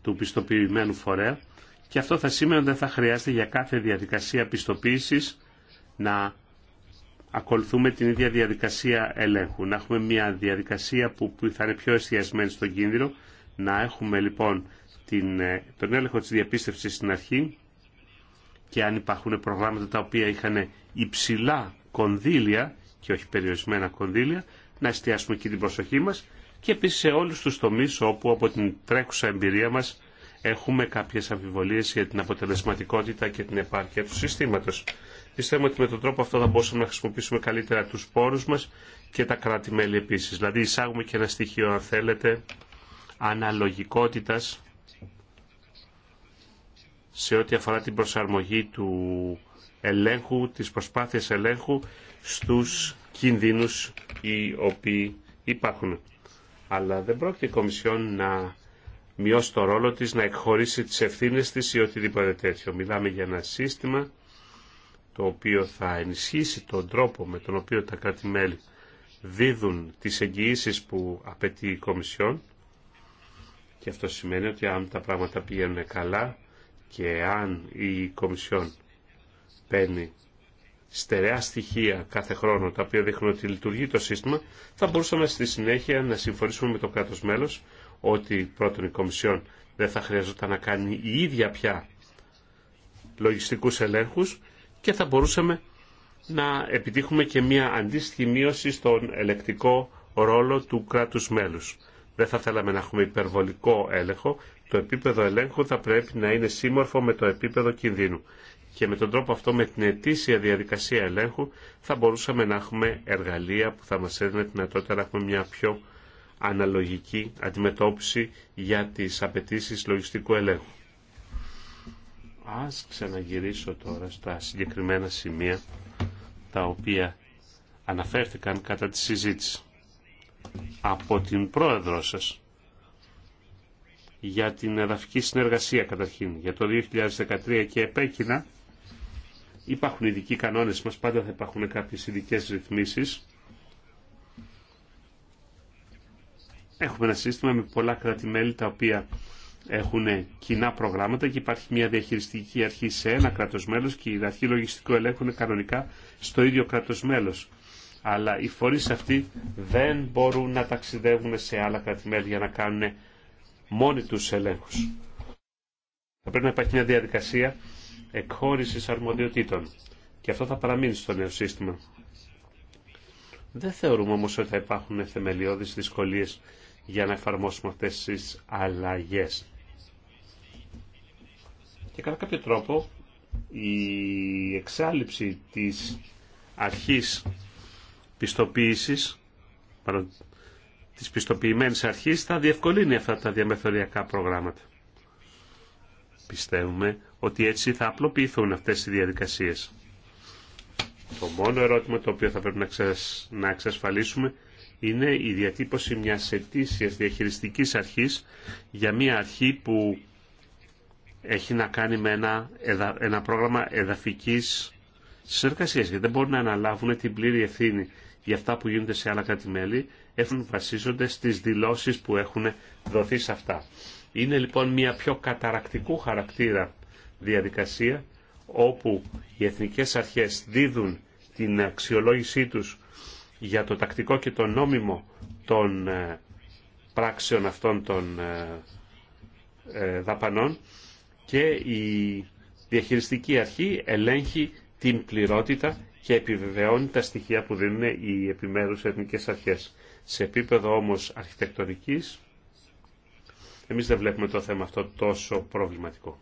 του πιστοποιημένου φορέα και αυτό θα σημαίνει ότι δεν θα χρειάζεται για κάθε διαδικασία πιστοποίησης να ακολουθούμε την ίδια διαδικασία ελέγχου. Να έχουμε μια διαδικασία που, που θα είναι πιο εστιασμένη στον κίνδυνο. Να έχουμε λοιπόν την, ε, τον έλεγχο της διαπίστευσης στην αρχή και αν υπάρχουν προγράμματα τα οποία είχαν υψηλά κονδύλια και όχι περιορισμένα κονδύλια, να εστιάσουμε εκεί την προσοχή μας και επίσης σε όλους τους τομείς όπου από την τρέχουσα εμπειρία μας έχουμε κάποιες αμφιβολίες για την αποτελεσματικότητα και την επάρκεια του συστήματος. Πιστεύουμε ότι με τον τρόπο αυτό θα μπορούσαμε να χρησιμοποιήσουμε καλύτερα τους πόρους μας και τα κράτη-μέλη επίσης. Δηλαδή εισάγουμε και ένα στοιχείο, αν θέλετε, αναλογικότητας σε ό,τι αφορά την προσαρμογή του ελέγχου, της προσπάθειας ελέγχου στους κινδύνους οι οποίοι υπάρχουν. Αλλά δεν πρόκειται η Κομισιόν να μειώσει το ρόλο της, να εκχωρήσει τις ευθύνες της ή οτιδήποτε τέτοιο. Μιλάμε για ένα σύστημα το οποίο θα ενισχύσει τον τρόπο με τον οποίο τα κράτη-μέλη δίδουν τις εγγυήσει που απαιτεί η Κομισιόν και αυτό σημαίνει ότι αν τα πράγματα πηγαίνουν καλά και αν η Κομισιόν παίρνει στερεά στοιχεία κάθε χρόνο τα οποία δείχνουν ότι λειτουργεί το σύστημα θα μπορούσαμε στη συνέχεια να συμφωνήσουμε με το κράτος μέλος ότι πρώτον η Κομισιόν δεν θα χρειαζόταν να κάνει η ίδια πια λογιστικούς ελέγχους και θα μπορούσαμε να επιτύχουμε και μια αντίστοιχη μείωση στον ελεκτικό ρόλο του κράτους μέλους. Δεν θα θέλαμε να έχουμε υπερβολικό έλεγχο. Το επίπεδο ελέγχου θα πρέπει να είναι σύμμορφο με το επίπεδο κινδύνου. Και με τον τρόπο αυτό, με την ετήσια διαδικασία ελέγχου, θα μπορούσαμε να έχουμε εργαλεία που θα μας έδινε δυνατότητα να έχουμε μια πιο αναλογική αντιμετώπιση για τις απαιτήσει λογιστικού ελέγχου. Ας ξαναγυρίσω τώρα στα συγκεκριμένα σημεία τα οποία αναφέρθηκαν κατά τη συζήτηση από την πρόεδρό σας για την εδαφική συνεργασία καταρχήν για το 2013 και επέκεινα υπάρχουν ειδικοί κανόνες μας, πάντα θα υπάρχουν κάποιες ειδικές ρυθμίσεις Έχουμε ένα σύστημα με πολλά κράτη-μέλη τα οποία έχουν κοινά προγράμματα και υπάρχει μια διαχειριστική αρχή σε ένα κράτο μέλος και η αρχή λογιστικού ελέγχου κανονικά στο ίδιο κράτο μέλος. Αλλά οι φορείς αυτοί δεν μπορούν να ταξιδεύουν σε άλλα κράτη-μέλη για να κάνουν μόνοι του ελέγχου. Θα πρέπει να υπάρχει μια διαδικασία εκχώρηση αρμοδιοτήτων και αυτό θα παραμείνει στο νέο σύστημα. Δεν θεωρούμε όμως ότι θα υπάρχουν θεμελιώδεις δυσκολίε για να εφαρμόσουμε αυτές τις αλλαγές. Και κατά κάποιο τρόπο η εξάλληψη της αρχής πιστοποίησης, της πιστοποιημένης αρχής, θα διευκολύνει αυτά τα διαμεθοριακά προγράμματα. Πιστεύουμε ότι έτσι θα απλοποιηθούν αυτές οι διαδικασίες. Το μόνο ερώτημα το οποίο θα πρέπει να εξασφαλίσουμε είναι η διατύπωση μιας ετήσιας διαχειριστικής αρχής για μια αρχή που έχει να κάνει με ένα, ένα πρόγραμμα εδαφικής συνεργασίας γιατί δεν μπορούν να αναλάβουν την πλήρη ευθύνη για αυτά που γίνονται σε άλλα κράτη-μέλη έχουν βασίζονται στις δηλώσεις που έχουν δοθεί σε αυτά. Είναι λοιπόν μια πιο καταρακτικού χαρακτήρα διαδικασία όπου οι εθνικές αρχές δίδουν την αξιολόγησή τους για το τακτικό και το νόμιμο των ε, πράξεων αυτών των ε, ε, δαπανών και η διαχειριστική αρχή ελέγχει την πληρότητα και επιβεβαιώνει τα στοιχεία που δίνουν οι επιμέρους εθνικές αρχές. Σε επίπεδο όμως αρχιτεκτονικής, εμείς δεν βλέπουμε το θέμα αυτό τόσο προβληματικό.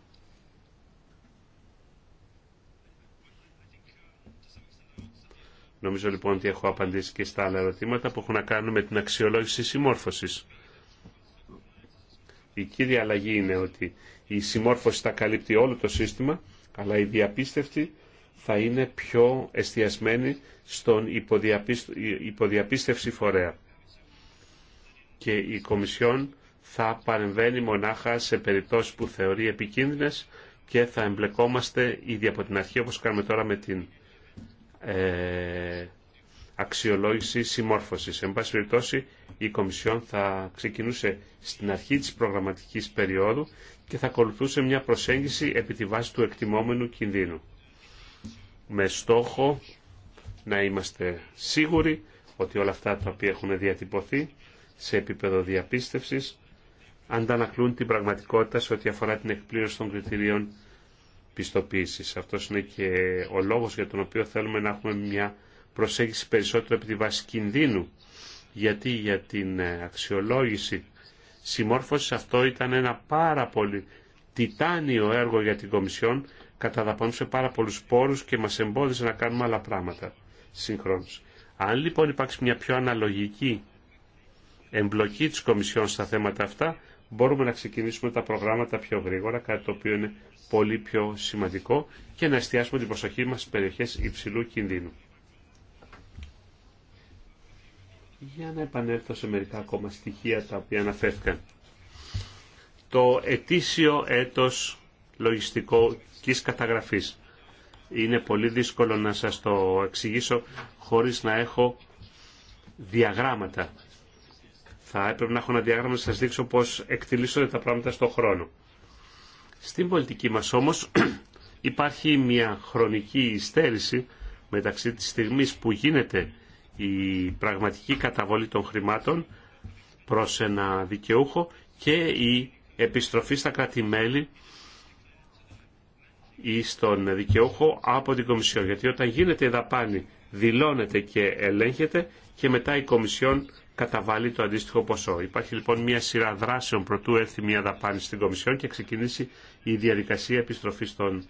Νομίζω λοιπόν ότι έχω απαντήσει και στα άλλα ερωτήματα που έχουν να κάνουν με την αξιολόγηση συμμόρφωσης. Η κύρια αλλαγή είναι ότι η συμμόρφωση θα καλύπτει όλο το σύστημα, αλλά η διαπίστευτη θα είναι πιο εστιασμένη στον υποδιαπίστευση φορέα. Και η Κομισιόν θα παρεμβαίνει μονάχα σε περιπτώσεις που θεωρεί επικίνδυνες και θα εμπλεκόμαστε ήδη από την αρχή όπως κάνουμε τώρα με την ε, αξιολόγηση συμμόρφωσης. Εν πάση περιπτώσει, η Κομισιόν θα ξεκινούσε στην αρχή της προγραμματικής περίοδου και θα ακολουθούσε μια προσέγγιση επί τη βάση του εκτιμόμενου κινδύνου. Με στόχο να είμαστε σίγουροι ότι όλα αυτά τα οποία έχουν διατυπωθεί σε επίπεδο διαπίστευσης αντανακλούν την πραγματικότητα σε ό,τι αφορά την εκπλήρωση των κριτηρίων πιστοποίησης. Αυτός είναι και ο λόγος για τον οποίο θέλουμε να έχουμε μια προσέγγιση περισσότερο από τη βάση κινδύνου. Γιατί για την ε, αξιολόγηση συμμόρφωσης αυτό ήταν ένα πάρα πολύ τιτάνιο έργο για την Κομισιόν, καταδαπανούσε πάρα πολλούς πόρους και μας εμπόδιζε να κάνουμε άλλα πράγματα συγχρόνως. Αν λοιπόν υπάρξει μια πιο αναλογική εμπλοκή της Κομισιόν στα θέματα αυτά, μπορούμε να ξεκινήσουμε τα προγράμματα πιο γρήγορα, κάτι το οποίο είναι πολύ πιο σημαντικό και να εστιάσουμε την προσοχή μας στις περιοχές υψηλού κινδύνου. Για να επανέλθω σε μερικά ακόμα στοιχεία τα οποία αναφέρθηκαν. Το ετήσιο έτος της καταγραφής. Είναι πολύ δύσκολο να σας το εξηγήσω χωρίς να έχω διαγράμματα. Θα έπρεπε να έχω ένα διάγραμμα να σας δείξω πώς εκτελήσονται τα πράγματα στον χρόνο. Στην πολιτική μας όμως <clears throat> υπάρχει μια χρονική υστέρηση μεταξύ της στιγμής που γίνεται η πραγματική καταβολή των χρημάτων προς ένα δικαιούχο και η επιστροφή στα κράτη-μέλη ή στον δικαιούχο από την Κομισιόν. Γιατί όταν γίνεται η δαπάνη δηλώνεται και ελέγχεται και μετά η Κομισιόν καταβάλει το αντίστοιχο ποσό. Υπάρχει λοιπόν μια σειρά δράσεων προτού έρθει μια δαπάνη στην Κομισιόν και ξεκινήσει η διαδικασία επιστροφής των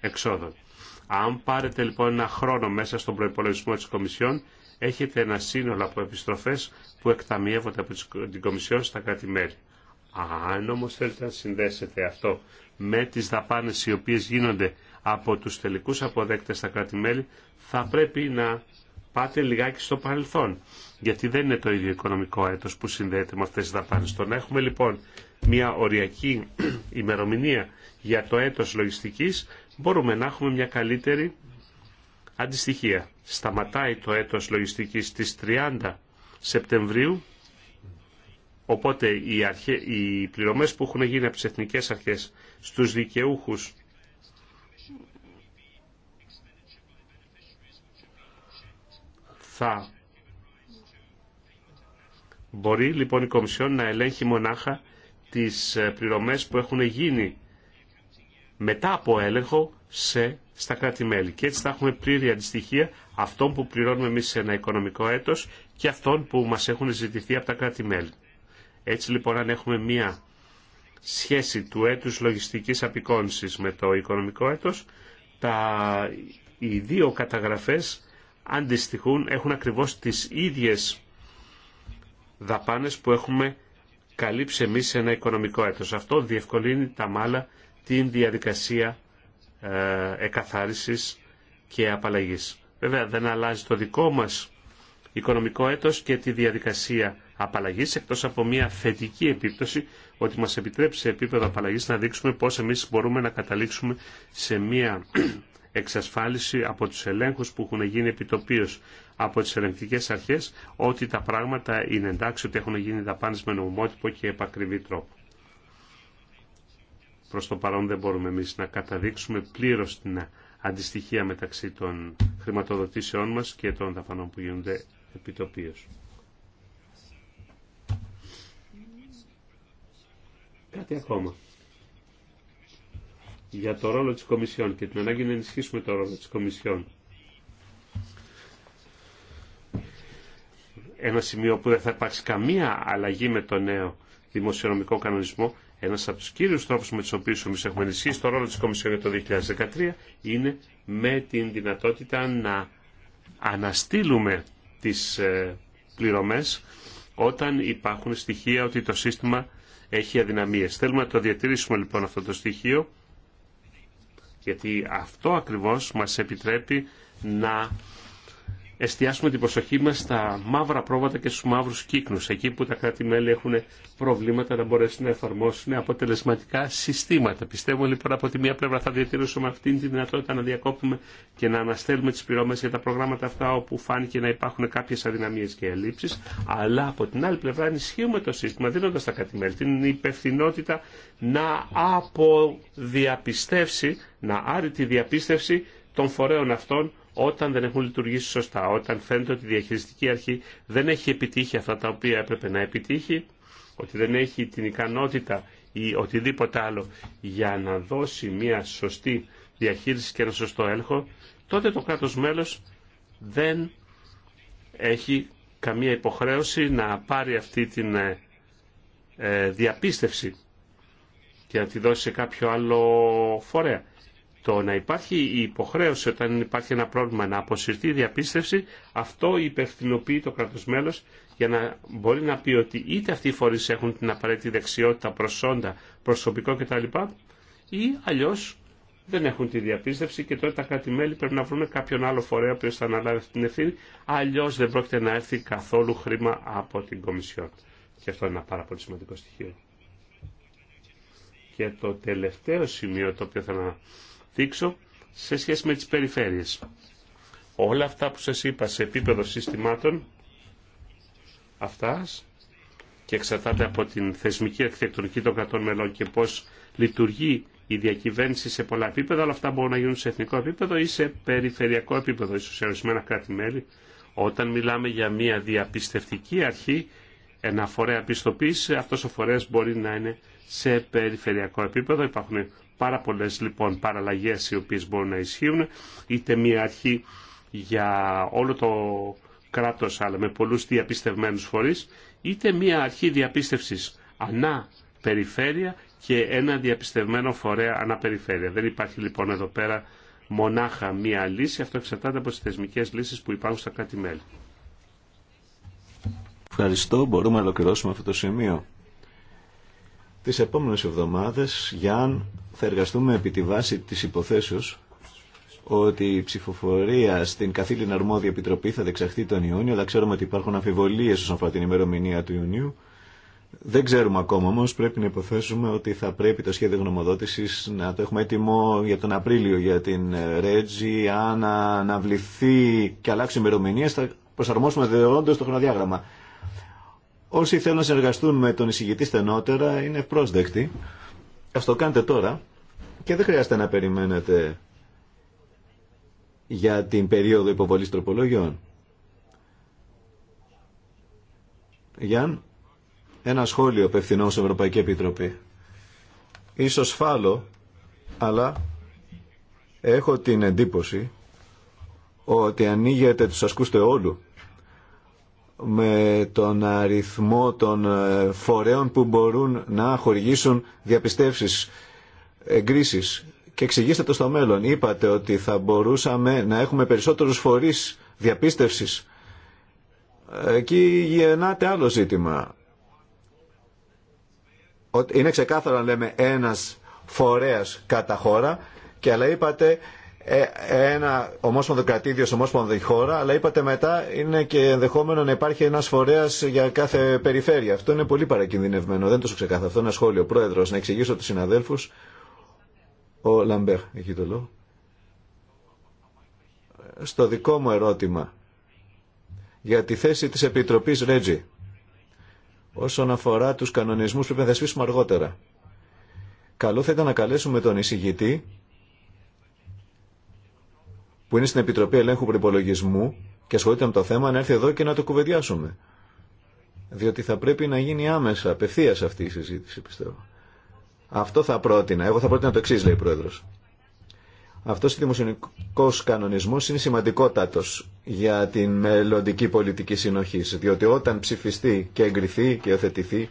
εξόδων. Αν πάρετε λοιπόν ένα χρόνο μέσα στον προπολογισμό της Κομισιόν, έχετε ένα σύνολο από επιστροφέ που εκταμιεύονται από την Κομισιόν στα κράτη-μέλη. Αν όμω θέλετε να συνδέσετε αυτό με τι δαπάνε οι οποίε γίνονται από του τελικού αποδέκτε στα κράτη-μέλη, θα πρέπει να πάτε λιγάκι στο παρελθόν. Γιατί δεν είναι το ίδιο οικονομικό έτος που συνδέεται με αυτές τις δαπάνες. Το να έχουμε λοιπόν μια οριακή <clears throat> ημερομηνία για το έτος λογιστικής, μπορούμε να έχουμε μια καλύτερη αντιστοιχία. Σταματάει το έτος λογιστικής στις 30 Σεπτεμβρίου, οπότε οι, αρχε... οι πληρωμές που έχουν γίνει από τις εθνικές αρχές στους δικαιούχους θα μπορεί λοιπόν η Κομισιόν να ελέγχει μονάχα τις ε, πληρωμές που έχουν γίνει μετά από έλεγχο σε, στα κράτη-μέλη. Και έτσι θα έχουμε πλήρη αντιστοιχεία αυτών που πληρώνουμε εμείς σε ένα οικονομικό έτος και αυτών που μας έχουν ζητηθεί από τα κράτη-μέλη. Έτσι λοιπόν αν έχουμε μία σχέση του έτους λογιστικής απεικόνησης με το οικονομικό έτος, τα, οι δύο καταγραφές αντιστοιχούν, έχουν ακριβώς τις ίδιες δαπάνες που έχουμε καλύψει εμείς σε ένα οικονομικό έτος. Αυτό διευκολύνει τα μάλα την διαδικασία ε, εκαθάρισης και απαλλαγής. Βέβαια δεν αλλάζει το δικό μας οικονομικό έτος και τη διαδικασία απαλλαγής εκτός από μια θετική επίπτωση ότι μας επιτρέψει σε επίπεδο απαλλαγής να δείξουμε πώς εμείς μπορούμε να καταλήξουμε σε μια εξασφάλιση από τους ελέγχους που έχουν γίνει επιτοπίως από τις ελεγκτικές αρχές ότι τα πράγματα είναι εντάξει, ότι έχουν γίνει δαπάνες με νομότυπο και επακριβή τρόπο. Προς το παρόν δεν μπορούμε εμείς να καταδείξουμε πλήρως την αντιστοιχία μεταξύ των χρηματοδοτήσεών μας και των δαπανών που γίνονται επιτοπίως. Κάτι ακόμα για το ρόλο της Κομισιόν και την ανάγκη να ενισχύσουμε το ρόλο της Κομισιόν. Ένα σημείο που δεν θα υπάρξει καμία αλλαγή με το νέο δημοσιονομικό κανονισμό, ένα από του κύριου τρόπου με του οποίου εμεί έχουμε ενισχύσει το ρόλο τη Κομισιόν για το 2013, είναι με την δυνατότητα να αναστείλουμε τις ε, πληρωμές όταν υπάρχουν στοιχεία ότι το σύστημα έχει αδυναμίες. Θέλουμε να το διατηρήσουμε λοιπόν αυτό το στοιχείο γιατί αυτό ακριβώς μας επιτρέπει να εστιάσουμε την προσοχή μας στα μαύρα πρόβατα και στους μαύρους κύκνους, εκεί που τα κράτη-μέλη έχουν προβλήματα να μπορέσουν να εφαρμόσουν αποτελεσματικά συστήματα. Πιστεύω λοιπόν από τη μία πλευρά θα διατηρήσουμε αυτή τη δυνατότητα να διακόπτουμε και να αναστέλουμε τις πληρώμες για τα προγράμματα αυτά όπου φάνηκε να υπάρχουν κάποιες αδυναμίες και ελλείψεις, αλλά από την άλλη πλευρά ενισχύουμε το σύστημα δίνοντα τα κράτη-μέλη την υπευθυνότητα να αποδιαπιστεύσει, να άρει τη διαπίστευση των φορέων αυτών όταν δεν έχουν λειτουργήσει σωστά, όταν φαίνεται ότι η διαχειριστική αρχή δεν έχει επιτύχει αυτά τα οποία έπρεπε να επιτύχει, ότι δεν έχει την ικανότητα ή οτιδήποτε άλλο για να δώσει μια σωστή διαχείριση και ένα σωστό έλεγχο, τότε το κράτος μέλος δεν έχει καμία υποχρέωση να πάρει αυτή την ε, ε, διαπίστευση και να τη δώσει σε κάποιο άλλο φορέα. Το να υπάρχει η υποχρέωση όταν υπάρχει ένα πρόβλημα να αποσυρθεί η διαπίστευση, αυτό υπευθυνοποιεί το κράτο μέλο για να μπορεί να πει ότι είτε αυτοί οι φορεί έχουν την απαραίτητη δεξιότητα, προσόντα, προσωπικό κτλ. ή αλλιώ δεν έχουν τη διαπίστευση και τότε τα κράτη-μέλη πρέπει να βρουν κάποιον άλλο φορέα που θα αναλάβει αυτή την ευθύνη, αλλιώ δεν πρόκειται να έρθει καθόλου χρήμα από την Κομισιόν. Και αυτό είναι ένα πάρα πολύ σημαντικό στοιχείο. Και το τελευταίο σημείο το οποίο θα δείξω σε σχέση με τις περιφέρειες. Όλα αυτά που σας είπα σε επίπεδο συστημάτων, αυτά και εξαρτάται από την θεσμική αρχιτεκτονική των κρατών μελών και πώς λειτουργεί η διακυβέρνηση σε πολλά επίπεδα, όλα αυτά μπορούν να γίνουν σε εθνικό επίπεδο ή σε περιφερειακό επίπεδο, ίσως σε ορισμένα κράτη-μέλη. Όταν μιλάμε για μια διαπιστευτική αρχή, ένα φορέα πιστοποίηση, αυτός ο φορέας μπορεί να είναι σε περιφερειακό επίπεδο. Υπάρχουν πάρα πολλές λοιπόν παραλλαγές οι οποίες μπορούν να ισχύουν, είτε μια αρχή για όλο το κράτος αλλά με πολλούς διαπιστευμένους φορείς, είτε μια αρχή διαπίστευσης ανά περιφέρεια και ένα διαπιστευμένο φορέα ανά περιφέρεια. Δεν υπάρχει λοιπόν εδώ πέρα μονάχα μία λύση, αυτό εξαρτάται από τις θεσμικές λύσεις που υπάρχουν στα κράτη-μέλη.
Ευχαριστώ. Μπορούμε να ολοκληρώσουμε αυτό το σημείο. Τις επόμενες εβδομάδες, Γιάν, θα εργαστούμε επί τη βάση της υποθέσεως ότι η ψηφοφορία στην καθήλυνα αρμόδια επιτροπή θα δεξαχθεί τον Ιούνιο, αλλά ξέρουμε ότι υπάρχουν αμφιβολίες όσον αφορά την ημερομηνία του Ιουνίου. Δεν ξέρουμε ακόμα όμω, πρέπει να υποθέσουμε ότι θα πρέπει το σχέδιο γνωμοδότηση να το έχουμε έτοιμο για τον Απρίλιο για την Ρέτζη Αν αναβληθεί και αλλάξει ημερομηνία, θα προσαρμόσουμε δεόντω το χρονοδιάγραμμα. Όσοι θέλουν να συνεργαστούν με τον εισηγητή στενότερα είναι πρόσδεκτοι. Ας το κάνετε τώρα και δεν χρειάζεται να περιμένετε για την περίοδο υποβολής τροπολογιών. Γιάν, ένα σχόλιο απευθυνό Ευρωπαϊκή Επιτροπή. Ίσως φάλω, αλλά έχω την εντύπωση ότι ανοίγετε τους ασκούστε όλου με τον αριθμό των ε, φορέων που μπορούν να χορηγήσουν διαπιστεύσεις, εγκρίσεις. Και εξηγήστε το στο μέλλον. Είπατε ότι θα μπορούσαμε να έχουμε περισσότερους φορείς διαπίστευσης. Εκεί γεννάται άλλο ζήτημα. Είναι ξεκάθαρο να λέμε ένας φορέας κατά χώρα και αλλά είπατε ε, ένα ομόσπονδο κρατήδιο σε ομόσπονδη χώρα, αλλά είπατε μετά είναι και ενδεχόμενο να υπάρχει ένα φορέα για κάθε περιφέρεια. Αυτό είναι πολύ παρακινδυνευμένο. Δεν το σου Αυτό είναι ένα σχόλιο. Πρόεδρο, να εξηγήσω του συναδέλφου. Ο Λαμπέρ έχει το λόγο. Στο δικό μου ερώτημα για τη θέση της Επιτροπής Ρέτζι όσον αφορά τους κανονισμούς που να θεσπίσουμε αργότερα. Καλό θα ήταν να καλέσουμε τον εισηγητή που είναι στην Επιτροπή Ελέγχου Προπολογισμού και ασχολείται με το θέμα να έρθει εδώ και να το κουβεντιάσουμε. Διότι θα πρέπει να γίνει άμεσα, απευθεία αυτή η συζήτηση, πιστεύω. Αυτό θα πρότεινα. Εγώ θα πρότεινα το εξή, λέει ο Πρόεδρο. Αυτό ο δημοσιονομικό κανονισμό είναι σημαντικότατο για την μελλοντική πολιτική συνοχή. Διότι όταν ψηφιστεί και εγκριθεί και υιοθετηθεί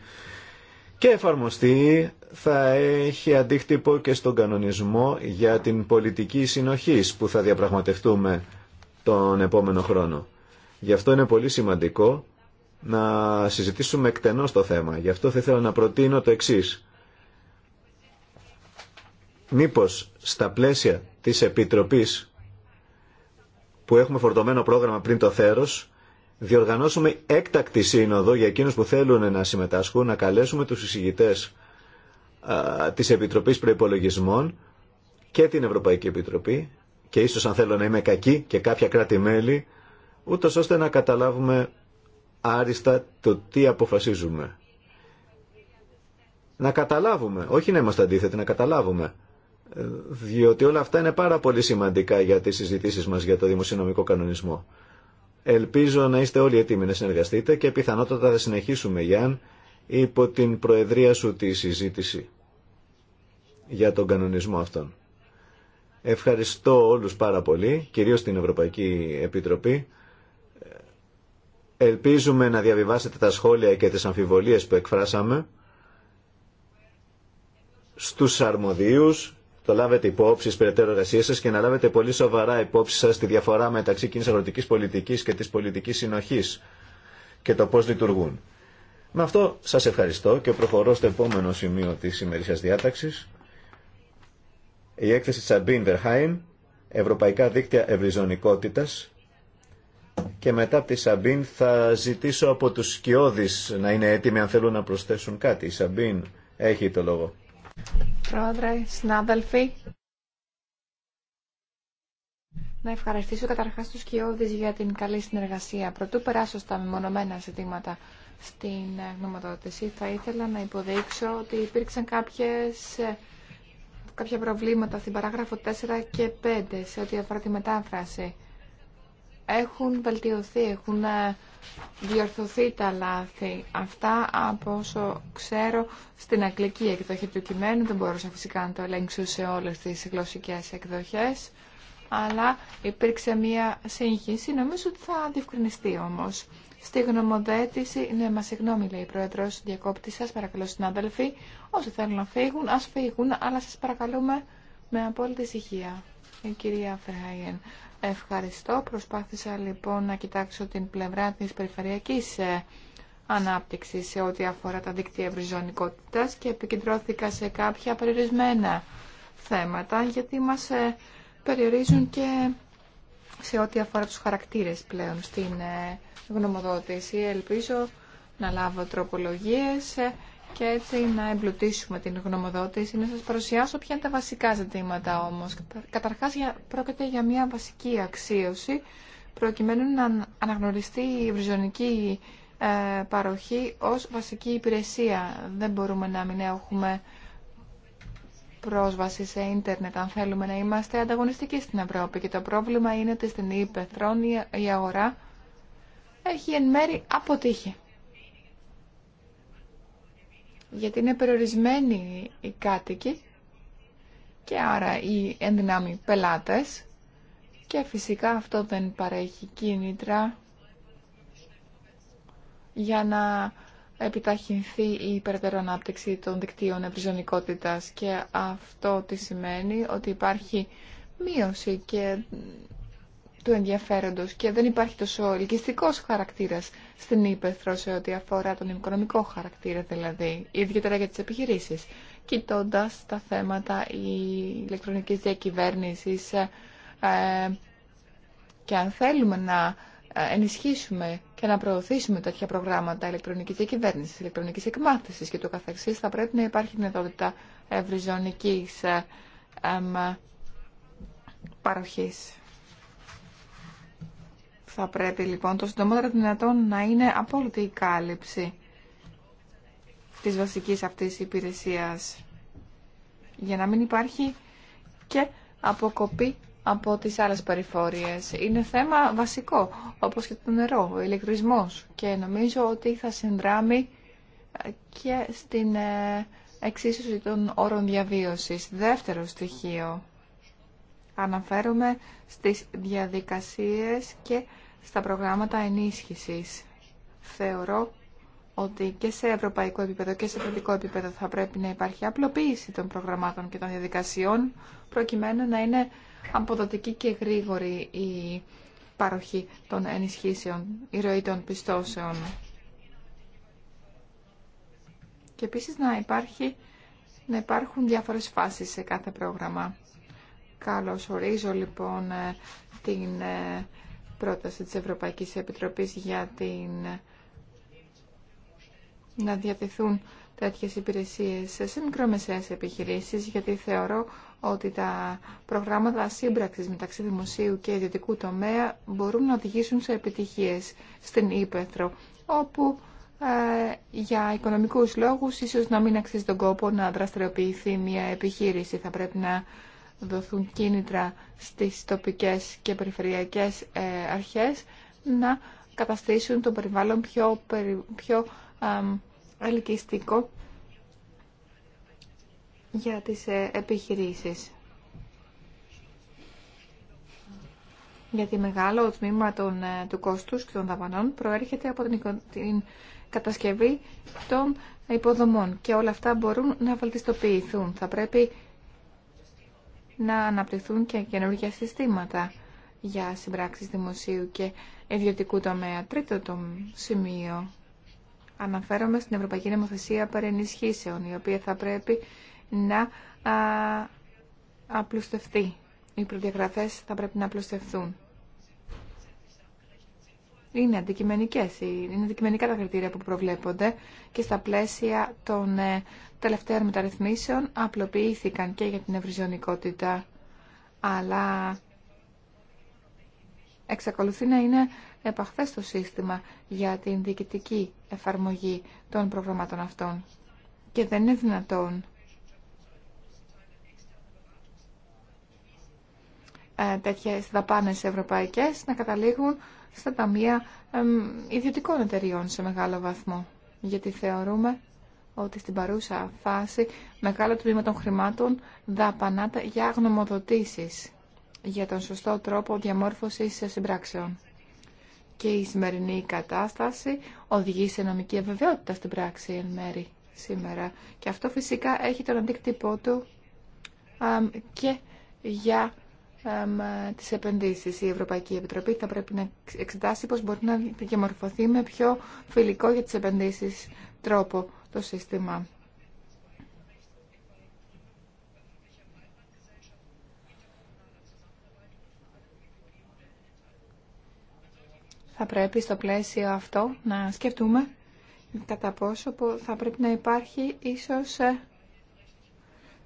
και εφαρμοστεί θα έχει αντίκτυπο και στον κανονισμό για την πολιτική συνοχής που θα διαπραγματευτούμε τον επόμενο χρόνο. Γι' αυτό είναι πολύ σημαντικό να συζητήσουμε εκτενώς το θέμα. Γι' αυτό θα ήθελα να προτείνω το εξής. Μήπως στα πλαίσια της Επιτροπής που έχουμε φορτωμένο πρόγραμμα πριν το θέρος, διοργανώσουμε έκτακτη σύνοδο για εκείνους που θέλουν να συμμετάσχουν, να καλέσουμε τους εισηγητές της Επιτροπής Προϋπολογισμών και την Ευρωπαϊκή Επιτροπή και ίσως αν θέλω να είμαι κακή και κάποια κράτη-μέλη, ούτως ώστε να καταλάβουμε άριστα το τι αποφασίζουμε. Να καταλάβουμε, όχι να είμαστε αντίθετοι, να καταλάβουμε. Ε, διότι όλα αυτά είναι πάρα πολύ σημαντικά για τις συζητήσεις μας για το δημοσιονομικό κανονισμό. Ελπίζω να είστε όλοι έτοιμοι να συνεργαστείτε και πιθανότατα θα συνεχίσουμε, Γιάν, υπό την προεδρία σου τη συζήτηση για τον κανονισμό αυτόν. Ευχαριστώ όλους πάρα πολύ, κυρίως την Ευρωπαϊκή Επιτροπή. Ελπίζουμε να διαβιβάσετε τα σχόλια και τις αμφιβολίες που εκφράσαμε στους αρμοδίους το λάβετε υπόψη στι περαιτέρω εργασίε σα και να λάβετε πολύ σοβαρά υπόψη σα τη διαφορά μεταξύ κοινή αγροτική πολιτική και τη πολιτική συνοχή και το πώ λειτουργούν. Με αυτό σα ευχαριστώ και προχωρώ στο επόμενο σημείο τη ημερήσια διάταξη. Η έκθεση Σαμπίν Βερχάιν Ευρωπαϊκά Δίκτυα Ευρυζωνικότητα. Και μετά από τη Σαμπίν θα ζητήσω από τους σκιώδεις να είναι έτοιμοι αν θέλουν να προσθέσουν κάτι. Η Σαμπίν έχει το λόγο.
Πρόεδρε, συνάδελφοι, να ευχαριστήσω καταρχάς τους Κιώδης για την καλή συνεργασία. Πρωτού περάσω στα μεμονωμένα ζητήματα στην γνωματοδότηση, θα ήθελα να υποδείξω ότι υπήρξαν κάποιες, κάποια προβλήματα στην παράγραφο 4 και 5 σε ό,τι αφορά τη μετάφραση έχουν βελτιωθεί, έχουν ε, διορθωθεί τα λάθη. Αυτά από όσο ξέρω στην αγγλική εκδοχή του κειμένου, δεν μπορούσα φυσικά να το ελέγξω σε όλες τις γλωσσικές εκδοχές, αλλά υπήρξε μία σύγχυση, νομίζω ότι θα διευκρινιστεί όμως. Στη γνωμοδέτηση, ναι, μα συγγνώμη, λέει η πρόεδρο, διακόπτη σα, παρακαλώ συνάδελφοι. Όσοι θέλουν να φύγουν, α φύγουν, αλλά σα παρακαλούμε με απόλυτη ησυχία. Η κυρία Ευχαριστώ. Προσπάθησα λοιπόν να κοιτάξω την πλευρά της περιφερειακής ε, ανάπτυξης σε ό,τι αφορά τα δίκτυα ευρυζωνικότητας και επικεντρώθηκα σε κάποια περιορισμένα θέματα γιατί μας ε, περιορίζουν και σε ό,τι αφορά τους χαρακτήρες πλέον στην ε, γνωμοδότηση. Ελπίζω να λάβω τροπολογίες και έτσι να εμπλουτίσουμε την γνωμοδότηση, να σας παρουσιάσω ποια είναι τα βασικά ζητήματα όμως. Καταρχάς πρόκειται για μια βασική αξίωση προκειμένου να αναγνωριστεί η βριζονική ε, παροχή ως βασική υπηρεσία. Δεν μπορούμε να μην έχουμε πρόσβαση σε ίντερνετ αν θέλουμε να είμαστε ανταγωνιστικοί στην Ευρώπη και το πρόβλημα είναι ότι στην Ήπεθρον η αγορά έχει εν μέρη αποτύχει γιατί είναι περιορισμένοι οι κάτοικοι και άρα οι ενδυνάμοι πελάτες και φυσικά αυτό δεν παρέχει κίνητρα για να επιταχυνθεί η υπερτερό ανάπτυξη των δικτύων ευρυζωνικότητας και αυτό τι σημαίνει ότι υπάρχει μείωση και του ενδιαφέροντος και δεν υπάρχει τόσο ελκυστικός χαρακτήρας στην ύπεθρο σε ό,τι αφορά τον οικονομικό χαρακτήρα δηλαδή, ιδιαίτερα για τις επιχειρήσεις. Κοιτώντας τα θέματα ηλεκτρονικής διακυβέρνησης ε, και αν θέλουμε να ε, ενισχύσουμε και να προωθήσουμε τέτοια προγράμματα ηλεκτρονικής διακυβέρνησης, ηλεκτρονικής εκμάθησης και το καθεξής, θα πρέπει να υπάρχει δυνατότητα ευρυζωνικής ε, ε, ε παροχής. Θα πρέπει λοιπόν το συντομότερο δυνατόν να είναι απόλυτη η κάλυψη της βασικής αυτής υπηρεσίας για να μην υπάρχει και αποκοπή από τις άλλες περιφόρειες. Είναι θέμα βασικό, όπως και το νερό, ο ηλεκτρισμός και νομίζω ότι θα συνδράμει και στην ε, εξίσωση των όρων διαβίωσης. Δεύτερο στοιχείο αναφέρομαι στις διαδικασίες και στα προγράμματα ενίσχυσης. Θεωρώ ότι και σε ευρωπαϊκό επίπεδο και σε ευρωπαϊκό επίπεδο θα πρέπει να υπάρχει απλοποίηση των προγραμμάτων και των διαδικασιών προκειμένου να είναι αποδοτική και γρήγορη η παροχή των ενισχύσεων, η ροή των πιστώσεων. Και επίσης να, υπάρχει, να υπάρχουν διάφορες φάσεις σε κάθε πρόγραμμα. Καλώ ορίζω λοιπόν ε, την ε, πρόταση της Ευρωπαϊκής Επιτροπής για την... να διατηθούν τέτοιες υπηρεσίες σε μικρομεσαίες επιχειρήσεις, γιατί θεωρώ ότι τα προγράμματα σύμπραξης μεταξύ δημοσίου και ιδιωτικού τομέα μπορούν να οδηγήσουν σε επιτυχίες στην Ήπεθρο, όπου ε, για οικονομικούς λόγους ίσως να μην αξίζει τον κόπο να δραστηριοποιηθεί μια επιχείρηση. Θα πρέπει να δοθούν κίνητρα στις τοπικές και περιφερειακές ε, αρχές να καταστήσουν το περιβάλλον πιο, πιο ελκυστικό για τις ε, επιχειρήσεις. Γιατί μεγάλο τμήμα των, ε, του κόστους και των δαπανών προέρχεται από την, την κατασκευή των υποδομών και όλα αυτά μπορούν να βαλτιστοποιηθούν. Θα πρέπει να αναπτυχθούν και καινούργια συστήματα για συμπράξεις δημοσίου και ιδιωτικού τομέα. Τρίτο το σημείο. Αναφέρομαι στην Ευρωπαϊκή Νομοθεσία Παρενισχύσεων, η οποία θα πρέπει να απλουστευτεί. Οι προδιαγραφές θα πρέπει να απλουστευτούν είναι αντικειμενικές, είναι αντικειμενικά τα κριτήρια που προβλέπονται και στα πλαίσια των ε, τελευταίων μεταρρυθμίσεων απλοποιήθηκαν και για την ευρυζωνικότητα, αλλά εξακολουθεί να είναι επαχθές το σύστημα για την διοικητική εφαρμογή των προγραμμάτων αυτών και δεν είναι δυνατόν ε, τέτοιες δαπάνες ευρωπαϊκές να καταλήγουν στα ταμεία ιδιωτικών εταιριών σε μεγάλο βαθμό. Γιατί θεωρούμε ότι στην παρούσα φάση μεγάλο τμήμα των χρημάτων δαπανάται για γνωμοδοτήσεις για τον σωστό τρόπο διαμόρφωσης συμπράξεων. Και η σημερινή κατάσταση οδηγεί σε νομική αβεβαιότητα στην πράξη εν μέρη σήμερα. Και αυτό φυσικά έχει τον αντίκτυπό του και για τις επενδύσεις. Η Ευρωπαϊκή Επιτροπή θα πρέπει να εξετάσει πώς μπορεί να διαμορφωθεί με πιο φιλικό για τι επενδύσεις τρόπο το σύστημα. Θα πρέπει στο πλαίσιο αυτό να σκεφτούμε κατά πόσο θα πρέπει να υπάρχει ίσως ε,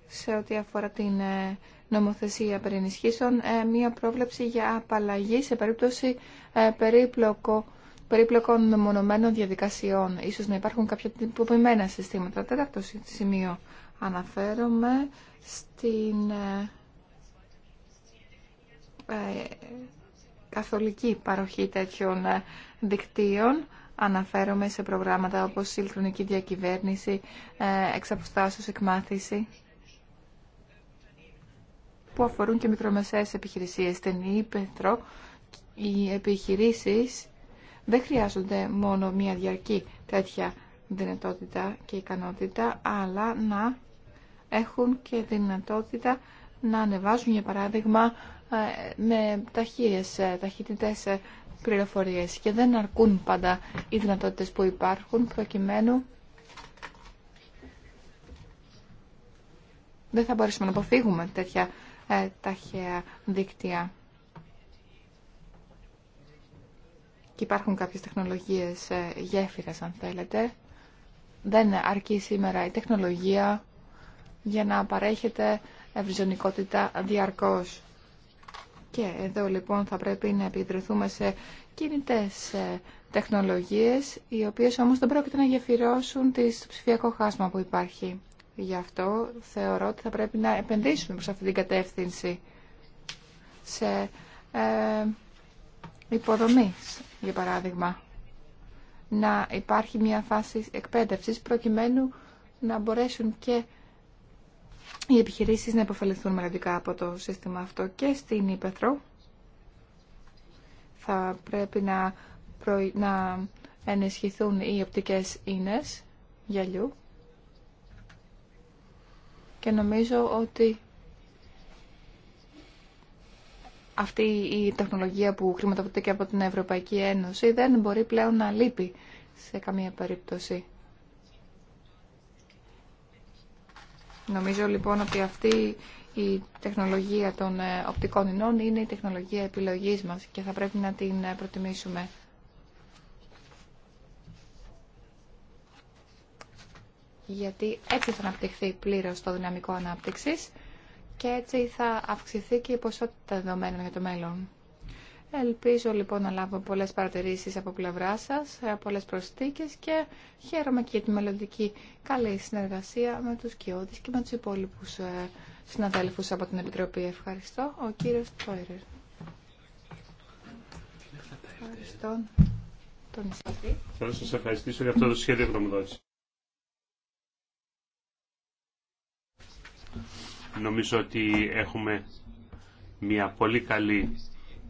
σε ό,τι αφορά την ε, νομοθεσία περί ενισχύσεων ε, μία πρόβλεψη για απαλλαγή σε περίπτωση ε, περίπλοκο, περίπλοκων μονομένων διαδικασιών. Ίσως να υπάρχουν κάποια τυποποιημένα συστήματα. Τέταρτο σημείο αναφέρομαι στην ε, καθολική παροχή τέτοιων δικτύων. Αναφέρομαι σε προγράμματα όπως η ηλεκτρονική διακυβέρνηση, εξαποστάσεως εκμάθηση που αφορούν και μικρομεσαίες επιχειρησίες. Στην Ήπεθρο οι επιχειρήσεις δεν χρειάζονται μόνο μια διαρκή τέτοια δυνατότητα και ικανότητα, αλλά να έχουν και δυνατότητα να ανεβάζουν, για παράδειγμα, ε, με ταχύες, ε, ταχύτητες ε, πληροφορίες και δεν αρκούν πάντα οι δυνατότητες που υπάρχουν προκειμένου δεν θα μπορέσουμε να αποφύγουμε τέτοια ε, ταχαία δίκτυα. Και υπάρχουν κάποιες τεχνολογίες ε, γέφυρας, αν θέλετε. Δεν αρκεί σήμερα η τεχνολογία για να παρέχεται ευρυζωνικότητα διαρκώς. Και εδώ λοιπόν θα πρέπει να επικεντρωθούμε σε κινητές ε, τεχνολογίες, οι οποίες όμως δεν πρόκειται να γεφυρώσουν το ψηφιακό χάσμα που υπάρχει. Γι' αυτό θεωρώ ότι θα πρέπει να επενδύσουμε προς αυτή την κατεύθυνση σε ε, υποδομής, για παράδειγμα. Να υπάρχει μια φάση εκπαίδευσης προκειμένου να μπορέσουν και οι επιχειρήσεις να υποφεληθούν μελλοντικά από το σύστημα αυτό και στην Ήπεθρο. Θα πρέπει να, να ενισχυθούν οι οπτικές ίνες γυαλιού και νομίζω ότι αυτή η τεχνολογία που χρηματοδοτείται και από την Ευρωπαϊκή Ένωση δεν μπορεί πλέον να λείπει σε καμία περίπτωση. Νομίζω λοιπόν ότι αυτή η τεχνολογία των ε, οπτικών ινών είναι η τεχνολογία επιλογής μας και θα πρέπει να την ε, προτιμήσουμε. γιατί έτσι θα αναπτυχθεί πλήρως το δυναμικό ανάπτυξης και έτσι θα αυξηθεί και η ποσότητα δεδομένων για το μέλλον. Ελπίζω λοιπόν να λάβω πολλές παρατηρήσεις από πλευρά σας, πολλές προσθήκες και χαίρομαι και για τη μελλοντική καλή συνεργασία με τους κοιότης και με τους υπόλοιπους ε, συναδέλφους από την Επιτροπή. Ευχαριστώ. Ο κύριος Τόιρερ. Ευχαριστώ. Τον
Θέλω να σας ευχαριστήσω για αυτό το σχέδιο γνωμοδότηση. Νομίζω ότι έχουμε μια πολύ καλή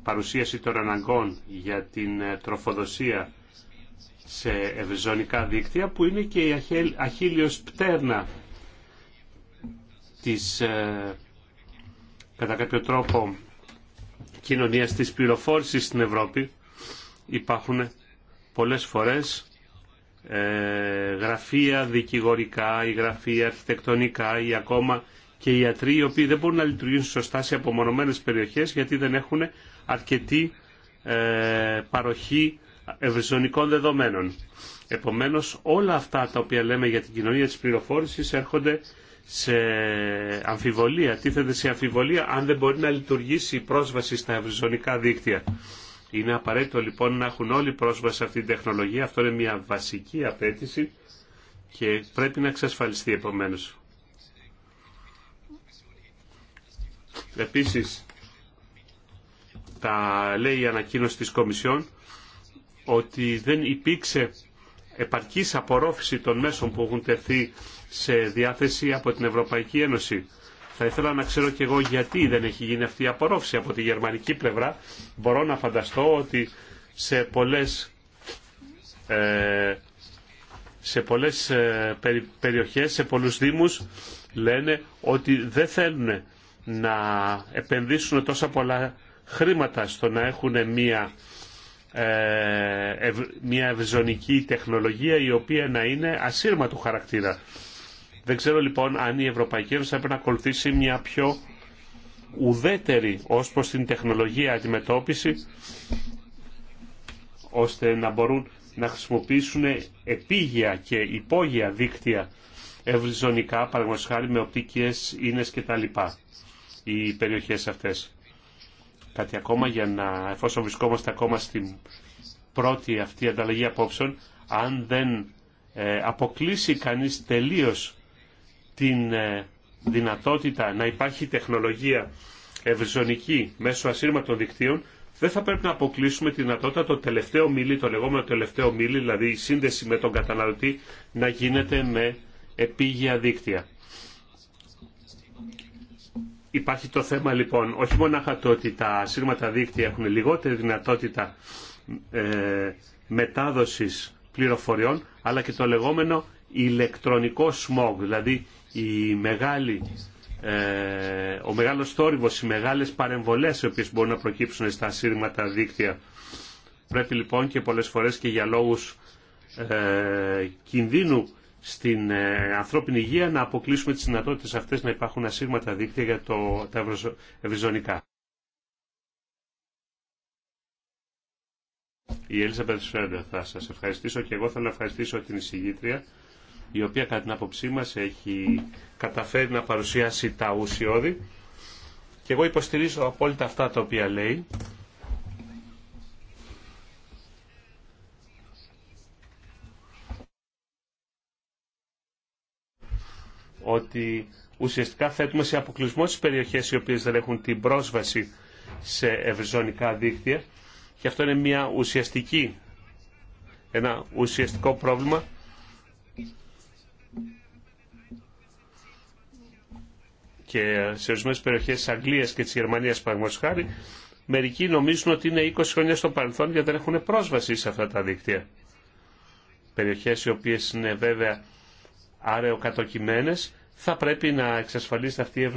παρουσίαση των αναγκών για την ε, τροφοδοσία σε ευζωνικά δίκτυα που είναι και η αχίλιος πτέρνα της ε, κατά κάποιο τρόπο κοινωνίας της πληροφόρησης στην Ευρώπη υπάρχουν πολλές φορές ε, γραφεία δικηγορικά ή γραφεία αρχιτεκτονικά ή ακόμα και οι ιατροί οι οποίοι δεν μπορούν να λειτουργήσουν σωστά σε απομονωμένες περιοχές γιατί δεν έχουν αρκετή ε, παροχή ευρυζωνικών δεδομένων. Επομένως όλα αυτά τα οποία λέμε για την κοινωνία της πληροφόρησης έρχονται σε αμφιβολία, τίθεται σε αμφιβολία αν δεν μπορεί να λειτουργήσει η πρόσβαση στα ευρυζωνικά δίκτυα. Είναι απαραίτητο λοιπόν να έχουν όλοι πρόσβαση σε αυτή την τεχνολογία. Αυτό είναι μια βασική απέτηση και πρέπει να εξασφαλιστεί επομένω. Επίσης, τα λέει η ανακοίνωση της Κομισιόν ότι δεν υπήρξε επαρκής απορρόφηση των μέσων που έχουν τεθεί σε διάθεση από την Ευρωπαϊκή Ένωση. Θα ήθελα να ξέρω και εγώ γιατί δεν έχει γίνει αυτή η απορρόφηση από τη γερμανική πλευρά. Μπορώ να φανταστώ ότι σε πολλές, ε, σε πολλές ε, περιοχές, σε πολλούς δήμους λένε ότι δεν θέλουν να επενδύσουν τόσα πολλά χρήματα στο να έχουν μία ε, ευ, μια τεχνολογία η οποία να είναι ασύρματου χαρακτήρα. Δεν ξέρω λοιπόν αν η Ευρωπαϊκή Ένωση θα πρέπει να ακολουθήσει μια πιο ουδέτερη ως προς την τεχνολογία αντιμετώπιση ώστε να μπορούν να χρησιμοποιήσουν επίγεια και υπόγεια δίκτυα ευρυζωνικά παραγωγικά με οπτικές ίνες κτλ οι περιοχές αυτές. Κάτι ακόμα για να, εφόσον βρισκόμαστε ακόμα στην πρώτη αυτή ανταλλαγή απόψεων, αν δεν ε, αποκλείσει κανείς τελείως την ε, δυνατότητα να υπάρχει τεχνολογία ευρυζωνική μέσω ασύρματων δικτύων, δεν θα πρέπει να αποκλείσουμε τη δυνατότητα το τελευταίο μίλι, το λεγόμενο τελευταίο μίλι, δηλαδή η σύνδεση με τον καταναλωτή, να γίνεται με επίγεια δίκτυα. Υπάρχει το θέμα λοιπόν όχι μόνο το ότι τα σύρματα δίκτυα έχουν λιγότερη δυνατότητα ε, μετάδοσης πληροφοριών αλλά και το λεγόμενο ηλεκτρονικό smog δηλαδή η μεγάλη, ε, ο μεγάλος θόρυβος, οι μεγάλες παρεμβολές οι οποίες μπορούν να προκύψουν στα σύρματα δίκτυα. Πρέπει λοιπόν και πολλές φορές και για λόγους ε, κινδύνου στην ε, ανθρώπινη υγεία να αποκλείσουμε τις δυνατότητες αυτές να υπάρχουν ασύρματα δίκτυα για το, τα ευρυζωνικά. Η Έλισσα Πετσφέντερ θα σας ευχαριστήσω και εγώ θέλω να ευχαριστήσω την εισηγήτρια η οποία κατά την άποψή μας έχει καταφέρει να παρουσιάσει τα ουσιώδη και εγώ υποστηρίζω απόλυτα αυτά τα οποία λέει ότι ουσιαστικά θέτουμε σε αποκλεισμό τις περιοχές οι οποίες δεν έχουν την πρόσβαση σε ευρυζωνικά δίκτυα και αυτό είναι μια ουσιαστική, ένα ουσιαστικό πρόβλημα και σε ορισμένες περιοχές τη Αγγλία και τη Γερμανία, μερικοί νομίζουν ότι είναι 20 χρόνια στο παρελθόν γιατί δεν έχουν πρόσβαση σε αυτά τα δίκτυα. Περιοχέ οι οποίε είναι βέβαια αραιοκατοκιμένες, θα πρέπει να εξασφαλίσει αυτή η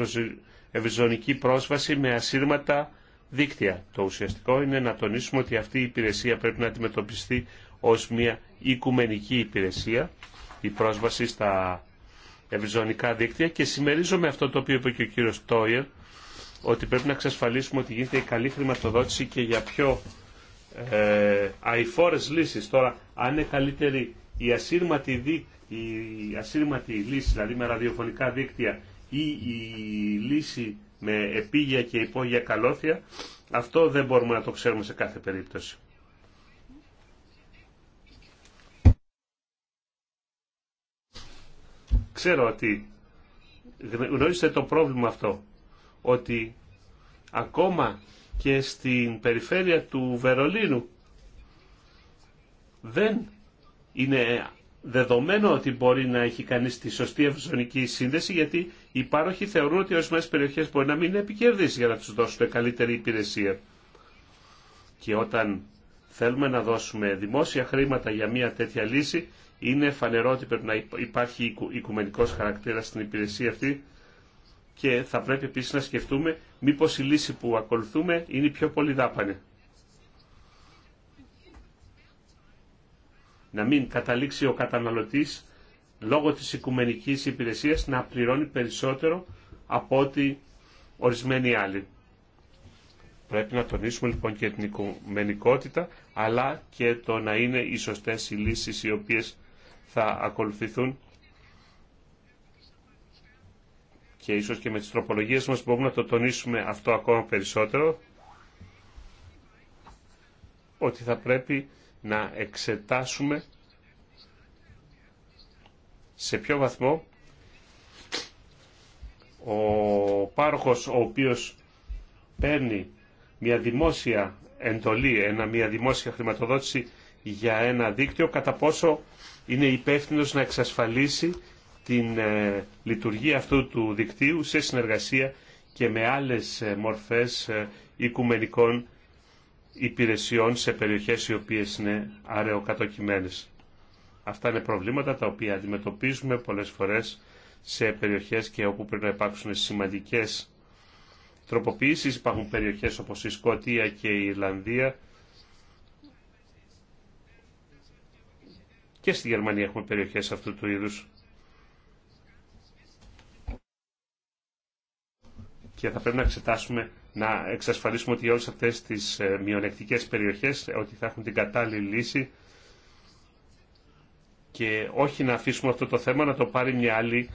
ευρυζωνική πρόσβαση με ασύρματα δίκτυα. Το ουσιαστικό είναι να τονίσουμε ότι αυτή η υπηρεσία πρέπει να αντιμετωπιστεί ως μια οικουμενική υπηρεσία, η πρόσβαση στα ευρυζωνικά δίκτυα και συμμερίζομαι αυτό το οποίο είπε και ο κύριος Τόιερ, ότι πρέπει να εξασφαλίσουμε ότι γίνεται η καλή χρηματοδότηση και για πιο ε, αηφόρες λύσεις. Τώρα, αν είναι καλύτερη η ασύρματη η ασύρματη λύση, δηλαδή με ραδιοφωνικά δίκτυα ή η λύση με επίγεια και υπόγεια καλώθια, αυτό δεν μπορούμε να το ξέρουμε σε κάθε περίπτωση. Ξέρω ότι γνωρίζετε το πρόβλημα αυτό, ότι ακόμα και στην περιφέρεια του Βερολίνου δεν είναι δεδομένο ότι μπορεί να έχει κανείς τη σωστή ευζωνική σύνδεση γιατί οι πάροχοι θεωρούν ότι ορισμένε περιοχέ μπορεί να μην είναι επικερδείς για να τους δώσουν καλύτερη υπηρεσία. Και όταν θέλουμε να δώσουμε δημόσια χρήματα για μια τέτοια λύση είναι φανερό ότι πρέπει να υπάρχει οικουμενικός χαρακτήρας στην υπηρεσία αυτή και θα πρέπει επίσης να σκεφτούμε μήπως η λύση που ακολουθούμε είναι η πιο πολύ δάπανη. να μην καταλήξει ο καταναλωτής λόγω της οικουμενικής υπηρεσίας να πληρώνει περισσότερο από ότι ορισμένοι άλλοι. Πρέπει να τονίσουμε λοιπόν και την οικουμενικότητα, αλλά και το να είναι οι σωστές οι λύσεις οι οποίες θα ακολουθηθούν και ίσως και με τις τροπολογίες μας μπορούμε να το τονίσουμε αυτό ακόμα περισσότερο ότι θα πρέπει να εξετάσουμε σε ποιο βαθμό ο πάροχος ο οποίος παίρνει μια δημόσια εντολή, ένα, μια δημόσια χρηματοδότηση για ένα δίκτυο, κατά πόσο είναι υπεύθυνο να εξασφαλίσει την ε, λειτουργία αυτού του δικτύου σε συνεργασία και με άλλες ε, μορφές ε, οικουμενικών υπηρεσιών σε περιοχές οι οποίες είναι αραιοκατοκυμένες. Αυτά είναι προβλήματα τα οποία αντιμετωπίζουμε πολλές φορές σε περιοχές και όπου πρέπει να υπάρξουν σημαντικές τροποποιήσεις. Υπάρχουν περιοχές όπως η Σκοτία και η Ιρλανδία και στη Γερμανία έχουμε περιοχές αυτού του είδους. Και θα πρέπει να εξετάσουμε να εξασφαλίσουμε ότι όλες αυτές τις ε, μειονεκτικές περιοχές ε, ότι θα έχουν την κατάλληλη λύση και όχι να αφήσουμε αυτό το θέμα να το πάρει μια άλλη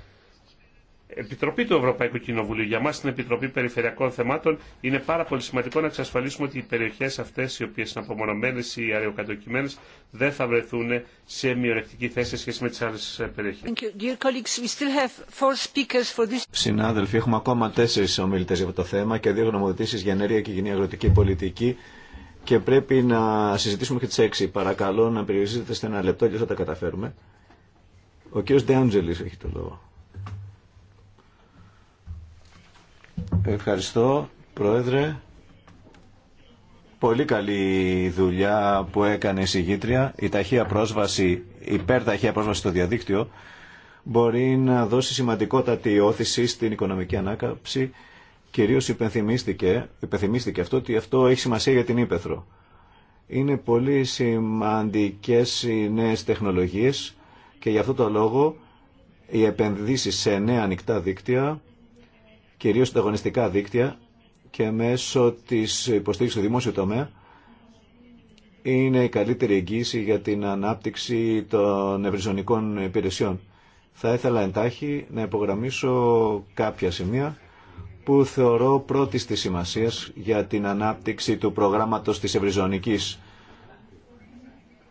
Επιτροπή του Ευρωπαϊκού Κοινοβουλίου, για μας στην Επιτροπή Περιφερειακών Θεμάτων, είναι πάρα πολύ σημαντικό να εξασφαλίσουμε ότι οι περιοχές αυτές, οι οποίες είναι απομονωμένες ή αεροκατοικημένες, δεν θα βρεθούν σε μειονεκτική θέση σε σχέση με τις άλλες
περιοχές. Συνάδελφοι, έχουμε ακόμα τέσσερις ομιλητές για αυτό το θέμα και δύο γνωμοδοτήσεις για ενέργεια και γενή αγροτική πολιτική και πρέπει να συζητήσουμε και τις έξι. Παρακαλώ να περιορίζετε σε ένα λεπτό και θα τα καταφέρουμε. Ο κύριος Ντεάντζελης έχει το λόγο. Ευχαριστώ, Πρόεδρε. Πολύ καλή δουλειά που έκανε η συγγήτρια. Η ταχεία πρόσβαση, η υπερταχεία πρόσβαση στο διαδίκτυο μπορεί να δώσει σημαντικότατη όθηση στην οικονομική ανάκαμψη. Κυρίως υπενθυμίστηκε, υπενθυμίστηκε αυτό ότι αυτό έχει σημασία για την Ήπεθρο. Είναι πολύ σημαντικές οι νέες τεχνολογίες και γι' αυτό το λόγο οι επενδύσεις σε νέα ανοιχτά δίκτυα κυρίως τα αγωνιστικά δίκτυα και μέσω της υποστήριξης του δημόσιου τομέα είναι η καλύτερη εγγύηση για την ανάπτυξη των ευρυζωνικών υπηρεσιών. Θα ήθελα εντάχει να υπογραμμίσω κάποια σημεία που θεωρώ πρώτη της σημασίας για την ανάπτυξη του προγράμματος της ευρυζωνικής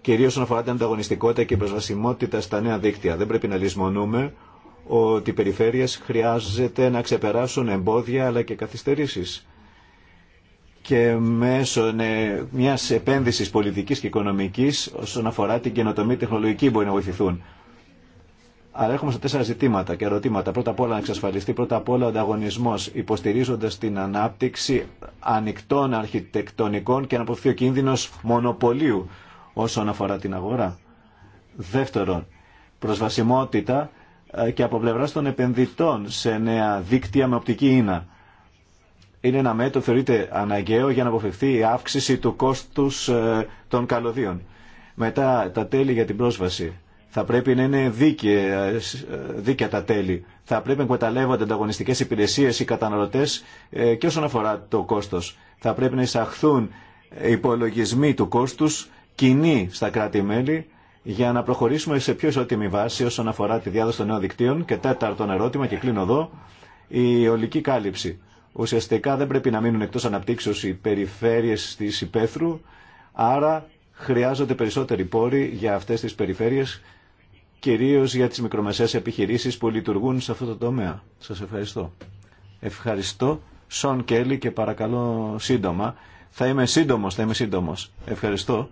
κυρίως όσον αφορά την ανταγωνιστικότητα και προσβασιμότητα στα νέα δίκτυα. Δεν πρέπει να λησμονούμε ότι οι περιφέρειες χρειάζεται να ξεπεράσουν εμπόδια αλλά και καθυστερήσεις και μέσω ναι, μιας επένδυσης πολιτικής και οικονομικής όσον αφορά την καινοτομή τεχνολογική μπορεί να βοηθηθούν. Αλλά έχουμε στα τέσσερα ζητήματα και ερωτήματα. Πρώτα απ' όλα να εξασφαλιστεί πρώτα απ' όλα ο ανταγωνισμό, υποστηρίζοντα την ανάπτυξη ανοιχτών αρχιτεκτονικών και να αποφύγει ο κίνδυνο μονοπωλίου όσον αφορά την αγορά. Δεύτερον, προσβασιμότητα ε, και από πλευρά των επενδυτών σε νέα δίκτυα με οπτική ίνα. Είναι ένα μέτρο θεωρείται αναγκαίο για να αποφευθεί η αύξηση του κόστους ε, των καλωδίων. Μετά τα τέλη για την πρόσβαση. Θα πρέπει να είναι δίκαια, ε, δίκαια τα τέλη. Θα πρέπει να εκμεταλλεύονται ανταγωνιστικέ υπηρεσίες ή καταναλωτές και όσον αφορά το κόστος. Θα πρέπει να εισαχθούν υπολογισμοί του κόστου κοινοί στα κράτη-μέλη για να προχωρήσουμε σε πιο ισότιμη βάση όσον αφορά τη διάδοση των νέων δικτύων. Και τέταρτον ερώτημα, και κλείνω εδώ, η ολική κάλυψη. Ουσιαστικά δεν πρέπει να μείνουν εκτός αναπτύξεως οι περιφέρειες της υπαίθρου, άρα χρειάζονται περισσότεροι πόροι για αυτές τις περιφέρειες, κυρίως για τις μικρομεσαίες επιχειρήσεις που λειτουργούν σε αυτό το τομέα. Σας ευχαριστώ. Ευχαριστώ. Σον Κέλλη και παρακαλώ σύντομα. Θα είμαι σύντομο, θα είμαι σύντομο. Ευχαριστώ.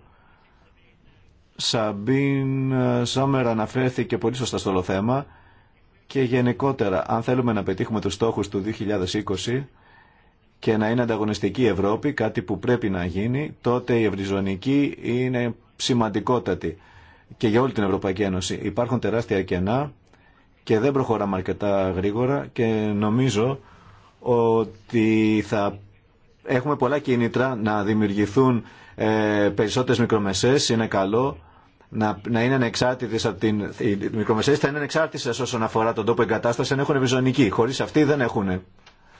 Σαμπίν ε, Σόμερ αναφέρθηκε πολύ σωστά στο όλο θέμα και γενικότερα αν θέλουμε να πετύχουμε τους στόχους του 2020 και να είναι ανταγωνιστική η Ευρώπη, κάτι που πρέπει να γίνει, τότε η ευρυζωνική είναι σημαντικότατη και για όλη την Ευρωπαϊκή Ένωση. Υπάρχουν τεράστια κενά και δεν προχωράμε αρκετά γρήγορα και νομίζω ότι θα έχουμε πολλά κίνητρα να δημιουργηθούν ε, περισσότερες μικρομεσές, είναι καλό να, να είναι ανεξάρτητε από την. Οι μικρομεσαίε θα είναι ανεξάρτητε όσον αφορά τον τόπο εγκατάσταση, αν έχουν ευρυζωνική. Χωρί αυτή δεν έχουν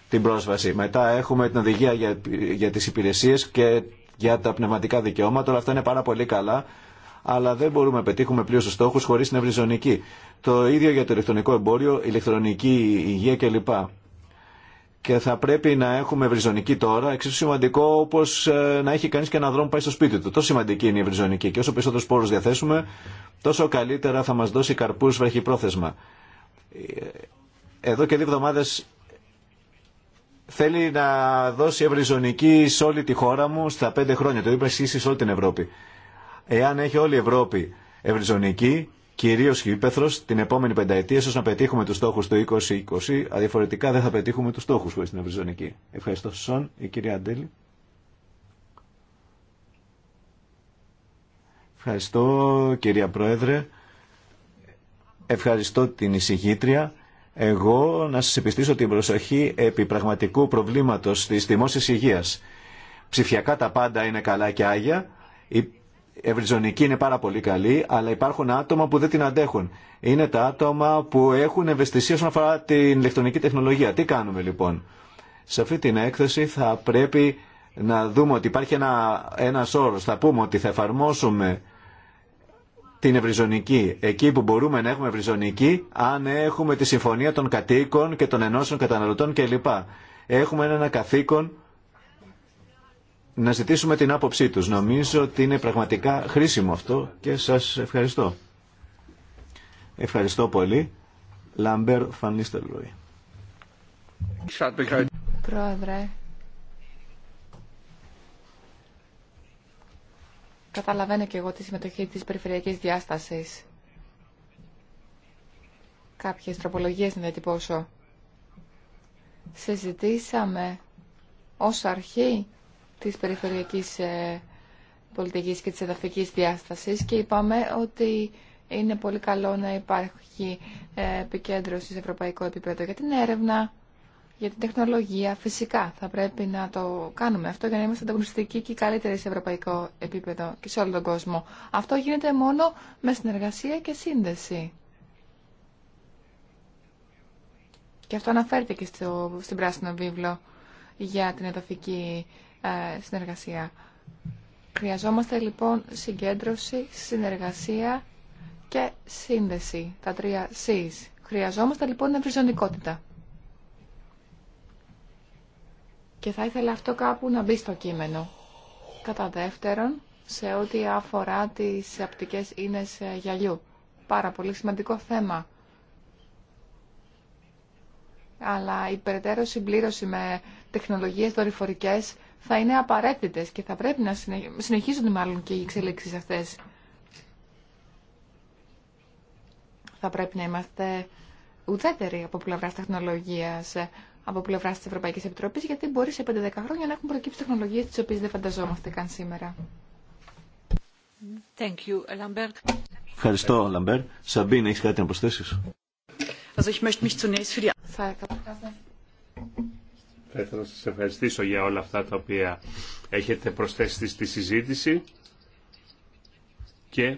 την πρόσβαση. Μετά έχουμε την οδηγία για, για τι υπηρεσίε και για τα πνευματικά δικαιώματα. Όλα αυτά είναι πάρα πολύ καλά, αλλά δεν μπορούμε να πετύχουμε πλήρω του στόχου χωρί την ευρυζωνική. Το ίδιο για το ηλεκτρονικό εμπόριο, ηλεκτρονική υγεία κλπ και θα πρέπει να έχουμε ευρυζωνική τώρα, εξίσου σημαντικό όπω ε, να έχει κανεί και έναν δρόμο πάει στο σπίτι του. Τόσο σημαντική είναι η ευρυζωνική. Και όσο περισσότερου πόρου διαθέσουμε, τόσο καλύτερα θα μα δώσει καρπού βραχυπρόθεσμα. Ε, εδώ και δύο εβδομάδε θέλει να δώσει ευρυζωνική σε όλη τη χώρα μου στα πέντε χρόνια. Το είπα εσεί σε όλη την Ευρώπη. Εάν έχει όλη η Ευρώπη ευρυζωνική, Κυρίω η την επόμενη πενταετία ίσω να πετύχουμε τους στόχους του 2020, αδιαφορετικά δεν θα πετύχουμε τους στόχους χωρί στην Ευρυζωνική. Ευχαριστώ Σον, η κυρία Αντέλη. Ευχαριστώ κυρία Πρόεδρε. Ευχαριστώ την εισηγήτρια. Εγώ να σας επιστήσω την προσοχή επί πραγματικού προβλήματος της δημόσιας υγείας. Ψηφιακά τα πάντα είναι καλά και άγια ευρυζωνική είναι πάρα πολύ καλή, αλλά υπάρχουν άτομα που δεν την αντέχουν. Είναι τα άτομα που έχουν ευαισθησία όσον αφορά την ηλεκτρονική τεχνολογία. Τι κάνουμε λοιπόν. Σε αυτή την έκθεση θα πρέπει να δούμε ότι υπάρχει ένα, ένας όρος. Θα πούμε ότι θα εφαρμόσουμε την ευρυζωνική. Εκεί που μπορούμε να έχουμε ευρυζωνική, αν έχουμε τη συμφωνία των κατοίκων και των ενώσεων καταναλωτών κλπ. Έχουμε ένα καθήκον να ζητήσουμε την άποψή τους. Νομίζω ότι είναι πραγματικά χρήσιμο αυτό και σας ευχαριστώ. Ευχαριστώ πολύ. Λαμπέρ Φανίστελροϊ.
Πρόεδρε, καταλαβαίνω και εγώ τη συμμετοχή της περιφερειακής διάστασης. Κάποιες τροπολογίες να διατυπώσω. Συζητήσαμε ως αρχή της περιφερειακής ε, πολιτικής και της εδαφικής διάστασης και είπαμε ότι είναι πολύ καλό να υπάρχει ε, επικέντρωση σε ευρωπαϊκό επίπεδο για την έρευνα, για την τεχνολογία. Φυσικά θα πρέπει να το κάνουμε αυτό για να είμαστε ανταγωνιστικοί και καλύτεροι σε ευρωπαϊκό επίπεδο και σε όλο τον κόσμο. Αυτό γίνεται μόνο με συνεργασία και σύνδεση. Και αυτό αναφέρθηκε στο, στην πράσινο βίβλο για την εδαφική ε, συνεργασία. Χρειαζόμαστε λοιπόν συγκέντρωση, συνεργασία και σύνδεση, τα τρία C's. Χρειαζόμαστε λοιπόν ευρυζωνικότητα. Και θα ήθελα αυτό κάπου να μπει στο κείμενο. Κατά δεύτερον, σε ό,τι αφορά τις απτικές ίνες ε, γυαλιού. Πάρα πολύ σημαντικό θέμα. Αλλά η περαιτέρω συμπλήρωση με τεχνολογίες δορυφορικές θα είναι απαραίτητε και θα πρέπει να συνεχίζονται μάλλον και οι εξελίξει αυτέ. Θα πρέπει να είμαστε ουδέτεροι από πλευρά τεχνολογία, από πλευρά τη Ευρωπαϊκή Επιτροπή, γιατί μπορεί σε 5-10 χρόνια να έχουν προκύψει τεχνολογίε τι οποίε δεν φανταζόμαστε καν σήμερα. Thank you,
Ευχαριστώ, Λαμπέρ. Σαμπίν, έχει κάτι να προσθέσει.
Θα ήθελα να σας ευχαριστήσω για όλα αυτά τα οποία έχετε προσθέσει στη συζήτηση και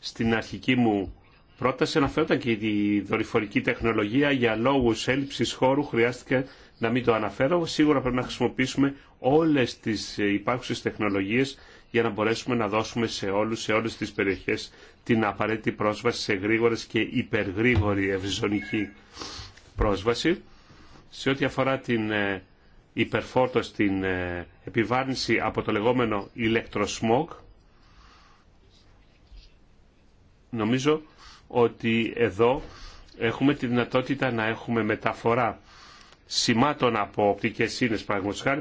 στην αρχική μου πρόταση αναφέρονταν και η δορυφορική τεχνολογία για λόγους έλλειψης χώρου χρειάστηκε να μην το αναφέρω. Σίγουρα πρέπει να χρησιμοποιήσουμε όλες τις υπάρχουσες τεχνολογίες για να μπορέσουμε να δώσουμε σε όλους, σε όλες τις περιοχές την απαραίτητη πρόσβαση σε γρήγορες και υπεργρήγορη ευζωνική πρόσβαση. Σε ό,τι αφορά την ε, υπερφόρτωση, την ε, επιβάρυνση από το λεγόμενο ηλεκτροσμόκ, νομίζω ότι εδώ έχουμε τη δυνατότητα να έχουμε μεταφορά σημάτων από οπτικές σύνες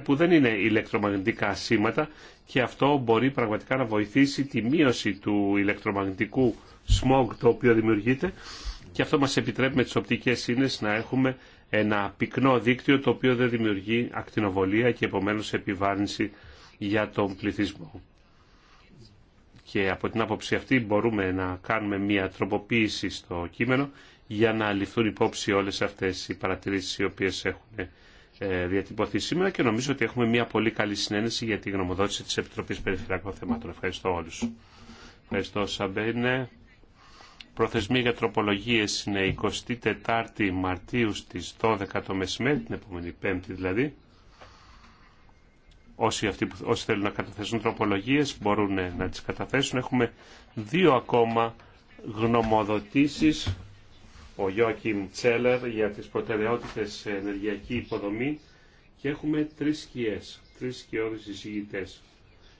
που δεν είναι ηλεκτρομαγνητικά σήματα και αυτό μπορεί πραγματικά να βοηθήσει τη μείωση του ηλεκτρομαγνητικού σμόγκ το οποίο δημιουργείται και αυτό μας επιτρέπει με τις οπτικές σύνες να έχουμε ένα πυκνό δίκτυο το οποίο δεν δημιουργεί ακτινοβολία και επομένως επιβάρυνση για τον πληθυσμό. Και από την άποψη αυτή μπορούμε να κάνουμε μια τροποποίηση στο κείμενο για να ληφθούν υπόψη όλες αυτές οι παρατηρήσεις οι οποίες έχουν ε, διατυπωθεί σήμερα και νομίζω ότι έχουμε μια πολύ καλή συνένεση για τη γνωμοδότηση της Επιτροπής Περιφερειακών Θεμάτων. Ευχαριστώ όλους. Ευχαριστώ Προθεσμοί για τροπολογιε ειναι είναι 24η Μαρτίου στι 12 το μεσημέρι, την επόμενη Πέμπτη δηλαδή. Όσοι, αυτοί, όσοι θέλουν να καταθέσουν τροπολογίε μπορούν ε, να τις καταθέσουν. Έχουμε δύο ακόμα γνωμοδοτήσεις. Ο Γιώκιμ Τσέλερ για τις προτεραιότητε σε ενεργειακή υποδομή και έχουμε τρεις σκιέ, τρεις σκιώδεις εισηγητέ.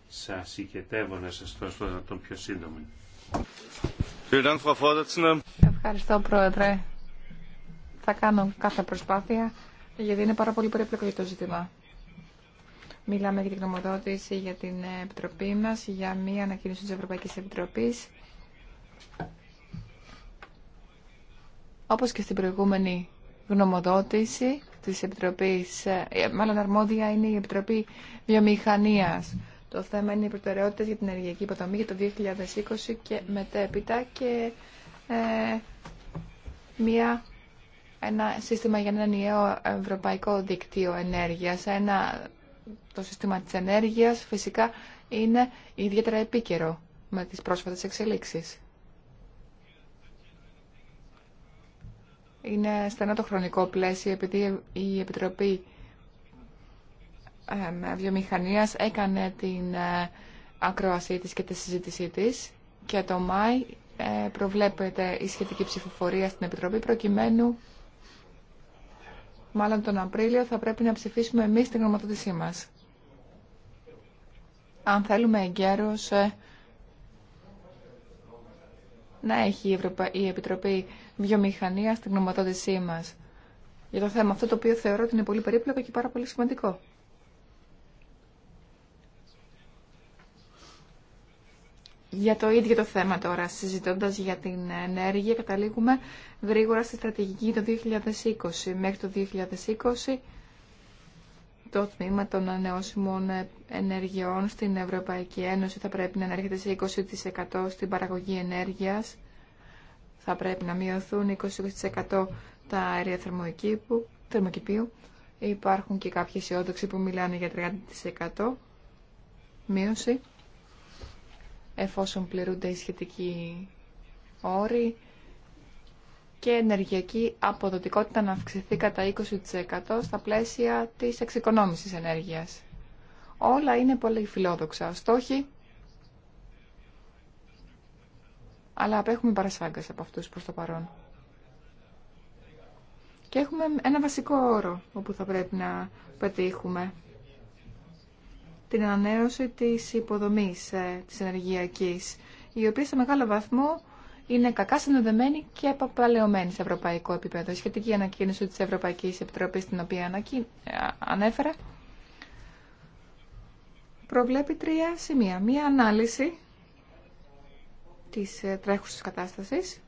Σας συγκετεύω να σα δώσω τον πιο σύντομο. Ευχαριστώ,
Πρόεδρε. Θα κάνω κάθε προσπάθεια, γιατί είναι πάρα πολύ περίπλοκο το ζήτημα. Μιλάμε για την γνωμοδότηση για την Επιτροπή μας, για μία ανακοίνωση της Ευρωπαϊκής Επιτροπής. Όπως και στην προηγούμενη γνωμοδότηση της Επιτροπής, ε, μάλλον αρμόδια είναι η Επιτροπή Βιομηχανίας. Το θέμα είναι οι προτεραιότητες για την ενεργειακή υποδομή για το 2020 και μετέπειτα και ε, μια, ένα σύστημα για ένα νέο ευρωπαϊκό δίκτυο ενέργειας. το σύστημα της ενέργειας φυσικά είναι ιδιαίτερα επίκαιρο με τις πρόσφατες εξελίξεις. Είναι στενό το χρονικό πλαίσιο επειδή η Επιτροπή βιομηχανίας έκανε την ε, ακρόασή της και τη συζήτησή της και το Μάη ε, προβλέπεται η σχετική ψηφοφορία στην Επιτροπή προκειμένου μάλλον τον Απρίλιο θα πρέπει να ψηφίσουμε εμείς την γνωματοδοτησή μας. Αν θέλουμε εγκαίρως ε, να έχει η, Ευρωπα... η Επιτροπή βιομηχανίας την γνωματοδοτησή μας για το θέμα αυτό το οποίο θεωρώ ότι είναι πολύ περίπλοκο και πάρα πολύ σημαντικό. Για το ίδιο το θέμα τώρα, συζητώντας για την ενέργεια, καταλήγουμε γρήγορα στη στρατηγική το 2020. Μέχρι το 2020 το τμήμα των ανανεώσιμων ενεργειών στην Ευρωπαϊκή Ένωση θα πρέπει να ανέρχεται σε 20% στην παραγωγή ενέργειας. Θα πρέπει να μειωθούν 20% τα αέρια θερμοκηπίου. Υπάρχουν και κάποιοι αισιόδοξοι που μιλάνε για 30% μείωση εφόσον πληρούνται οι σχετικοί όροι και ενεργειακή αποδοτικότητα να αυξηθεί κατά 20% στα πλαίσια της εξοικονόμησης ενέργειας. Όλα είναι πολύ φιλόδοξα. Στόχοι, αλλά απέχουμε παρασφάγκες από αυτούς προς το παρόν. Και έχουμε ένα βασικό όρο όπου θα πρέπει να πετύχουμε την ανανέωση της υποδομής ε, της ενεργειακής, η οποία σε μεγάλο βαθμό είναι κακά συνδεδεμένη και επαπαλαιωμένη σε ευρωπαϊκό επίπεδο. Η σχετική ανακοίνωση της Ευρωπαϊκής Επιτροπής, την οποία ε, ανέφερα, προβλέπει τρία σημεία. Μία ανάλυση της ε, τρέχουσας κατάστασης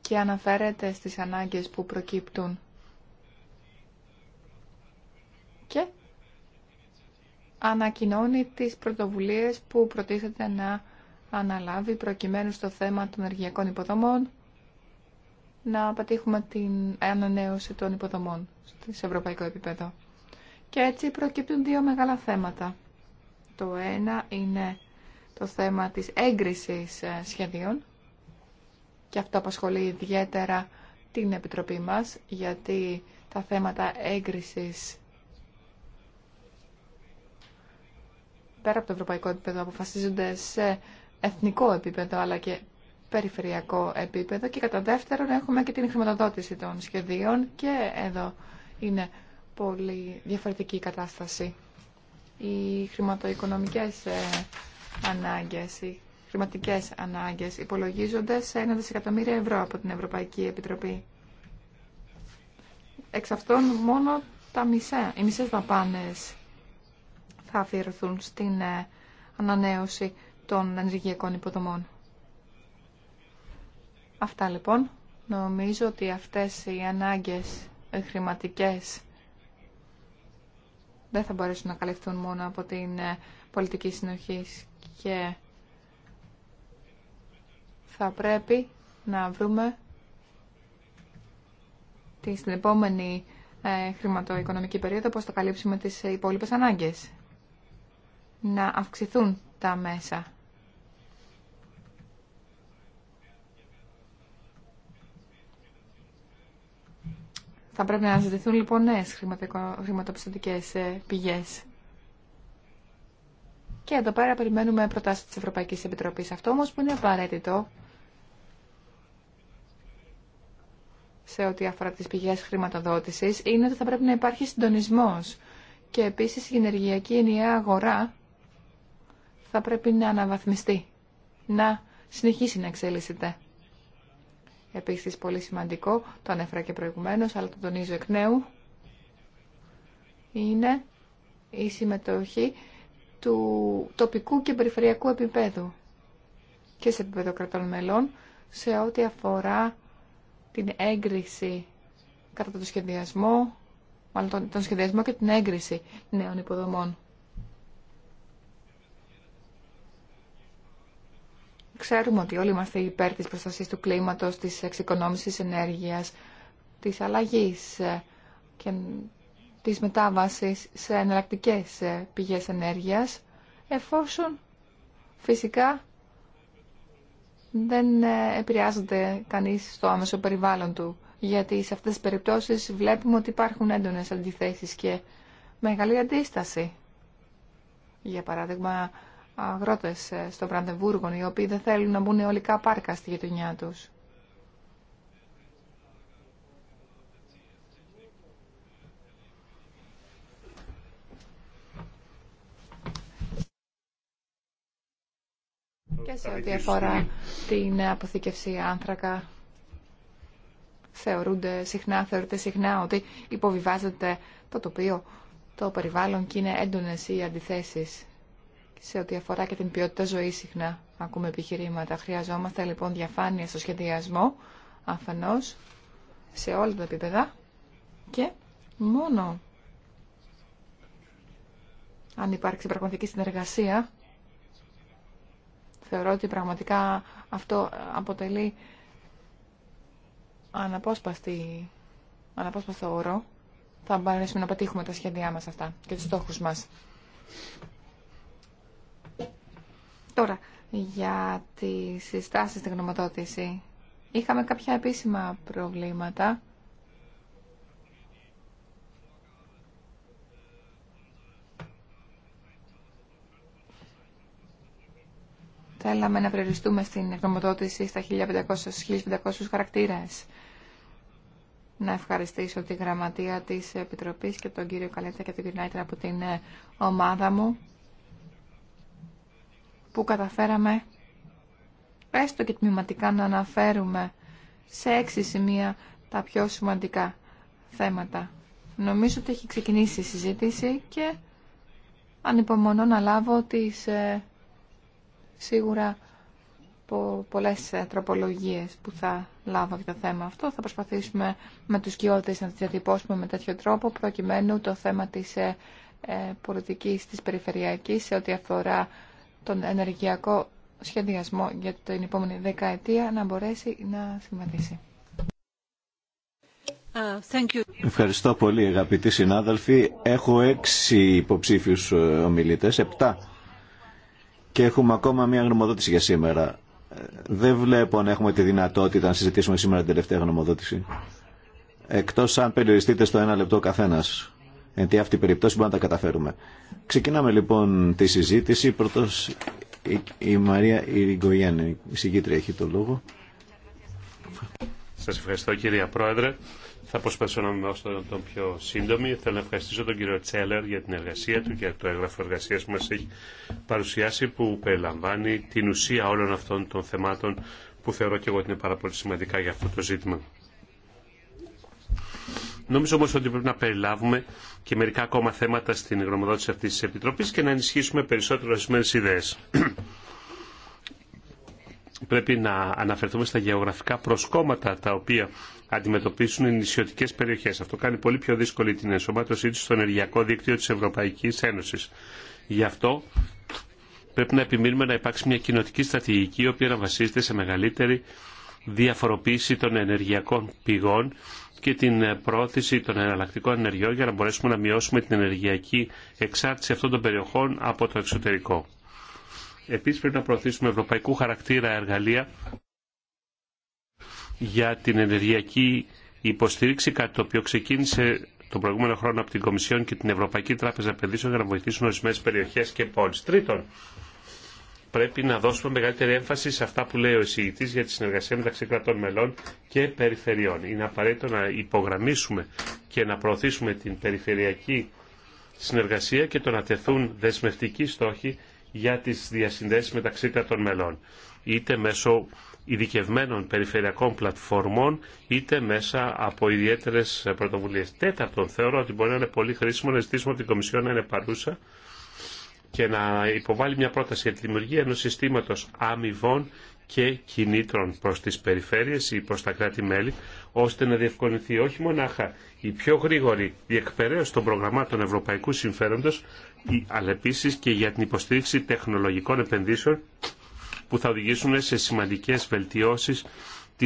και αναφέρεται στις ανάγκες που προκύπτουν και ανακοινώνει τις πρωτοβουλίες που προτίθεται να αναλάβει προκειμένου στο θέμα των ενεργειακών υποδομών να πετύχουμε την ανανέωση των υποδομών σε ευρωπαϊκό επίπεδο. Και έτσι προκύπτουν δύο μεγάλα θέματα. Το ένα είναι το θέμα της έγκρισης ε, σχεδίων και αυτό απασχολεί ιδιαίτερα την Επιτροπή μας γιατί τα θέματα έγκρισης πέρα από το ευρωπαϊκό επίπεδο αποφασίζονται σε εθνικό επίπεδο αλλά και περιφερειακό επίπεδο και κατά δεύτερον έχουμε και την χρηματοδότηση των σχεδίων και εδώ είναι πολύ διαφορετική η κατάσταση. Οι χρηματοοικονομικές ε, ανάγκες, οι χρηματικές ανάγκες υπολογίζονται σε 1 δισεκατομμύριο ευρώ από την Ευρωπαϊκή Επιτροπή. Εξ αυτών μόνο τα μισά, οι μισές δαπάνες θα αφιερωθούν στην ε, ανανέωση των ενεργειακών υποδομών. Αυτά λοιπόν. Νομίζω ότι αυτές οι ανάγκες χρηματικές δεν θα μπορέσουν να καλυφθούν μόνο από την ε, πολιτική συνοχή και θα πρέπει να βρούμε την επόμενη ε, χρηματοοικονομική περίοδο πώς θα καλύψουμε τις υπόλοιπες ανάγκες να αυξηθούν τα μέσα. Θα πρέπει να αναζητηθούν λοιπόν νέε χρηματοπιστωτικέ ε, πηγέ. Και εδώ πέρα περιμένουμε προτάσει τη Ευρωπαϊκή Επιτροπή. Αυτό όμω που είναι απαραίτητο σε ό,τι αφορά τι πηγέ χρηματοδότηση είναι ότι θα πρέπει να υπάρχει συντονισμό. Και επίση η ενεργειακή ενιαία αγορά θα πρέπει να αναβαθμιστεί, να συνεχίσει να εξελίσσεται. Επίσης, πολύ σημαντικό, το ανέφερα και προηγουμένως, αλλά το τονίζω εκ νέου, είναι η συμμετοχή του τοπικού και περιφερειακού επίπεδου και σε επίπεδο κρατών μελών σε ό,τι αφορά την έγκριση κατά το σχεδιασμό, μάλλον τον σχεδιασμό και την έγκριση νέων υποδομών. Ξέρουμε ότι όλοι είμαστε υπέρ της προστασίας του κλίματος, της εξοικονόμησης ενέργειας, της αλλαγής ε, και της μετάβασης σε εναλλακτικέ ε, πηγές ενέργειας, εφόσον φυσικά δεν ε, επηρεάζεται κανείς στο άμεσο περιβάλλον του. Γιατί σε αυτές τις περιπτώσεις βλέπουμε ότι υπάρχουν έντονες αντιθέσεις και μεγάλη αντίσταση. Για παράδειγμα, αγρότες ε, στο Βραντεβούργο, οι οποίοι δεν θέλουν να μπουν ολικά πάρκα στη γειτονιά τους. και σε ό,τι αφορά την αποθήκευση άνθρακα. Θεωρούνται συχνά, θεωρείται συχνά ότι υποβιβάζεται το τοπίο, το περιβάλλον και είναι έντονες οι αντιθέσεις σε ό,τι αφορά και την ποιότητα ζωή συχνά ακούμε επιχειρήματα. Χρειαζόμαστε λοιπόν διαφάνεια στο σχεδιασμό αφενός σε όλα τα επίπεδα και μόνο αν υπάρξει πραγματική συνεργασία θεωρώ ότι πραγματικά αυτό αποτελεί αναπόσπαστη, αναπόσπαστο όρο θα μπορέσουμε να πετύχουμε τα σχέδιά μας αυτά και τους στόχους μας. Τώρα, για τι συστάσεις στην γνωματότηση, είχαμε κάποια επίσημα προβλήματα. Θέλαμε να περιοριστούμε στην γνωμοδότηση στα 1500-1500 χαρακτήρες. Να ευχαριστήσω τη γραμματεία της Επιτροπής και τον κύριο Καλέτα και την κύριο από την ε, ομάδα μου που καταφέραμε έστω και τμηματικά να αναφέρουμε σε έξι σημεία τα πιο σημαντικά θέματα. Νομίζω ότι έχει ξεκινήσει η συζήτηση και ανυπομονώ να λάβω τις ε, σίγουρα πολλέ πολλές ε, τροπολογίες που θα λάβω για το θέμα αυτό. Θα προσπαθήσουμε με τους κοιότητες να τις διατυπώσουμε με τέτοιο τρόπο προκειμένου το θέμα της ε, πολιτικής της περιφερειακής σε ό,τι αφορά τον ενεργειακό σχεδιασμό για την επόμενη δεκαετία να μπορέσει να συμβαδίσει. Uh,
Ευχαριστώ πολύ αγαπητοί συνάδελφοι. Έχω έξι υποψήφιους ε, ομιλητές, επτά. Και έχουμε ακόμα μία γνωμοδότηση για σήμερα. Ε, δεν βλέπω να έχουμε τη δυνατότητα να συζητήσουμε σήμερα την τελευταία γνωμοδότηση. Εκτός αν περιοριστείτε στο ένα λεπτό καθένας. Εν τη αυτή περίπτωση μπορούμε να τα καταφέρουμε. Ξεκινάμε λοιπόν τη συζήτηση. Πρώτο η Μαρία Ιριγκογιάννη, η συγκήτρια, έχει το λόγο.
Σα ευχαριστώ κύριε Πρόεδρε. Θα προσπαθήσω να είμαι όσο τον πιο σύντομη. Θέλω να ευχαριστήσω τον κύριο Τσέλερ για την εργασία του, για το έγγραφο εργασία που μα έχει παρουσιάσει, που περιλαμβάνει την ουσία όλων αυτών των θεμάτων που θεωρώ και εγώ ότι είναι πάρα πολύ σημαντικά για αυτό το ζήτημα. Νομίζω όμω ότι πρέπει να περιλάβουμε και μερικά ακόμα θέματα στην γνωμοδότηση αυτή τη Επιτροπή και να ενισχύσουμε περισσότερο ορισμένε ιδέε. πρέπει να αναφερθούμε στα γεωγραφικά προσκόμματα τα οποία αντιμετωπίσουν οι νησιωτικέ περιοχέ. Αυτό κάνει πολύ πιο δύσκολη την ενσωμάτωσή του στο ενεργειακό δίκτυο τη Ευρωπαϊκή Ένωση. Γι' αυτό πρέπει να επιμείνουμε να υπάρξει μια κοινοτική στρατηγική η οποία να βασίζεται σε μεγαλύτερη διαφοροποίηση των ενεργειακών πηγών και την ε, πρόθεση των εναλλακτικών ενεργειών για να μπορέσουμε να μειώσουμε την ενεργειακή εξάρτηση αυτών των περιοχών από το εξωτερικό. Επίσης πρέπει να προωθήσουμε ευρωπαϊκού χαρακτήρα εργαλεία για την ενεργειακή υποστήριξη, κάτι το οποίο ξεκίνησε τον προηγούμενο χρόνο από την Κομισιόν και την Ευρωπαϊκή Τράπεζα Επενδύσεων για να βοηθήσουν ορισμένε περιοχέ και πόλει. Τρίτον, πρέπει να δώσουμε μεγαλύτερη έμφαση σε αυτά που λέει ο εισηγητή για τη συνεργασία μεταξύ κρατών μελών και περιφερειών. Είναι απαραίτητο να υπογραμμίσουμε και να προωθήσουμε την περιφερειακή συνεργασία και το να τεθούν δεσμευτικοί στόχοι για τι διασυνδέσεις μεταξύ κρατών μελών, είτε μέσω ειδικευμένων περιφερειακών πλατφορμών, είτε μέσα από ιδιαίτερε πρωτοβουλίε. Τέταρτον, θεωρώ ότι μπορεί να είναι πολύ χρήσιμο να ζητήσουμε από την Κομισιόν να είναι παρούσα και να υποβάλει μια πρόταση για τη δημιουργία ενός συστήματος αμοιβών και κινήτρων προς τις περιφέρειες ή προς τα κράτη-μέλη, ώστε να διευκολυνθεί όχι μονάχα η πιο γρήγορη διεκπαιρέωση των προγραμμάτων ευρωπαϊκού συμφέροντος, αλλά επίση και για την υποστήριξη τεχνολογικών επενδύσεων που θα οδηγήσουν σε σημαντικές βελτιώσεις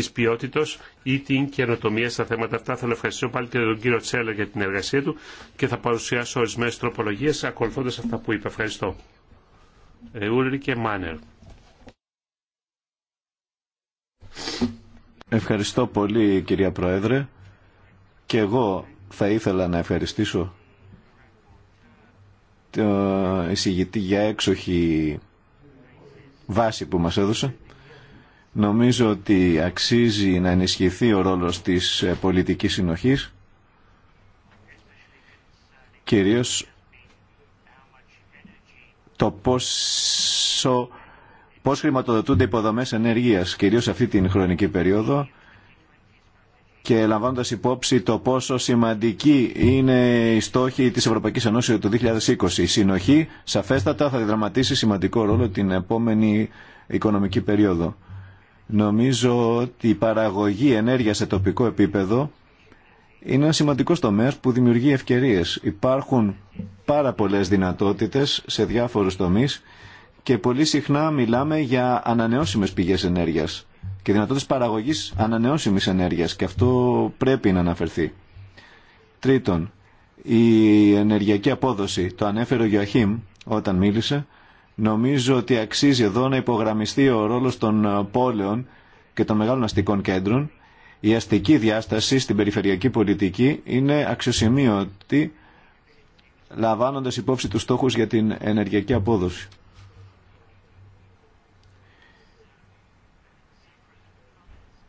τη ποιότητα ή την καινοτομία στα θέματα αυτά. Θέλω να ευχαριστήσω πάλι και τον κύριο Τσέλα για την εργασία του και θα παρουσιάσω ορισμένε τροπολογίε ακολουθώντα αυτά που είπε. Ευχαριστώ. Ε, και Μάνερ.
Ευχαριστώ πολύ κυρία Πρόεδρε και εγώ θα ήθελα να ευχαριστήσω το εισηγητή για έξοχη βάση που μας έδωσε Νομίζω ότι αξίζει να ενισχυθεί ο ρόλος της ε, πολιτικής συνοχής, κυρίως το πόσο, πώς χρηματοδοτούνται υποδομές ενέργειας, κυρίως αυτή την χρονική περίοδο, και λαμβάνοντας υπόψη το πόσο σημαντική είναι η στόχη της Ευρωπαϊκής Ενώσης του 2020. Η συνοχή σαφέστατα θα διδραματίσει σημαντικό ρόλο την επόμενη οικονομική περίοδο. Νομίζω ότι η παραγωγή ενέργεια σε τοπικό επίπεδο είναι ένα σημαντικό τομέα που δημιουργεί ευκαιρίες. Υπάρχουν πάρα πολλές δυνατότητες σε διάφορους τομείς και πολύ συχνά μιλάμε για ανανεώσιμες πηγές ενέργειας και δυνατότητε παραγωγής ανανεώσιμης ενέργειας και αυτό πρέπει να αναφερθεί. Τρίτον, η ενεργειακή απόδοση. Το ανέφερε ο Γιωαχήμ όταν μίλησε. Νομίζω ότι αξίζει εδώ να υπογραμμιστεί ο ρόλος των ε, πόλεων και των μεγάλων αστικών κέντρων. Η αστική διάσταση στην περιφερειακή πολιτική είναι αξιοσημείωτη λαμβάνοντας υπόψη τους στόχους για την ενεργειακή απόδοση.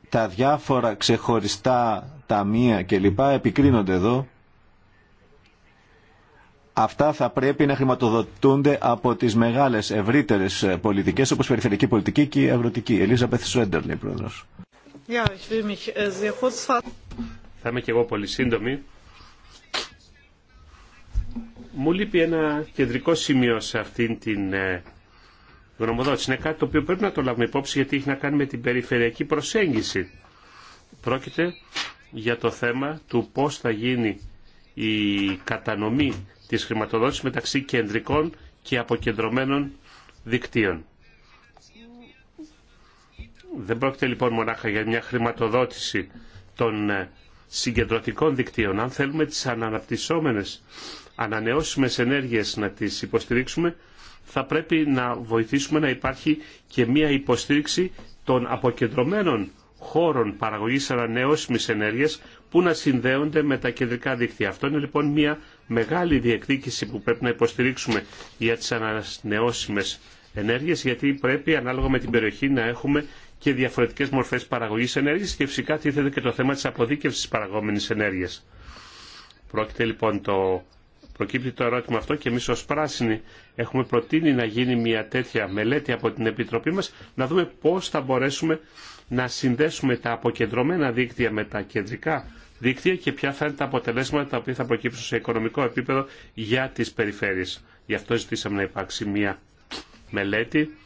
Τα διάφορα ξεχωριστά ταμεία κλπ. επικρίνονται εδώ Αυτά θα πρέπει να χρηματοδοτούνται από τις μεγάλες ευρύτερε πολιτικές όπως η περιφερειακή πολιτική και η αγροτική. Ελίζα Πεθσουέντερ, λέει πρόεδρος. Äh,
θα είμαι και εγώ πολύ σύντομη. Μου λείπει ένα κεντρικό σημείο σε αυτήν την ε, γνωμοδότηση. Είναι κάτι το οποίο πρέπει να το λάβουμε υπόψη γιατί έχει να κάνει με την περιφερειακή προσέγγιση. Πρόκειται για το θέμα του πώς θα γίνει η κατανομή της χρηματοδότησης μεταξύ κεντρικών και αποκεντρωμένων δικτύων. Δεν πρόκειται λοιπόν μονάχα για μια χρηματοδότηση των ε, συγκεντρωτικών δικτύων. Αν θέλουμε τις αναπτυσσόμενες ανανεώσιμες ενέργειες να τις υποστηρίξουμε, θα πρέπει να βοηθήσουμε να υπάρχει και μια υποστήριξη των αποκεντρωμένων χώρων παραγωγής ανανεώσιμης ενέργειας που να συνδέονται με τα κεντρικά δίκτυα. Αυτό είναι λοιπόν μια μεγάλη διεκδίκηση που πρέπει να υποστηρίξουμε για τις ανανεώσιμες ενέργειες γιατί πρέπει ανάλογα με την περιοχή να έχουμε και διαφορετικές μορφές παραγωγής ενέργειας και φυσικά τίθεται και το θέμα της αποδίκευσης παραγόμενης ενέργειας. Πρόκειται λοιπόν το... Προκύπτει το ερώτημα αυτό και εμεί ω πράσινοι έχουμε προτείνει να γίνει μια τέτοια μελέτη από την Επιτροπή μας να δούμε πώς θα μπορέσουμε να συνδέσουμε τα αποκεντρωμένα δίκτυα με τα κεντρικά δίκτυα και ποια θα είναι τα αποτελέσματα τα οποία θα προκύψουν σε οικονομικό επίπεδο για τις περιφέρειες. Γι' αυτό ζητήσαμε να υπάρξει μια μελέτη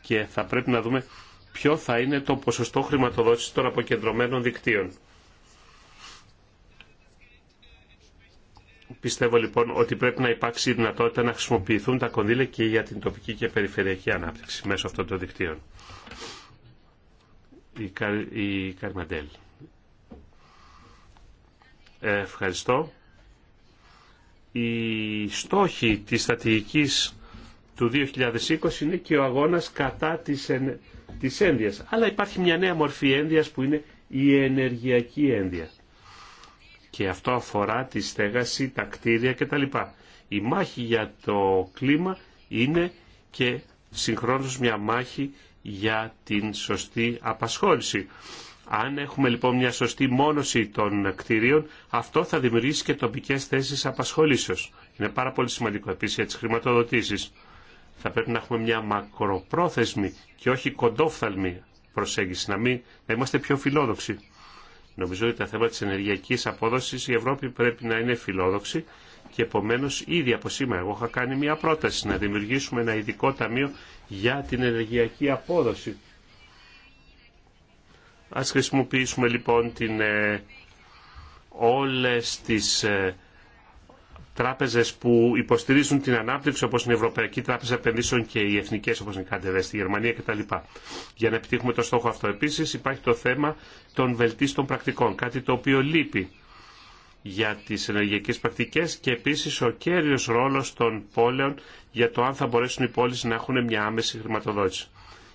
και θα πρέπει να δούμε ποιο θα είναι το ποσοστό χρηματοδότηση των αποκεντρωμένων δικτύων. Πιστεύω λοιπόν ότι πρέπει να υπάρξει η δυνατότητα να χρησιμοποιηθούν τα κονδύλια και για την τοπική και περιφερειακή ανάπτυξη μέσω αυτών των δικτύων η, Καρ, η Καρμαντέλ. Ε, ευχαριστώ. Οι στόχοι της στρατηγικής του 2020 είναι και ο αγώνας κατά της, εν, της ένδυας. Αλλά υπάρχει μια νέα μορφή ένδυας που είναι η ενεργειακή ένδυα. Και αυτό αφορά τη στέγαση, τα κτίρια κτλ. Η μάχη για το κλίμα είναι και συγχρόνως μια μάχη για την σωστή απασχόληση. Αν έχουμε λοιπόν μια σωστή μόνωση των κτηρίων, αυτό θα δημιουργήσει και τοπικές θέσεις απασχολήσεω. Είναι πάρα πολύ σημαντικό επίσης για τι χρηματοδοτήσει. Θα πρέπει να έχουμε μια μακροπρόθεσμη και όχι κοντόφθαλμη προσέγγιση, να, μην, να είμαστε πιο φιλόδοξοι. Νομίζω ότι τα θέματα τη ενεργειακή απόδοση η Ευρώπη πρέπει να είναι φιλόδοξη και επομένω, ήδη από σήμερα, εγώ είχα κάνει μια πρόταση να δημιουργήσουμε ένα ειδικό ταμείο για την ενεργειακή απόδοση. Ας χρησιμοποιήσουμε λοιπόν την, ε, όλες τις ε, τράπεζες που υποστηρίζουν την ανάπτυξη όπως είναι η Ευρωπαϊκή Τράπεζα Επενδύσεων και οι εθνικές όπως είναι η Καντεβέ στη Γερμανία κτλ. Για να επιτύχουμε το στόχο αυτό επίσης υπάρχει το θέμα των βελτίστων πρακτικών, κάτι το οποίο λείπει για τις ενεργειακές πρακτικές και επίσης ο κέριος ρόλος των πόλεων για το αν θα μπορέσουν οι πόλεις να έχουν μια άμεση χρηματοδότηση.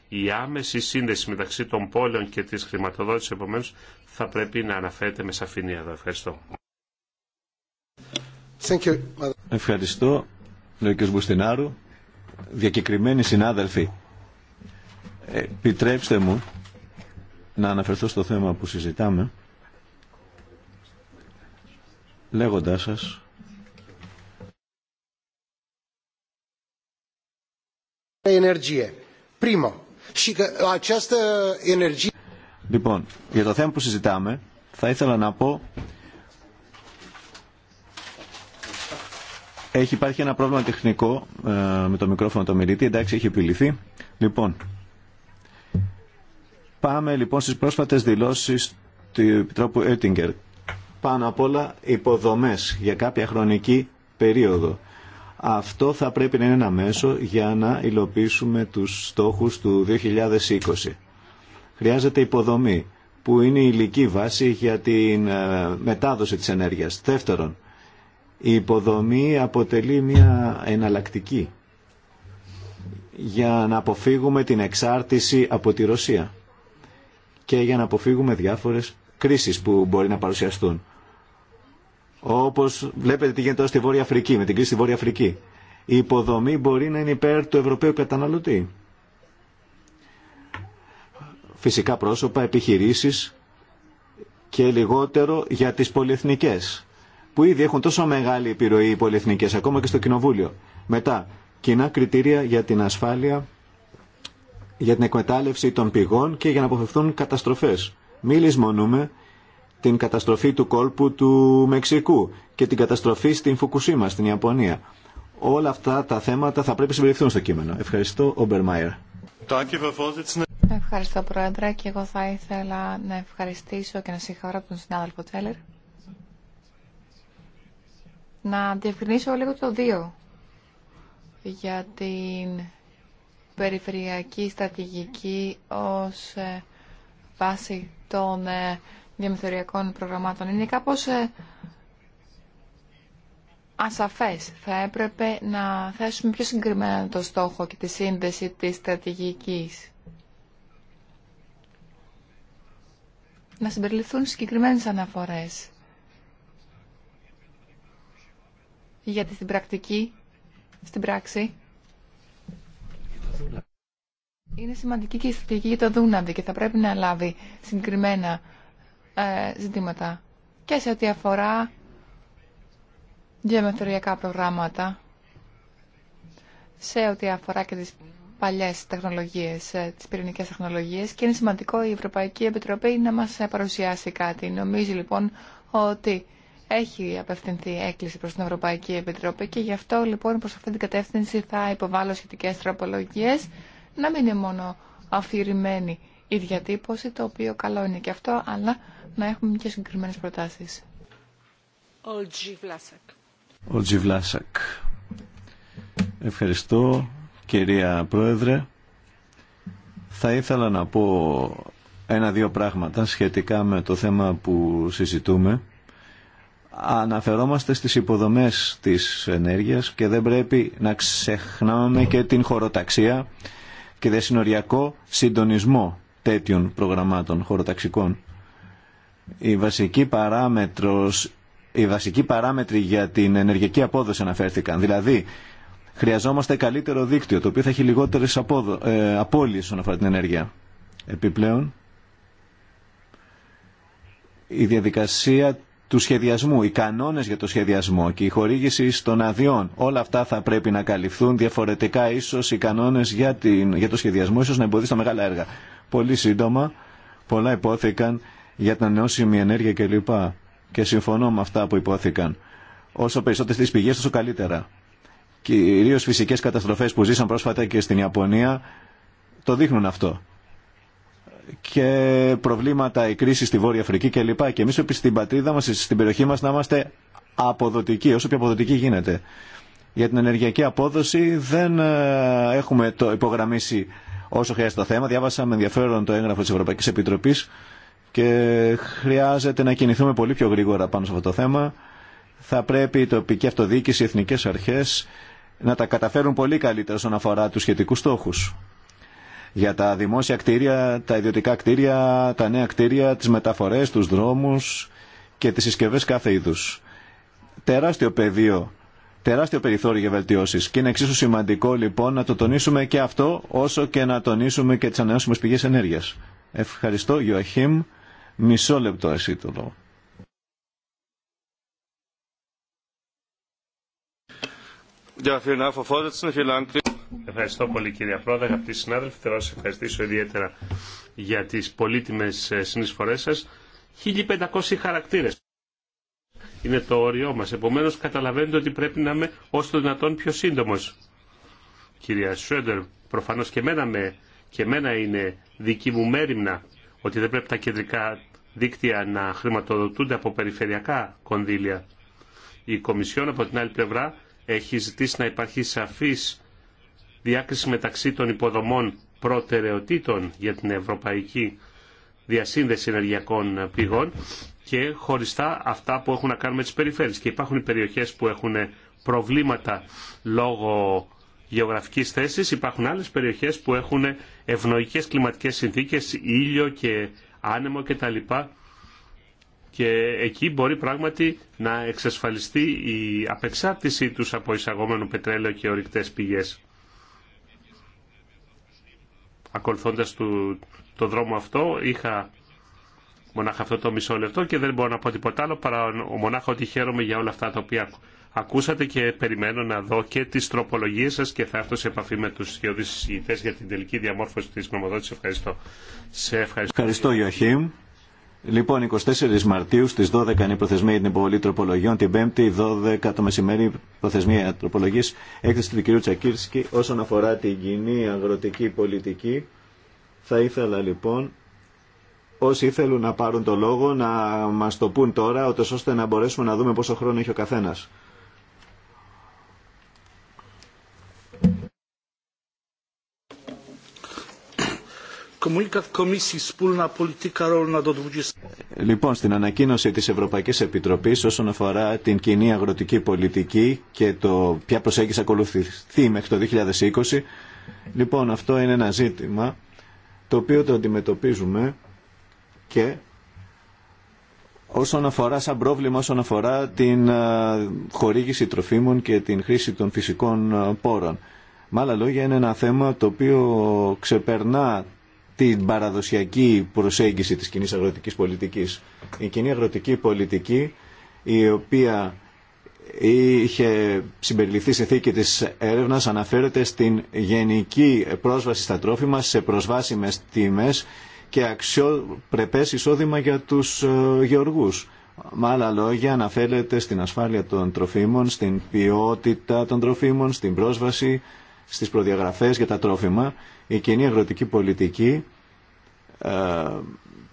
Η άμεση σύνδεση μεταξύ των πόλεων και της χρηματοδότησης επομένω θα πρέπει να αναφέρεται με σαφήνεια εδώ. Ευχαριστώ.
Ευχαριστώ, λέει Μπουστινάρου. Διακεκριμένοι συνάδελφοι, επιτρέψτε μου να αναφερθώ στο θέμα που συζητάμε λέγοντάς σας Λοιπόν, για το θέμα που συζητάμε θα ήθελα να πω έχει υπάρχει ένα πρόβλημα τεχνικό ε, με το μικρόφωνο το μιλητή εντάξει έχει επιληθεί λοιπόν πάμε λοιπόν στις πρόσφατες δηλώσεις του Επιτρόπου Έτιγκερ πάνω απ' όλα υποδομές για κάποια χρονική περίοδο. Αυτό θα πρέπει να είναι ένα μέσο για να υλοποιήσουμε τους στόχους του 2020. Χρειάζεται υποδομή που είναι η υλική βάση για την ε, μετάδοση της ενέργειας. Δεύτερον, η υποδομή αποτελεί μια εναλλακτική για να αποφύγουμε την εξάρτηση από τη Ρωσία και για να αποφύγουμε διάφορες κρίσεις που μπορεί να παρουσιαστούν όπως βλέπετε τι γίνεται τώρα στη Βόρεια Αφρική, με την κρίση στη Βόρεια Αφρική. Η υποδομή μπορεί να είναι υπέρ του Ευρωπαίου καταναλωτή. Φυσικά πρόσωπα, επιχειρήσει και λιγότερο για τις πολυεθνικές που ήδη έχουν τόσο μεγάλη επιρροή οι πολυεθνικές, ακόμα και στο Κοινοβούλιο. Μετά, κοινά κριτήρια για την ασφάλεια, για την εκμετάλλευση των πηγών και για να αποφευθούν καταστροφέ. Μη λησμονούμε την καταστροφή του κόλπου του Μεξικού και την καταστροφή στην Φουκουσίμα, στην Ιαπωνία. Όλα αυτά τα θέματα θα πρέπει να συμπεριληφθούν στο κείμενο. Ευχαριστώ, Ομπερ Μάιερ.
Ευχαριστώ, Πρόεδρε, και εγώ θα ήθελα να ευχαριστήσω και να συγχαρώ τον συνάδελφο Τέλερ Να διευκρινίσω λίγο το δύο για την περιφερειακή στρατηγική ως ε, βάση των ε, διαμεθοριακών προγραμμάτων είναι κάπως ε, ασαφές. Θα έπρεπε να θέσουμε πιο συγκεκριμένα το στόχο και τη σύνδεση της στρατηγικής. Να συμπεριληφθούν συγκεκριμένες αναφορές. Γιατί στην πρακτική, στην πράξη, είναι σημαντική και η στρατηγική για το Δούναβη και θα πρέπει να λάβει συγκεκριμένα ε, ζητήματα και σε ό,τι αφορά διαμεθοριακά προγράμματα, σε ό,τι αφορά και τις παλιές τεχνολογίες, ε, τις πυρηνικές τεχνολογίες και είναι σημαντικό η Ευρωπαϊκή Επιτροπή να μας παρουσιάσει κάτι. Νομίζω λοιπόν ότι έχει απευθυνθεί έκκληση προς την Ευρωπαϊκή Επιτροπή και γι' αυτό λοιπόν προς αυτή την κατεύθυνση θα υποβάλω σχετικές τροπολογίες να μην είναι μόνο αφηρημένη η διατύπωση, το οποίο καλό είναι και αυτό, αλλά να έχουμε και συγκεκριμένες προτάσεις.
Ο Τζιβλάσακ. Ευχαριστώ κυρία Πρόεδρε. Θα ήθελα να πω ένα-δύο πράγματα σχετικά με το θέμα που συζητούμε. Αναφερόμαστε στις υποδομές της ενέργειας και δεν πρέπει να ξεχνάμε και την χωροταξία και δεσυνοριακό συντονισμό τέτοιων προγραμμάτων χωροταξικών. Η βασική παράμετρος, οι βασικοί παράμετροι για την ενεργειακή απόδοση αναφέρθηκαν. Δηλαδή, χρειαζόμαστε καλύτερο δίκτυο, το οποίο θα έχει λιγότερες απόδο, ε, όσον αφορά την ενέργεια. Επιπλέον, η διαδικασία του σχεδιασμού, οι κανόνες για το σχεδιασμό και η χορήγηση των αδειών. Όλα αυτά θα πρέπει να καλυφθούν διαφορετικά ίσως οι κανόνες για, την, για το σχεδιασμό, ίσως να εμποδίσουν τα μεγάλα έργα. Πολύ σύντομα, πολλά υπόθηκαν για την ανανεώσιμη ενέργεια κλπ. Και συμφωνώ με αυτά που υπόθηκαν. Όσο περισσότερε τι πηγέ, τόσο καλύτερα. Κυρίω φυσικέ καταστροφέ που ζήσαν πρόσφατα και στην Ιαπωνία το δείχνουν αυτό. Και προβλήματα, η κρίση στη Βόρεια Αφρική κλπ. Και εμεί πρέπει στην πατρίδα μα, στην περιοχή μα, να είμαστε αποδοτικοί, όσο πιο αποδοτικοί γίνεται. Για την ενεργειακή απόδοση δεν ε, έχουμε το υπογραμμίσει όσο χρειάζεται το θέμα. Διάβασα με ενδιαφέρον το έγγραφο τη Ευρωπαϊκή Επιτροπή και χρειάζεται να κινηθούμε πολύ πιο γρήγορα πάνω σε αυτό το θέμα. Θα πρέπει η τοπική αυτοδιοίκηση, οι εθνικές αρχές να τα καταφέρουν πολύ καλύτερα στον αφορά του σχετικού στόχου. Για τα δημόσια κτίρια, τα ιδιωτικά κτίρια, τα νέα κτίρια, τι μεταφορές, του δρόμους και τι συσκευέ κάθε είδου. Τεράστιο πεδίο, τεράστιο περιθώριο για βελτιώσει. Και είναι εξίσου σημαντικό λοιπόν να το τονίσουμε και αυτό όσο και να τονίσουμε και τι ανανεώσιμε πηγέ ενέργεια. Ευχαριστώ, Ιωαχήμ. Μισό λεπτό εσύ το λόγο.
Ευχαριστώ πολύ κύριε Πρόεδρε, αγαπητοί συνάδελφοι. Θέλω να σα ευχαριστήσω ιδιαίτερα για τι πολύτιμε συνεισφορέ σα. 1500 χαρακτήρε. είναι το όριό μα. Επομένω, καταλαβαίνετε ότι πρέπει να είμαι όσο το δυνατόν πιο σύντομο. Κυρία Σουέντερ, προφανώ και και εμένα είναι δική μου μέρημνα ότι δεν πρέπει τα κεντρικά δίκτυα να χρηματοδοτούνται από περιφερειακά κονδύλια. Η Κομισιόν από την άλλη πλευρά έχει ζητήσει να υπάρχει σαφής διάκριση μεταξύ των υποδομών προτεραιοτήτων για την ευρωπαϊκή διασύνδεση ενεργειακών πηγών και χωριστά αυτά που έχουν να κάνουν με τις περιφέρειες. Και υπάρχουν οι περιοχές που έχουν προβλήματα λόγω γεωγραφικής θέσης, υπάρχουν άλλες περιοχές που έχουν ευνοϊκές κλιματικές συνθήκες, ήλιο και άνεμο λοιπά Και εκεί μπορεί πράγματι να εξασφαλιστεί η απεξάρτησή τους από εισαγόμενο πετρέλαιο και ορυκτές πηγές. Ακολουθώντας το, δρόμο αυτό είχα μονάχα αυτό το μισό λεπτό και δεν μπορώ να πω τίποτα άλλο παρά ο μονάχα ότι χαίρομαι για όλα αυτά τα οποία ακούσατε και περιμένω να δω και τις τροπολογίες σας και θα έρθω σε επαφή με τους σχεδόντες συζητητές για την τελική διαμόρφωση της νομοδότησης. Ευχαριστώ. Σε
ευχαριστώ. Ευχαριστώ Ιωχήμ. Λοιπόν, 24 Μαρτίου στι 12 είναι η προθεσμία για την υποβολή τροπολογιών. Την 5η, 12 το μεσημέρι, η προθεσμία τροπολογή έκθεση του κ. Τσακίρσκη όσον αφορά την κοινή αγροτική πολιτική. Θα ήθελα λοιπόν όσοι θέλουν να πάρουν το λόγο να μας το πούν τώρα, ώστε να μπορέσουμε να δούμε πόσο χρόνο έχει ο καθένας. Λοιπόν, στην ανακοίνωση της Ευρωπαϊκής Επιτροπής όσον αφορά την κοινή αγροτική πολιτική και το ποια προσέγγιση ακολουθηθεί μέχρι το 2020, λοιπόν αυτό είναι ένα ζήτημα το οποίο το αντιμετωπίζουμε και όσον αφορά σαν πρόβλημα όσον αφορά την χορήγηση τροφίμων και την χρήση των φυσικών πόρων. Με άλλα λόγια είναι ένα θέμα το οποίο ξεπερνά την παραδοσιακή προσέγγιση της κοινή αγροτικής πολιτικής. Η κοινή αγροτική πολιτική η οποία είχε συμπεριληφθεί σε θήκη της έρευνας αναφέρεται στην γενική πρόσβαση στα τρόφιμα σε προσβάσιμες τιμές και αξιοπρεπές εισόδημα για τους ε, γεωργούς. Με άλλα λόγια αναφέρεται στην ασφάλεια των τροφίμων, στην ποιότητα των τροφίμων, στην πρόσβαση στις προδιαγραφές για τα τρόφιμα η κοινή αγροτική πολιτική ε,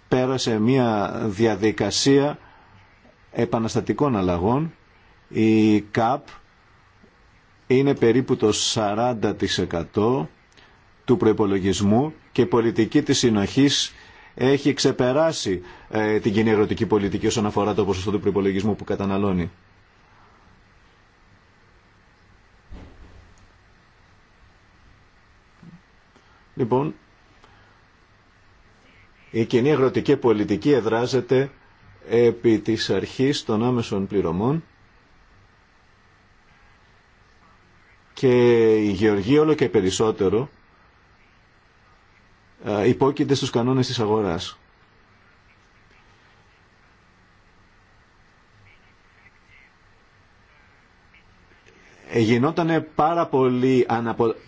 πέρασε μια διαδικασία επαναστατικών αλλαγών. Η ΚΑΠ είναι περίπου το 40% του προϋπολογισμού και η πολιτική της συνοχής έχει ξεπεράσει ε, την κοινή αγροτική πολιτική όσον αφορά το ποσοστό του προϋπολογισμού που καταναλώνει. Λοιπόν, η κοινή αγροτική πολιτική εδράζεται επί της αρχής των άμεσων πληρωμών και η γεωργία όλο και περισσότερο ε, υπόκειται στους κανόνες της αγοράς. Ε, γινόταν πάρα, πολύ,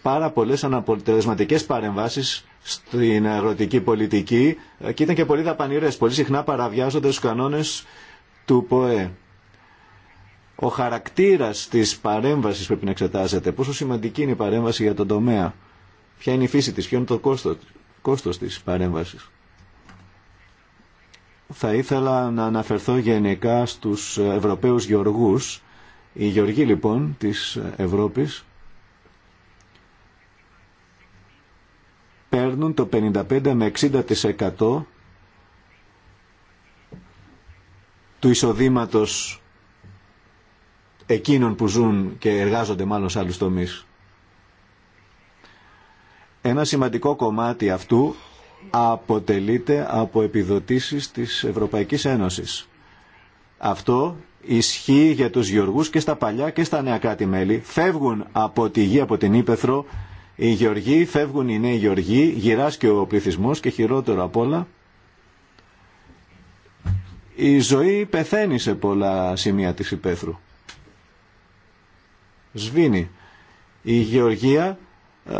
πάρα πολλές αναποτελεσματικές παρεμβάσεις στην αγροτική πολιτική ε, και ήταν και πολύ δαπανηρές. Πολύ συχνά παραβιάζονται στους κανόνες του ΠΟΕ. Ο χαρακτήρας της παρέμβασης πρέπει να εξετάζεται. Πόσο σημαντική είναι η παρέμβαση για τον τομέα. Ποια είναι η φύση της, ποιο είναι το κόστος, κόστος της παρέμβασης. Θα ήθελα να αναφερθώ γενικά στους Ευρωπαίους γεωργούς η γεωργοί λοιπόν της Ευρώπης παίρνουν το 55 με 60% του εισοδήματος εκείνων που ζουν και εργάζονται μάλλον σε άλλους τομείς. Ένα σημαντικό κομμάτι αυτού αποτελείται από επιδοτήσεις της Ευρωπαϊκής Ένωσης. Αυτό ισχύει για τους γεωργούς και στα παλιά και στα νέα κράτη-μέλη. Φεύγουν από τη γη, από την Ήπεθρο, οι γεωργοί, φεύγουν οι νέοι γεωργοί, γυράς και ο πληθυσμό και χειρότερο απ' όλα. Η ζωή πεθαίνει σε πολλά σημεία της Ήπεθρου. Σβήνει. Η γεωργία ε,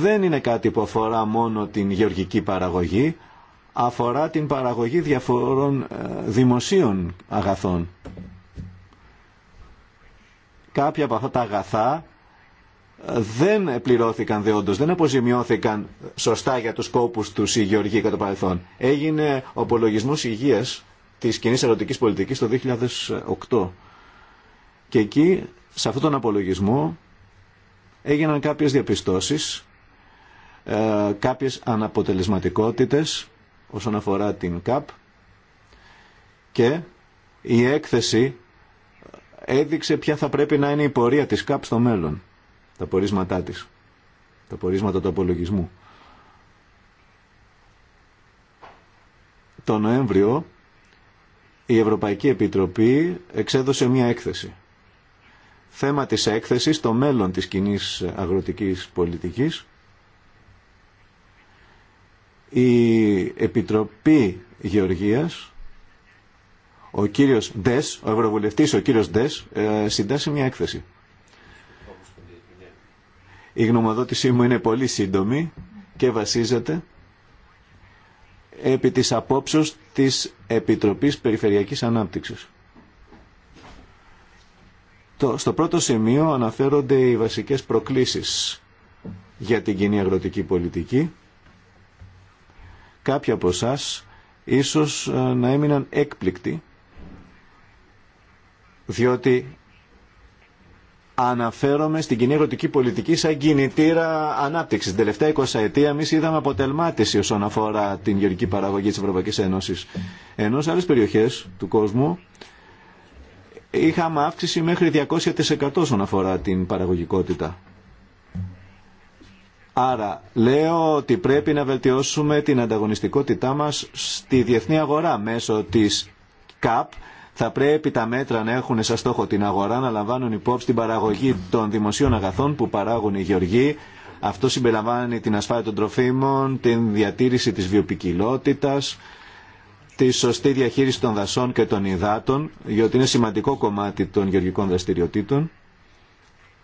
δεν είναι κάτι που αφορά μόνο την γεωργική παραγωγή, αφορά την παραγωγή διαφορών ε, δημοσίων αγαθών. Κάποια από αυτά τα αγαθά ε, δεν πληρώθηκαν δεόντως, δεν αποζημιώθηκαν σωστά για τους κόπους τους οι γεωργοί κατά παρελθόν. Έγινε ο υγείας της κοινή ερωτικής πολιτικής το 2008. Και εκεί, σε αυτόν τον απολογισμό, έγιναν κάποιες διαπιστώσεις, ε, κάποιες αναποτελεσματικότητες όσον αφορά την ΚΑΠ και η έκθεση έδειξε ποια θα πρέπει να είναι η πορεία της ΚΑΠ στο μέλλον, τα πορίσματά της, τα πορίσματα του απολογισμού. Το Νοέμβριο η Ευρωπαϊκή Επιτροπή εξέδωσε μια έκθεση. Θέμα της έκθεσης το μέλλον της κοινή αγροτικής πολιτικής η Επιτροπή Γεωργίας, ο κύριος Ντες, ο Ευρωβουλευτής, ο κύριος Ντες, ε, συντάσσει μια έκθεση. Η γνωμοδότησή μου είναι πολύ σύντομη και βασίζεται επί της απόψεως της Επιτροπής Περιφερειακής Ανάπτυξης. Το, στο πρώτο σημείο αναφέρονται οι βασικές προκλήσεις για την κοινή αγροτική πολιτική Κάποιοι από εσά ίσως ε, να έμειναν έκπληκτοι διότι αναφέρομαι στην κοινή ερωτική πολιτική σαν κινητήρα ανάπτυξη. Την τελευταία 20 ετία εμεί είδαμε αποτελμάτιση όσον αφορά την γεωργική παραγωγή τη Ευρωπαϊκή Ένωση. Ενώ σε άλλε περιοχέ του κόσμου είχαμε αύξηση μέχρι 200% όσον αφορά την παραγωγικότητα. Άρα λέω ότι πρέπει να βελτιώσουμε την ανταγωνιστικότητά μας στη διεθνή αγορά μέσω της ΚΑΠ. Θα πρέπει τα μέτρα να έχουν σαν στόχο την αγορά, να λαμβάνουν υπόψη την παραγωγή των δημοσίων αγαθών που παράγουν οι γεωργοί. Αυτό συμπεριλαμβάνει την ασφάλεια των τροφίμων, την διατήρηση της βιοπικιλότητας, τη σωστή διαχείριση των δασών και των υδάτων, γιατί είναι σημαντικό κομμάτι των γεωργικών δραστηριοτήτων.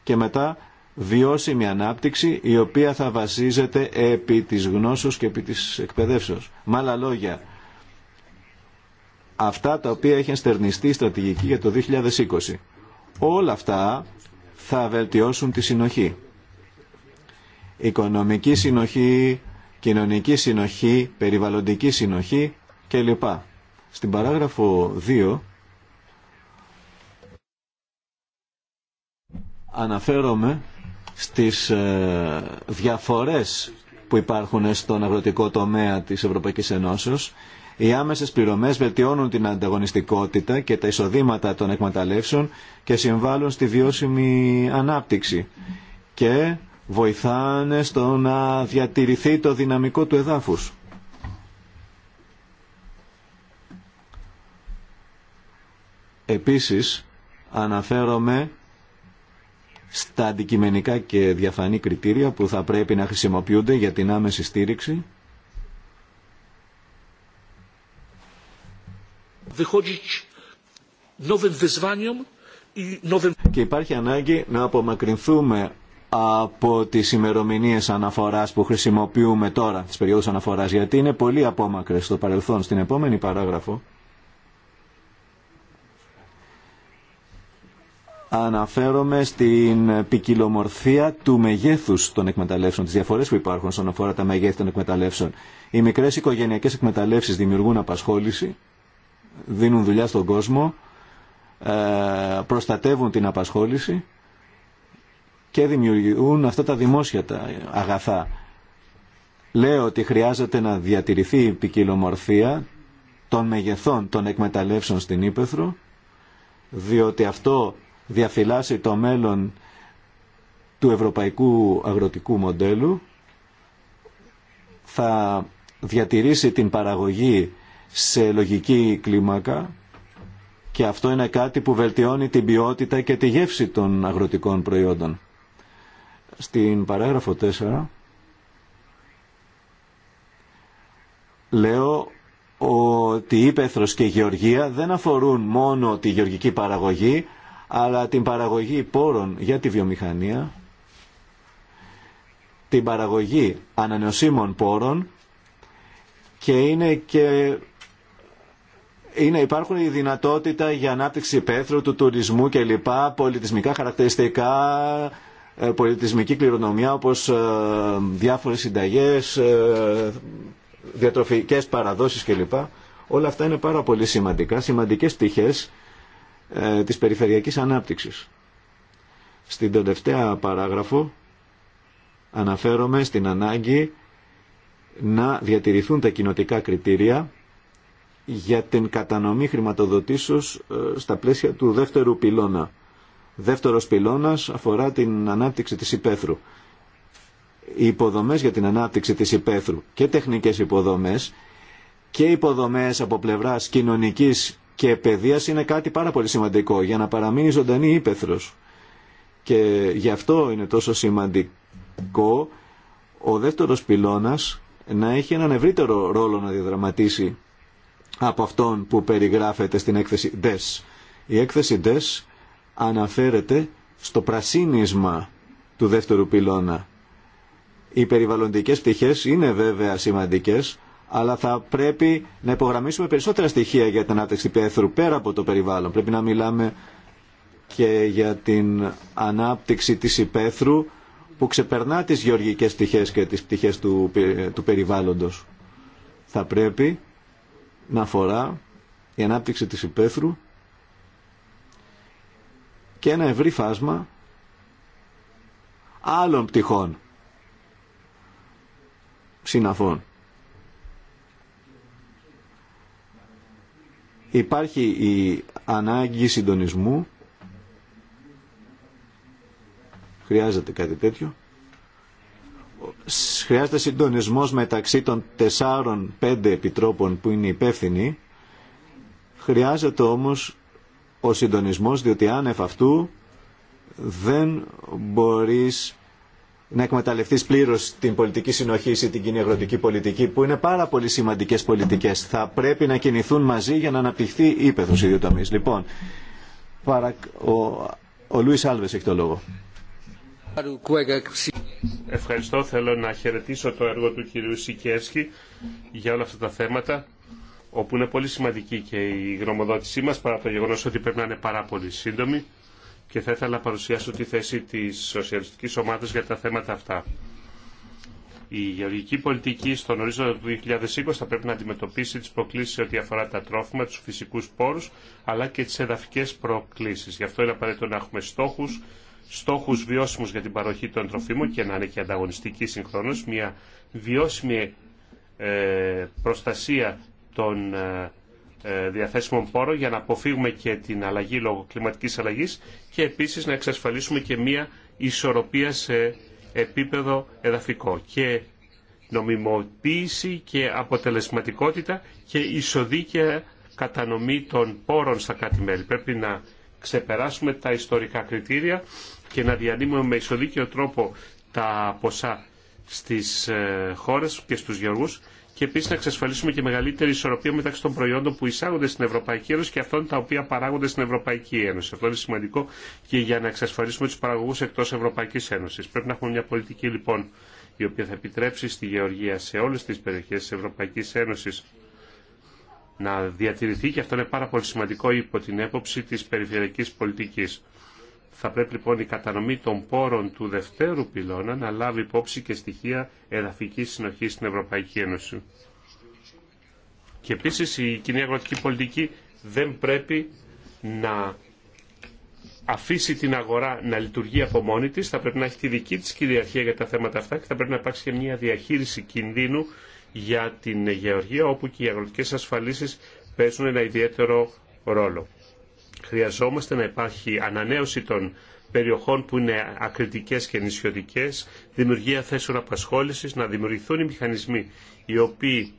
Και μετά βιώσιμη ανάπτυξη η οποία θα βασίζεται επί της γνώσεως και επί της εκπαιδεύσεως. Με άλλα λόγια, αυτά τα οποία έχει στερνιστεί η στρατηγική για το 2020. Όλα αυτά θα βελτιώσουν τη συνοχή. Οικονομική συνοχή, κοινωνική συνοχή, περιβαλλοντική συνοχή κλπ. Στην παράγραφο 2 αναφέρομαι στις ε, διαφορές που υπάρχουν στον αγροτικό τομέα της Ευρωπαϊκής Ενώσεως. Οι άμεσες πληρωμές βελτιώνουν την ανταγωνιστικότητα και τα εισοδήματα των εκμεταλλεύσεων και συμβάλλουν στη βιώσιμη ανάπτυξη και βοηθάνε στο να διατηρηθεί το δυναμικό του εδάφους. Επίσης, αναφέρομαι στα αντικειμενικά και διαφανή κριτήρια που θα πρέπει να χρησιμοποιούνται για την άμεση στήριξη. Και υπάρχει ανάγκη να απομακρυνθούμε από τις ημερομηνίε αναφοράς που χρησιμοποιούμε τώρα, τις περιόδους αναφοράς, γιατί είναι πολύ απόμακρες στο παρελθόν. Στην επόμενη παράγραφο Αναφέρομαι στην ποικιλομορφία του μεγέθου των εκμεταλλεύσεων, τι διαφορέ που υπάρχουν όσον αφορά τα μεγέθη των εκμεταλλεύσεων. Οι μικρέ οικογενειακέ εκμεταλλεύσει δημιουργούν απασχόληση, δίνουν δουλειά στον κόσμο, ε, προστατεύουν την απασχόληση και δημιουργούν αυτά τα δημόσια τα αγαθά. Λέω ότι χρειάζεται να διατηρηθεί η ποικιλομορφία των μεγεθών των εκμεταλλεύσεων στην Ήπεθρο, διότι αυτό διαφυλάσσει το μέλλον του ευρωπαϊκού αγροτικού μοντέλου, θα διατηρήσει την παραγωγή σε λογική κλίμακα και αυτό είναι κάτι που βελτιώνει την ποιότητα και τη γεύση των αγροτικών προϊόντων. Στην παράγραφο 4 λέω ότι η ύπεθρος και η γεωργία δεν αφορούν μόνο τη γεωργική παραγωγή αλλά την παραγωγή πόρων για τη βιομηχανία, την παραγωγή ανανεωσίμων πόρων και είναι και είναι, υπάρχουν η δυνατότητα για ανάπτυξη πέθρου, του τουρισμού κλπ, πολιτισμικά χαρακτηριστικά, ε, πολιτισμική κληρονομιά όπως ε, διάφορες συνταγές, ε, διατροφικές παραδόσεις κλπ. Όλα αυτά είναι πάρα πολύ σημαντικά, σημαντικές πτυχές ε, της περιφερειακής ανάπτυξης. Στην τελευταία παράγραφο αναφέρομαι στην ανάγκη να διατηρηθούν τα κοινοτικά κριτήρια για την κατανομή χρηματοδοτήσεως ε, στα πλαίσια του δεύτερου πυλώνα. Δεύτερος πυλώνας αφορά την ανάπτυξη της υπαίθρου. Οι υποδομές για την ανάπτυξη της υπαίθρου και τεχνικές υποδομές και υποδομές από πλευράς κοινωνικής και παιδεία είναι κάτι πάρα πολύ σημαντικό για να παραμείνει ζωντανή ύπεθρο. Και γι' αυτό είναι τόσο σημαντικό ο δεύτερος πυλώνας να έχει έναν ευρύτερο ρόλο να διαδραματίσει από αυτόν που περιγράφεται στην έκθεση DES. Η έκθεση DES αναφέρεται στο πρασίνισμα του δεύτερου πυλώνα. Οι περιβαλλοντικές πτυχές είναι βέβαια σημαντικές, αλλά θα πρέπει να υπογραμμίσουμε περισσότερα στοιχεία για την ανάπτυξη πέθρου πέρα από το περιβάλλον. Πρέπει να μιλάμε και για την ανάπτυξη της υπαίθρου που ξεπερνά τις γεωργικές πτυχές και τις πτυχές του, του περιβάλλοντος. Θα πρέπει να αφορά η ανάπτυξη της υπαίθρου και ένα ευρύ φάσμα άλλων πτυχών συναφών. Υπάρχει η ανάγκη συντονισμού. Χρειάζεται κάτι τέτοιο. Χρειάζεται συντονισμός μεταξύ των τεσσάρων πέντε επιτρόπων που είναι υπεύθυνοι. Χρειάζεται όμως ο συντονισμός διότι άνευ αυτού δεν μπορείς να εκμεταλλευτεί πλήρω την πολιτική συνοχή ή την κοινή αγροτική πολιτική, που είναι πάρα πολύ σημαντικέ πολιτικέ. Θα πρέπει να κινηθούν μαζί για να αναπτυχθεί η ύπεθρο οι δύο Λοιπόν, παρα... ο, ο Λουί Άλβε έχει το λόγο.
Ευχαριστώ. Θέλω να χαιρετήσω το έργο του κυρίου Σικέρσκη για όλα αυτά τα θέματα, όπου είναι πολύ σημαντική και η γνωμοδότησή μα, παρά το γεγονό ότι πρέπει να είναι πάρα πολύ σύντομη και θα ήθελα να παρουσιάσω τη θέση της Σοσιαλιστικής Ομάδας για τα θέματα αυτά. Η γεωργική πολιτική στον ορίζοντα του 2020 θα πρέπει να αντιμετωπίσει τις προκλήσεις ό,τι αφορά τα τρόφιμα, του φυσικούς πόρους, αλλά και τις εδαφικές προκλήσεις. Γι' αυτό είναι απαραίτητο να έχουμε στόχους, στόχους βιώσιμους για την παροχή των τροφίμων και να είναι και ανταγωνιστική συγχρόνως, μια βιώσιμη ε, προστασία των ε, ε, διαθέσιμων πόρων για να αποφύγουμε και την αλλαγή λόγω κλιματικής αλλαγής και επίσης να εξασφαλίσουμε και μία ισορροπία σε επίπεδο εδαφικό και νομιμοποίηση και αποτελεσματικότητα και ισοδίκαια κατανομή των πόρων στα κάτι μέλη. Πρέπει να ξεπεράσουμε τα ιστορικά κριτήρια και να διανύμουμε με ισοδίκαιο τρόπο τα ποσά στις ε, χώρες και στους γεωργούς και επίση να εξασφαλίσουμε και μεγαλύτερη ισορροπία μεταξύ των προϊόντων που εισάγονται στην Ευρωπαϊκή Ένωση και αυτών τα οποία παράγονται στην Ευρωπαϊκή Ένωση. Αυτό είναι σημαντικό και για να εξασφαλίσουμε του παραγωγού εκτό Ευρωπαϊκή Ένωση. Πρέπει να έχουμε μια πολιτική λοιπόν η οποία θα επιτρέψει στη γεωργία σε όλε τι περιοχέ τη Ευρωπαϊκή Ένωση να διατηρηθεί και αυτό είναι πάρα πολύ σημαντικό υπό την έποψη τη περιφερειακή πολιτική. Θα πρέπει λοιπόν η κατανομή των πόρων του δευτέρου πυλώνα να λάβει υπόψη και στοιχεία εδαφικής συνοχής στην Ευρωπαϊκή Ένωση. Και επίσης η κοινή αγροτική πολιτική δεν πρέπει να αφήσει την αγορά να λειτουργεί από μόνη της, θα πρέπει να έχει τη δική της κυριαρχία για τα θέματα αυτά και θα πρέπει να υπάρξει και μια διαχείριση κινδύνου για την γεωργία, όπου και οι αγροτικές ασφαλίσεις παίζουν ένα ιδιαίτερο ρόλο. Χρειαζόμαστε να υπάρχει ανανέωση των περιοχών που είναι ακριτικές και νησιωτικές, δημιουργία θέσεων απασχόλησης, να δημιουργηθούν οι μηχανισμοί οι οποίοι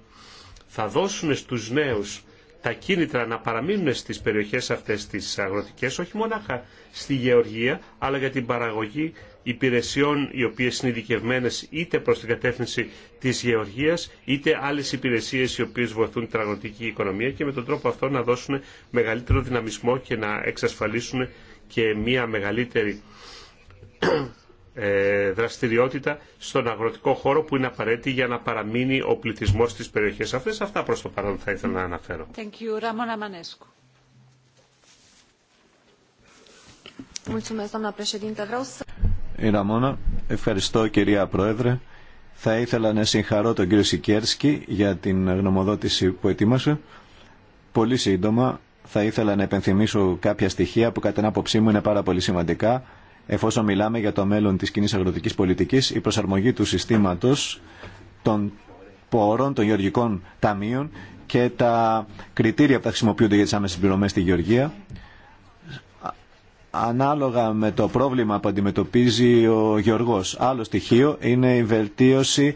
θα δώσουν στους νέους τα κίνητρα να παραμείνουν στις περιοχές αυτές τις αγροτικές, όχι μόνο στη γεωργία, αλλά για την παραγωγή υπηρεσιών οι οποίες είναι ειδικευμένε είτε προς την κατεύθυνση της γεωργίας είτε άλλε υπηρεσίες οι οποίες βοηθούν την αγροτική οικονομία και με τον τρόπο αυτό να δώσουν μεγαλύτερο δυναμισμό και να εξασφαλίσουν και μια μεγαλύτερη <clears throat> ε, δραστηριότητα στον αγροτικό χώρο που είναι απαραίτητη για να παραμείνει ο πληθυσμός στις περιοχές αυτές. Αυτά προς το παρόν θα ήθελα να
αναφέρω ευχαριστώ κυρία Πρόεδρε. Θα ήθελα να συγχαρώ τον κύριο Σικέρσκι για την γνωμοδότηση που ετοίμασε. Πολύ σύντομα θα ήθελα να επενθυμίσω κάποια στοιχεία που κατά την άποψή μου είναι πάρα πολύ σημαντικά. Εφόσον μιλάμε για το μέλλον της κοινή αγροτικής πολιτικής, η προσαρμογή του συστήματος των πόρων, των γεωργικών ταμείων και τα κριτήρια που θα χρησιμοποιούνται για τις άμεσες πληρωμές στη Γεωργία ανάλογα με το πρόβλημα που αντιμετωπίζει ο Γιώργος. Άλλο στοιχείο είναι η βελτίωση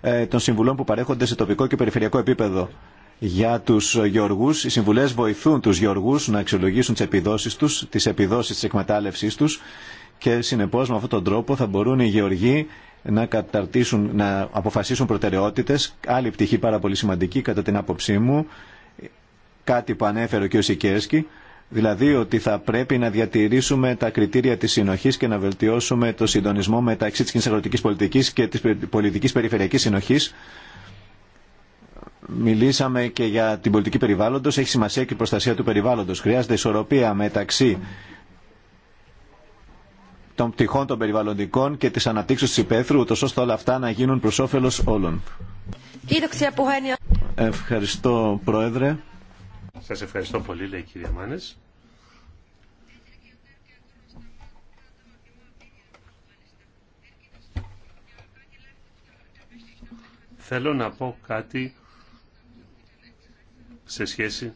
ε, των συμβουλών που παρέχονται σε τοπικό και περιφερειακό επίπεδο. Για του γεωργού. οι συμβουλέ βοηθούν του γεωργού, να αξιολογήσουν τι επιδόσεις του, τι επιδόσει τη εκμετάλλευσής του και συνεπώ με αυτόν τον τρόπο θα μπορούν οι γεωργοί να καταρτήσουν, να αποφασίσουν προτεραιότητε. Άλλη πτυχή πάρα πολύ σημαντική κατά την άποψή μου, κάτι που ανέφερε και ο Σικέρσκι, Δηλαδή ότι θα πρέπει να διατηρήσουμε τα κριτήρια της συνοχής και να βελτιώσουμε το συντονισμό μεταξύ της κοινής αγροτικής πολιτικής και της πολιτικής περιφερειακής συνοχής. Μιλήσαμε και για την πολιτική περιβάλλοντος. Έχει σημασία και η προστασία του περιβάλλοντος. Χρειάζεται ισορροπία μεταξύ των πτυχών των περιβαλλοντικών και της αναπτύξεως της υπαίθρου, ούτως ώστε όλα αυτά να γίνουν προς όφελος όλων. Ευχαριστώ, Πρόεδρε.
Σας ευχαριστώ πολύ, λέει η κυρία Μάνες. Θέλω να πω κάτι σε σχέση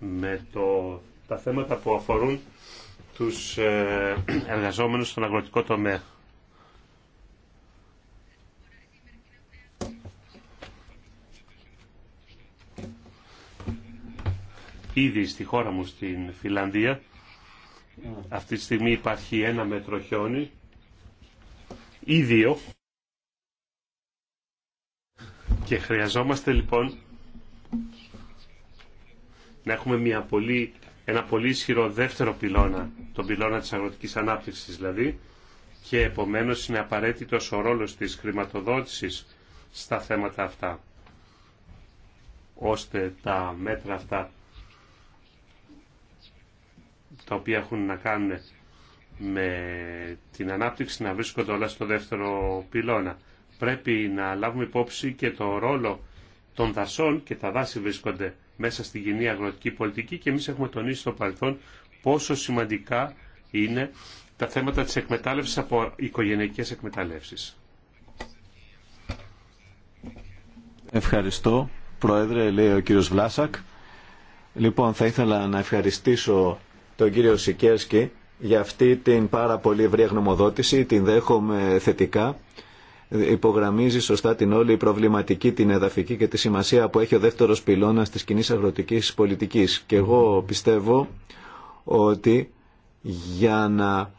με το, τα θέματα που αφορούν τους ε, <clears throat> εργαζόμενους στον αγροτικό τομέα. ήδη στη χώρα μου, στην Φιλανδία. Αυτή τη στιγμή υπάρχει ένα μέτρο χιόνι ή δύο. Και χρειαζόμαστε λοιπόν να έχουμε μια πολύ, ένα πολύ ισχυρό δεύτερο πυλώνα, τον πυλώνα της αγροτικής ανάπτυξης δηλαδή, και επομένως είναι απαραίτητος ο ρόλος της χρηματοδότησης στα θέματα αυτά, ώστε τα μέτρα αυτά τα οποία έχουν να κάνουν με την ανάπτυξη να βρίσκονται όλα στο δεύτερο πυλώνα. Πρέπει να λάβουμε υπόψη και το ρόλο των δασών και τα δάση βρίσκονται μέσα στην κοινή αγροτική πολιτική και εμείς έχουμε τονίσει στο παρελθόν πόσο σημαντικά είναι τα θέματα της εκμετάλλευσης από οικογενειακές εκμεταλλεύσεις.
Ευχαριστώ, Πρόεδρε, λέει ο κύριος Βλάσακ. Λοιπόν, θα ήθελα να ευχαριστήσω τον κύριο Σικέρσκι για αυτή την πάρα πολύ ευρία γνωμοδότηση, την δέχομαι θετικά. Υπογραμμίζει σωστά την όλη η προβληματική, την εδαφική και τη σημασία που έχει ο δεύτερος πυλώνα τη κοινή αγροτική πολιτική. Και εγώ πιστεύω ότι για να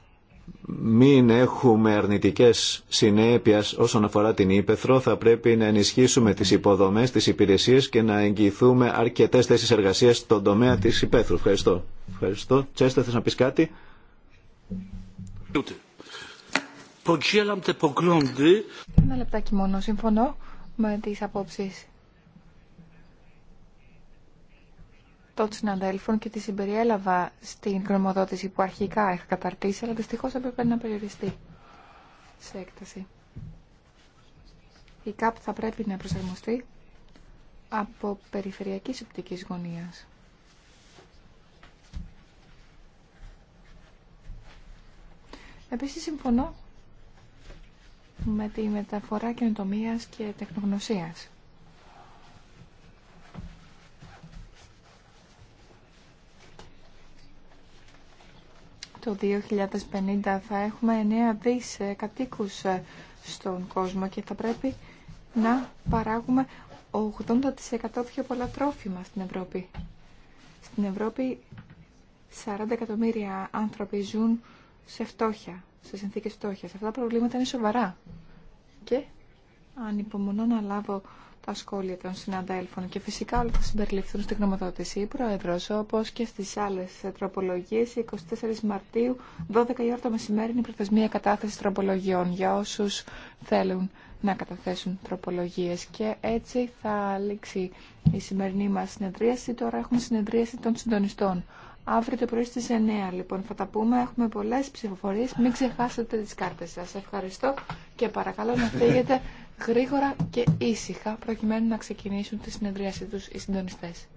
μην έχουμε αρνητικές συνέπειες όσον αφορά την Υπέθρο. θα πρέπει να ενισχύσουμε τις υποδομές, τις υπηρεσίες και να εγγυηθούμε αρκετές θέσεις εργασίας στον τομέα της Υπέθρου. Ευχαριστώ. Ευχαριστώ. Τσέστα, θες να πεις κάτι?
Ένα λεπτάκι μόνο. Συμφωνώ με τις απόψεις των συναδέλφων και τη συμπεριέλαβα στην γνωμοδότηση που αρχικά είχα καταρτήσει, αλλά δυστυχώ έπρεπε να περιοριστεί σε έκταση. Η ΚΑΠ θα πρέπει να προσαρμοστεί από περιφερειακή οπτική γωνία. Επίση, συμφωνώ με τη μεταφορά καινοτομία και τεχνογνωσίας. Το 2050 θα έχουμε 9 δις ε, κατοίκους ε, στον κόσμο και θα πρέπει να παράγουμε 80% πιο πολλά τρόφιμα στην Ευρώπη. Στην Ευρώπη 40 εκατομμύρια άνθρωποι ζουν σε φτώχεια, σε συνθήκες φτώχειας. Αυτά τα προβλήματα είναι σοβαρά. Και αν υπομονώ να λάβω τα σχόλια των συναντέλφων και φυσικά όλα θα συμπεριληφθούν στην γνωμοδότηση. Η Πρόεδρος, όπως και στις άλλες τροπολογίες, 24 Μαρτίου, 12 η ώρα το μεσημέρι είναι η προθεσμία κατάθεση τροπολογιών για όσους θέλουν να καταθέσουν τροπολογίες. Και έτσι θα λήξει η σημερινή μας συνεδρίαση. Τώρα έχουμε συνεδρίαση των συντονιστών. Αύριο το πρωί στις 9 λοιπόν θα τα πούμε. Έχουμε πολλές ψηφοφορίες. Μην ξεχάσετε τις κάρτες σας. Ευχαριστώ και παρακαλώ να <laughs> φύγετε γρήγορα και ήσυχα προκειμένου να ξεκινήσουν τη συνεδρίαση τους οι συντονιστές.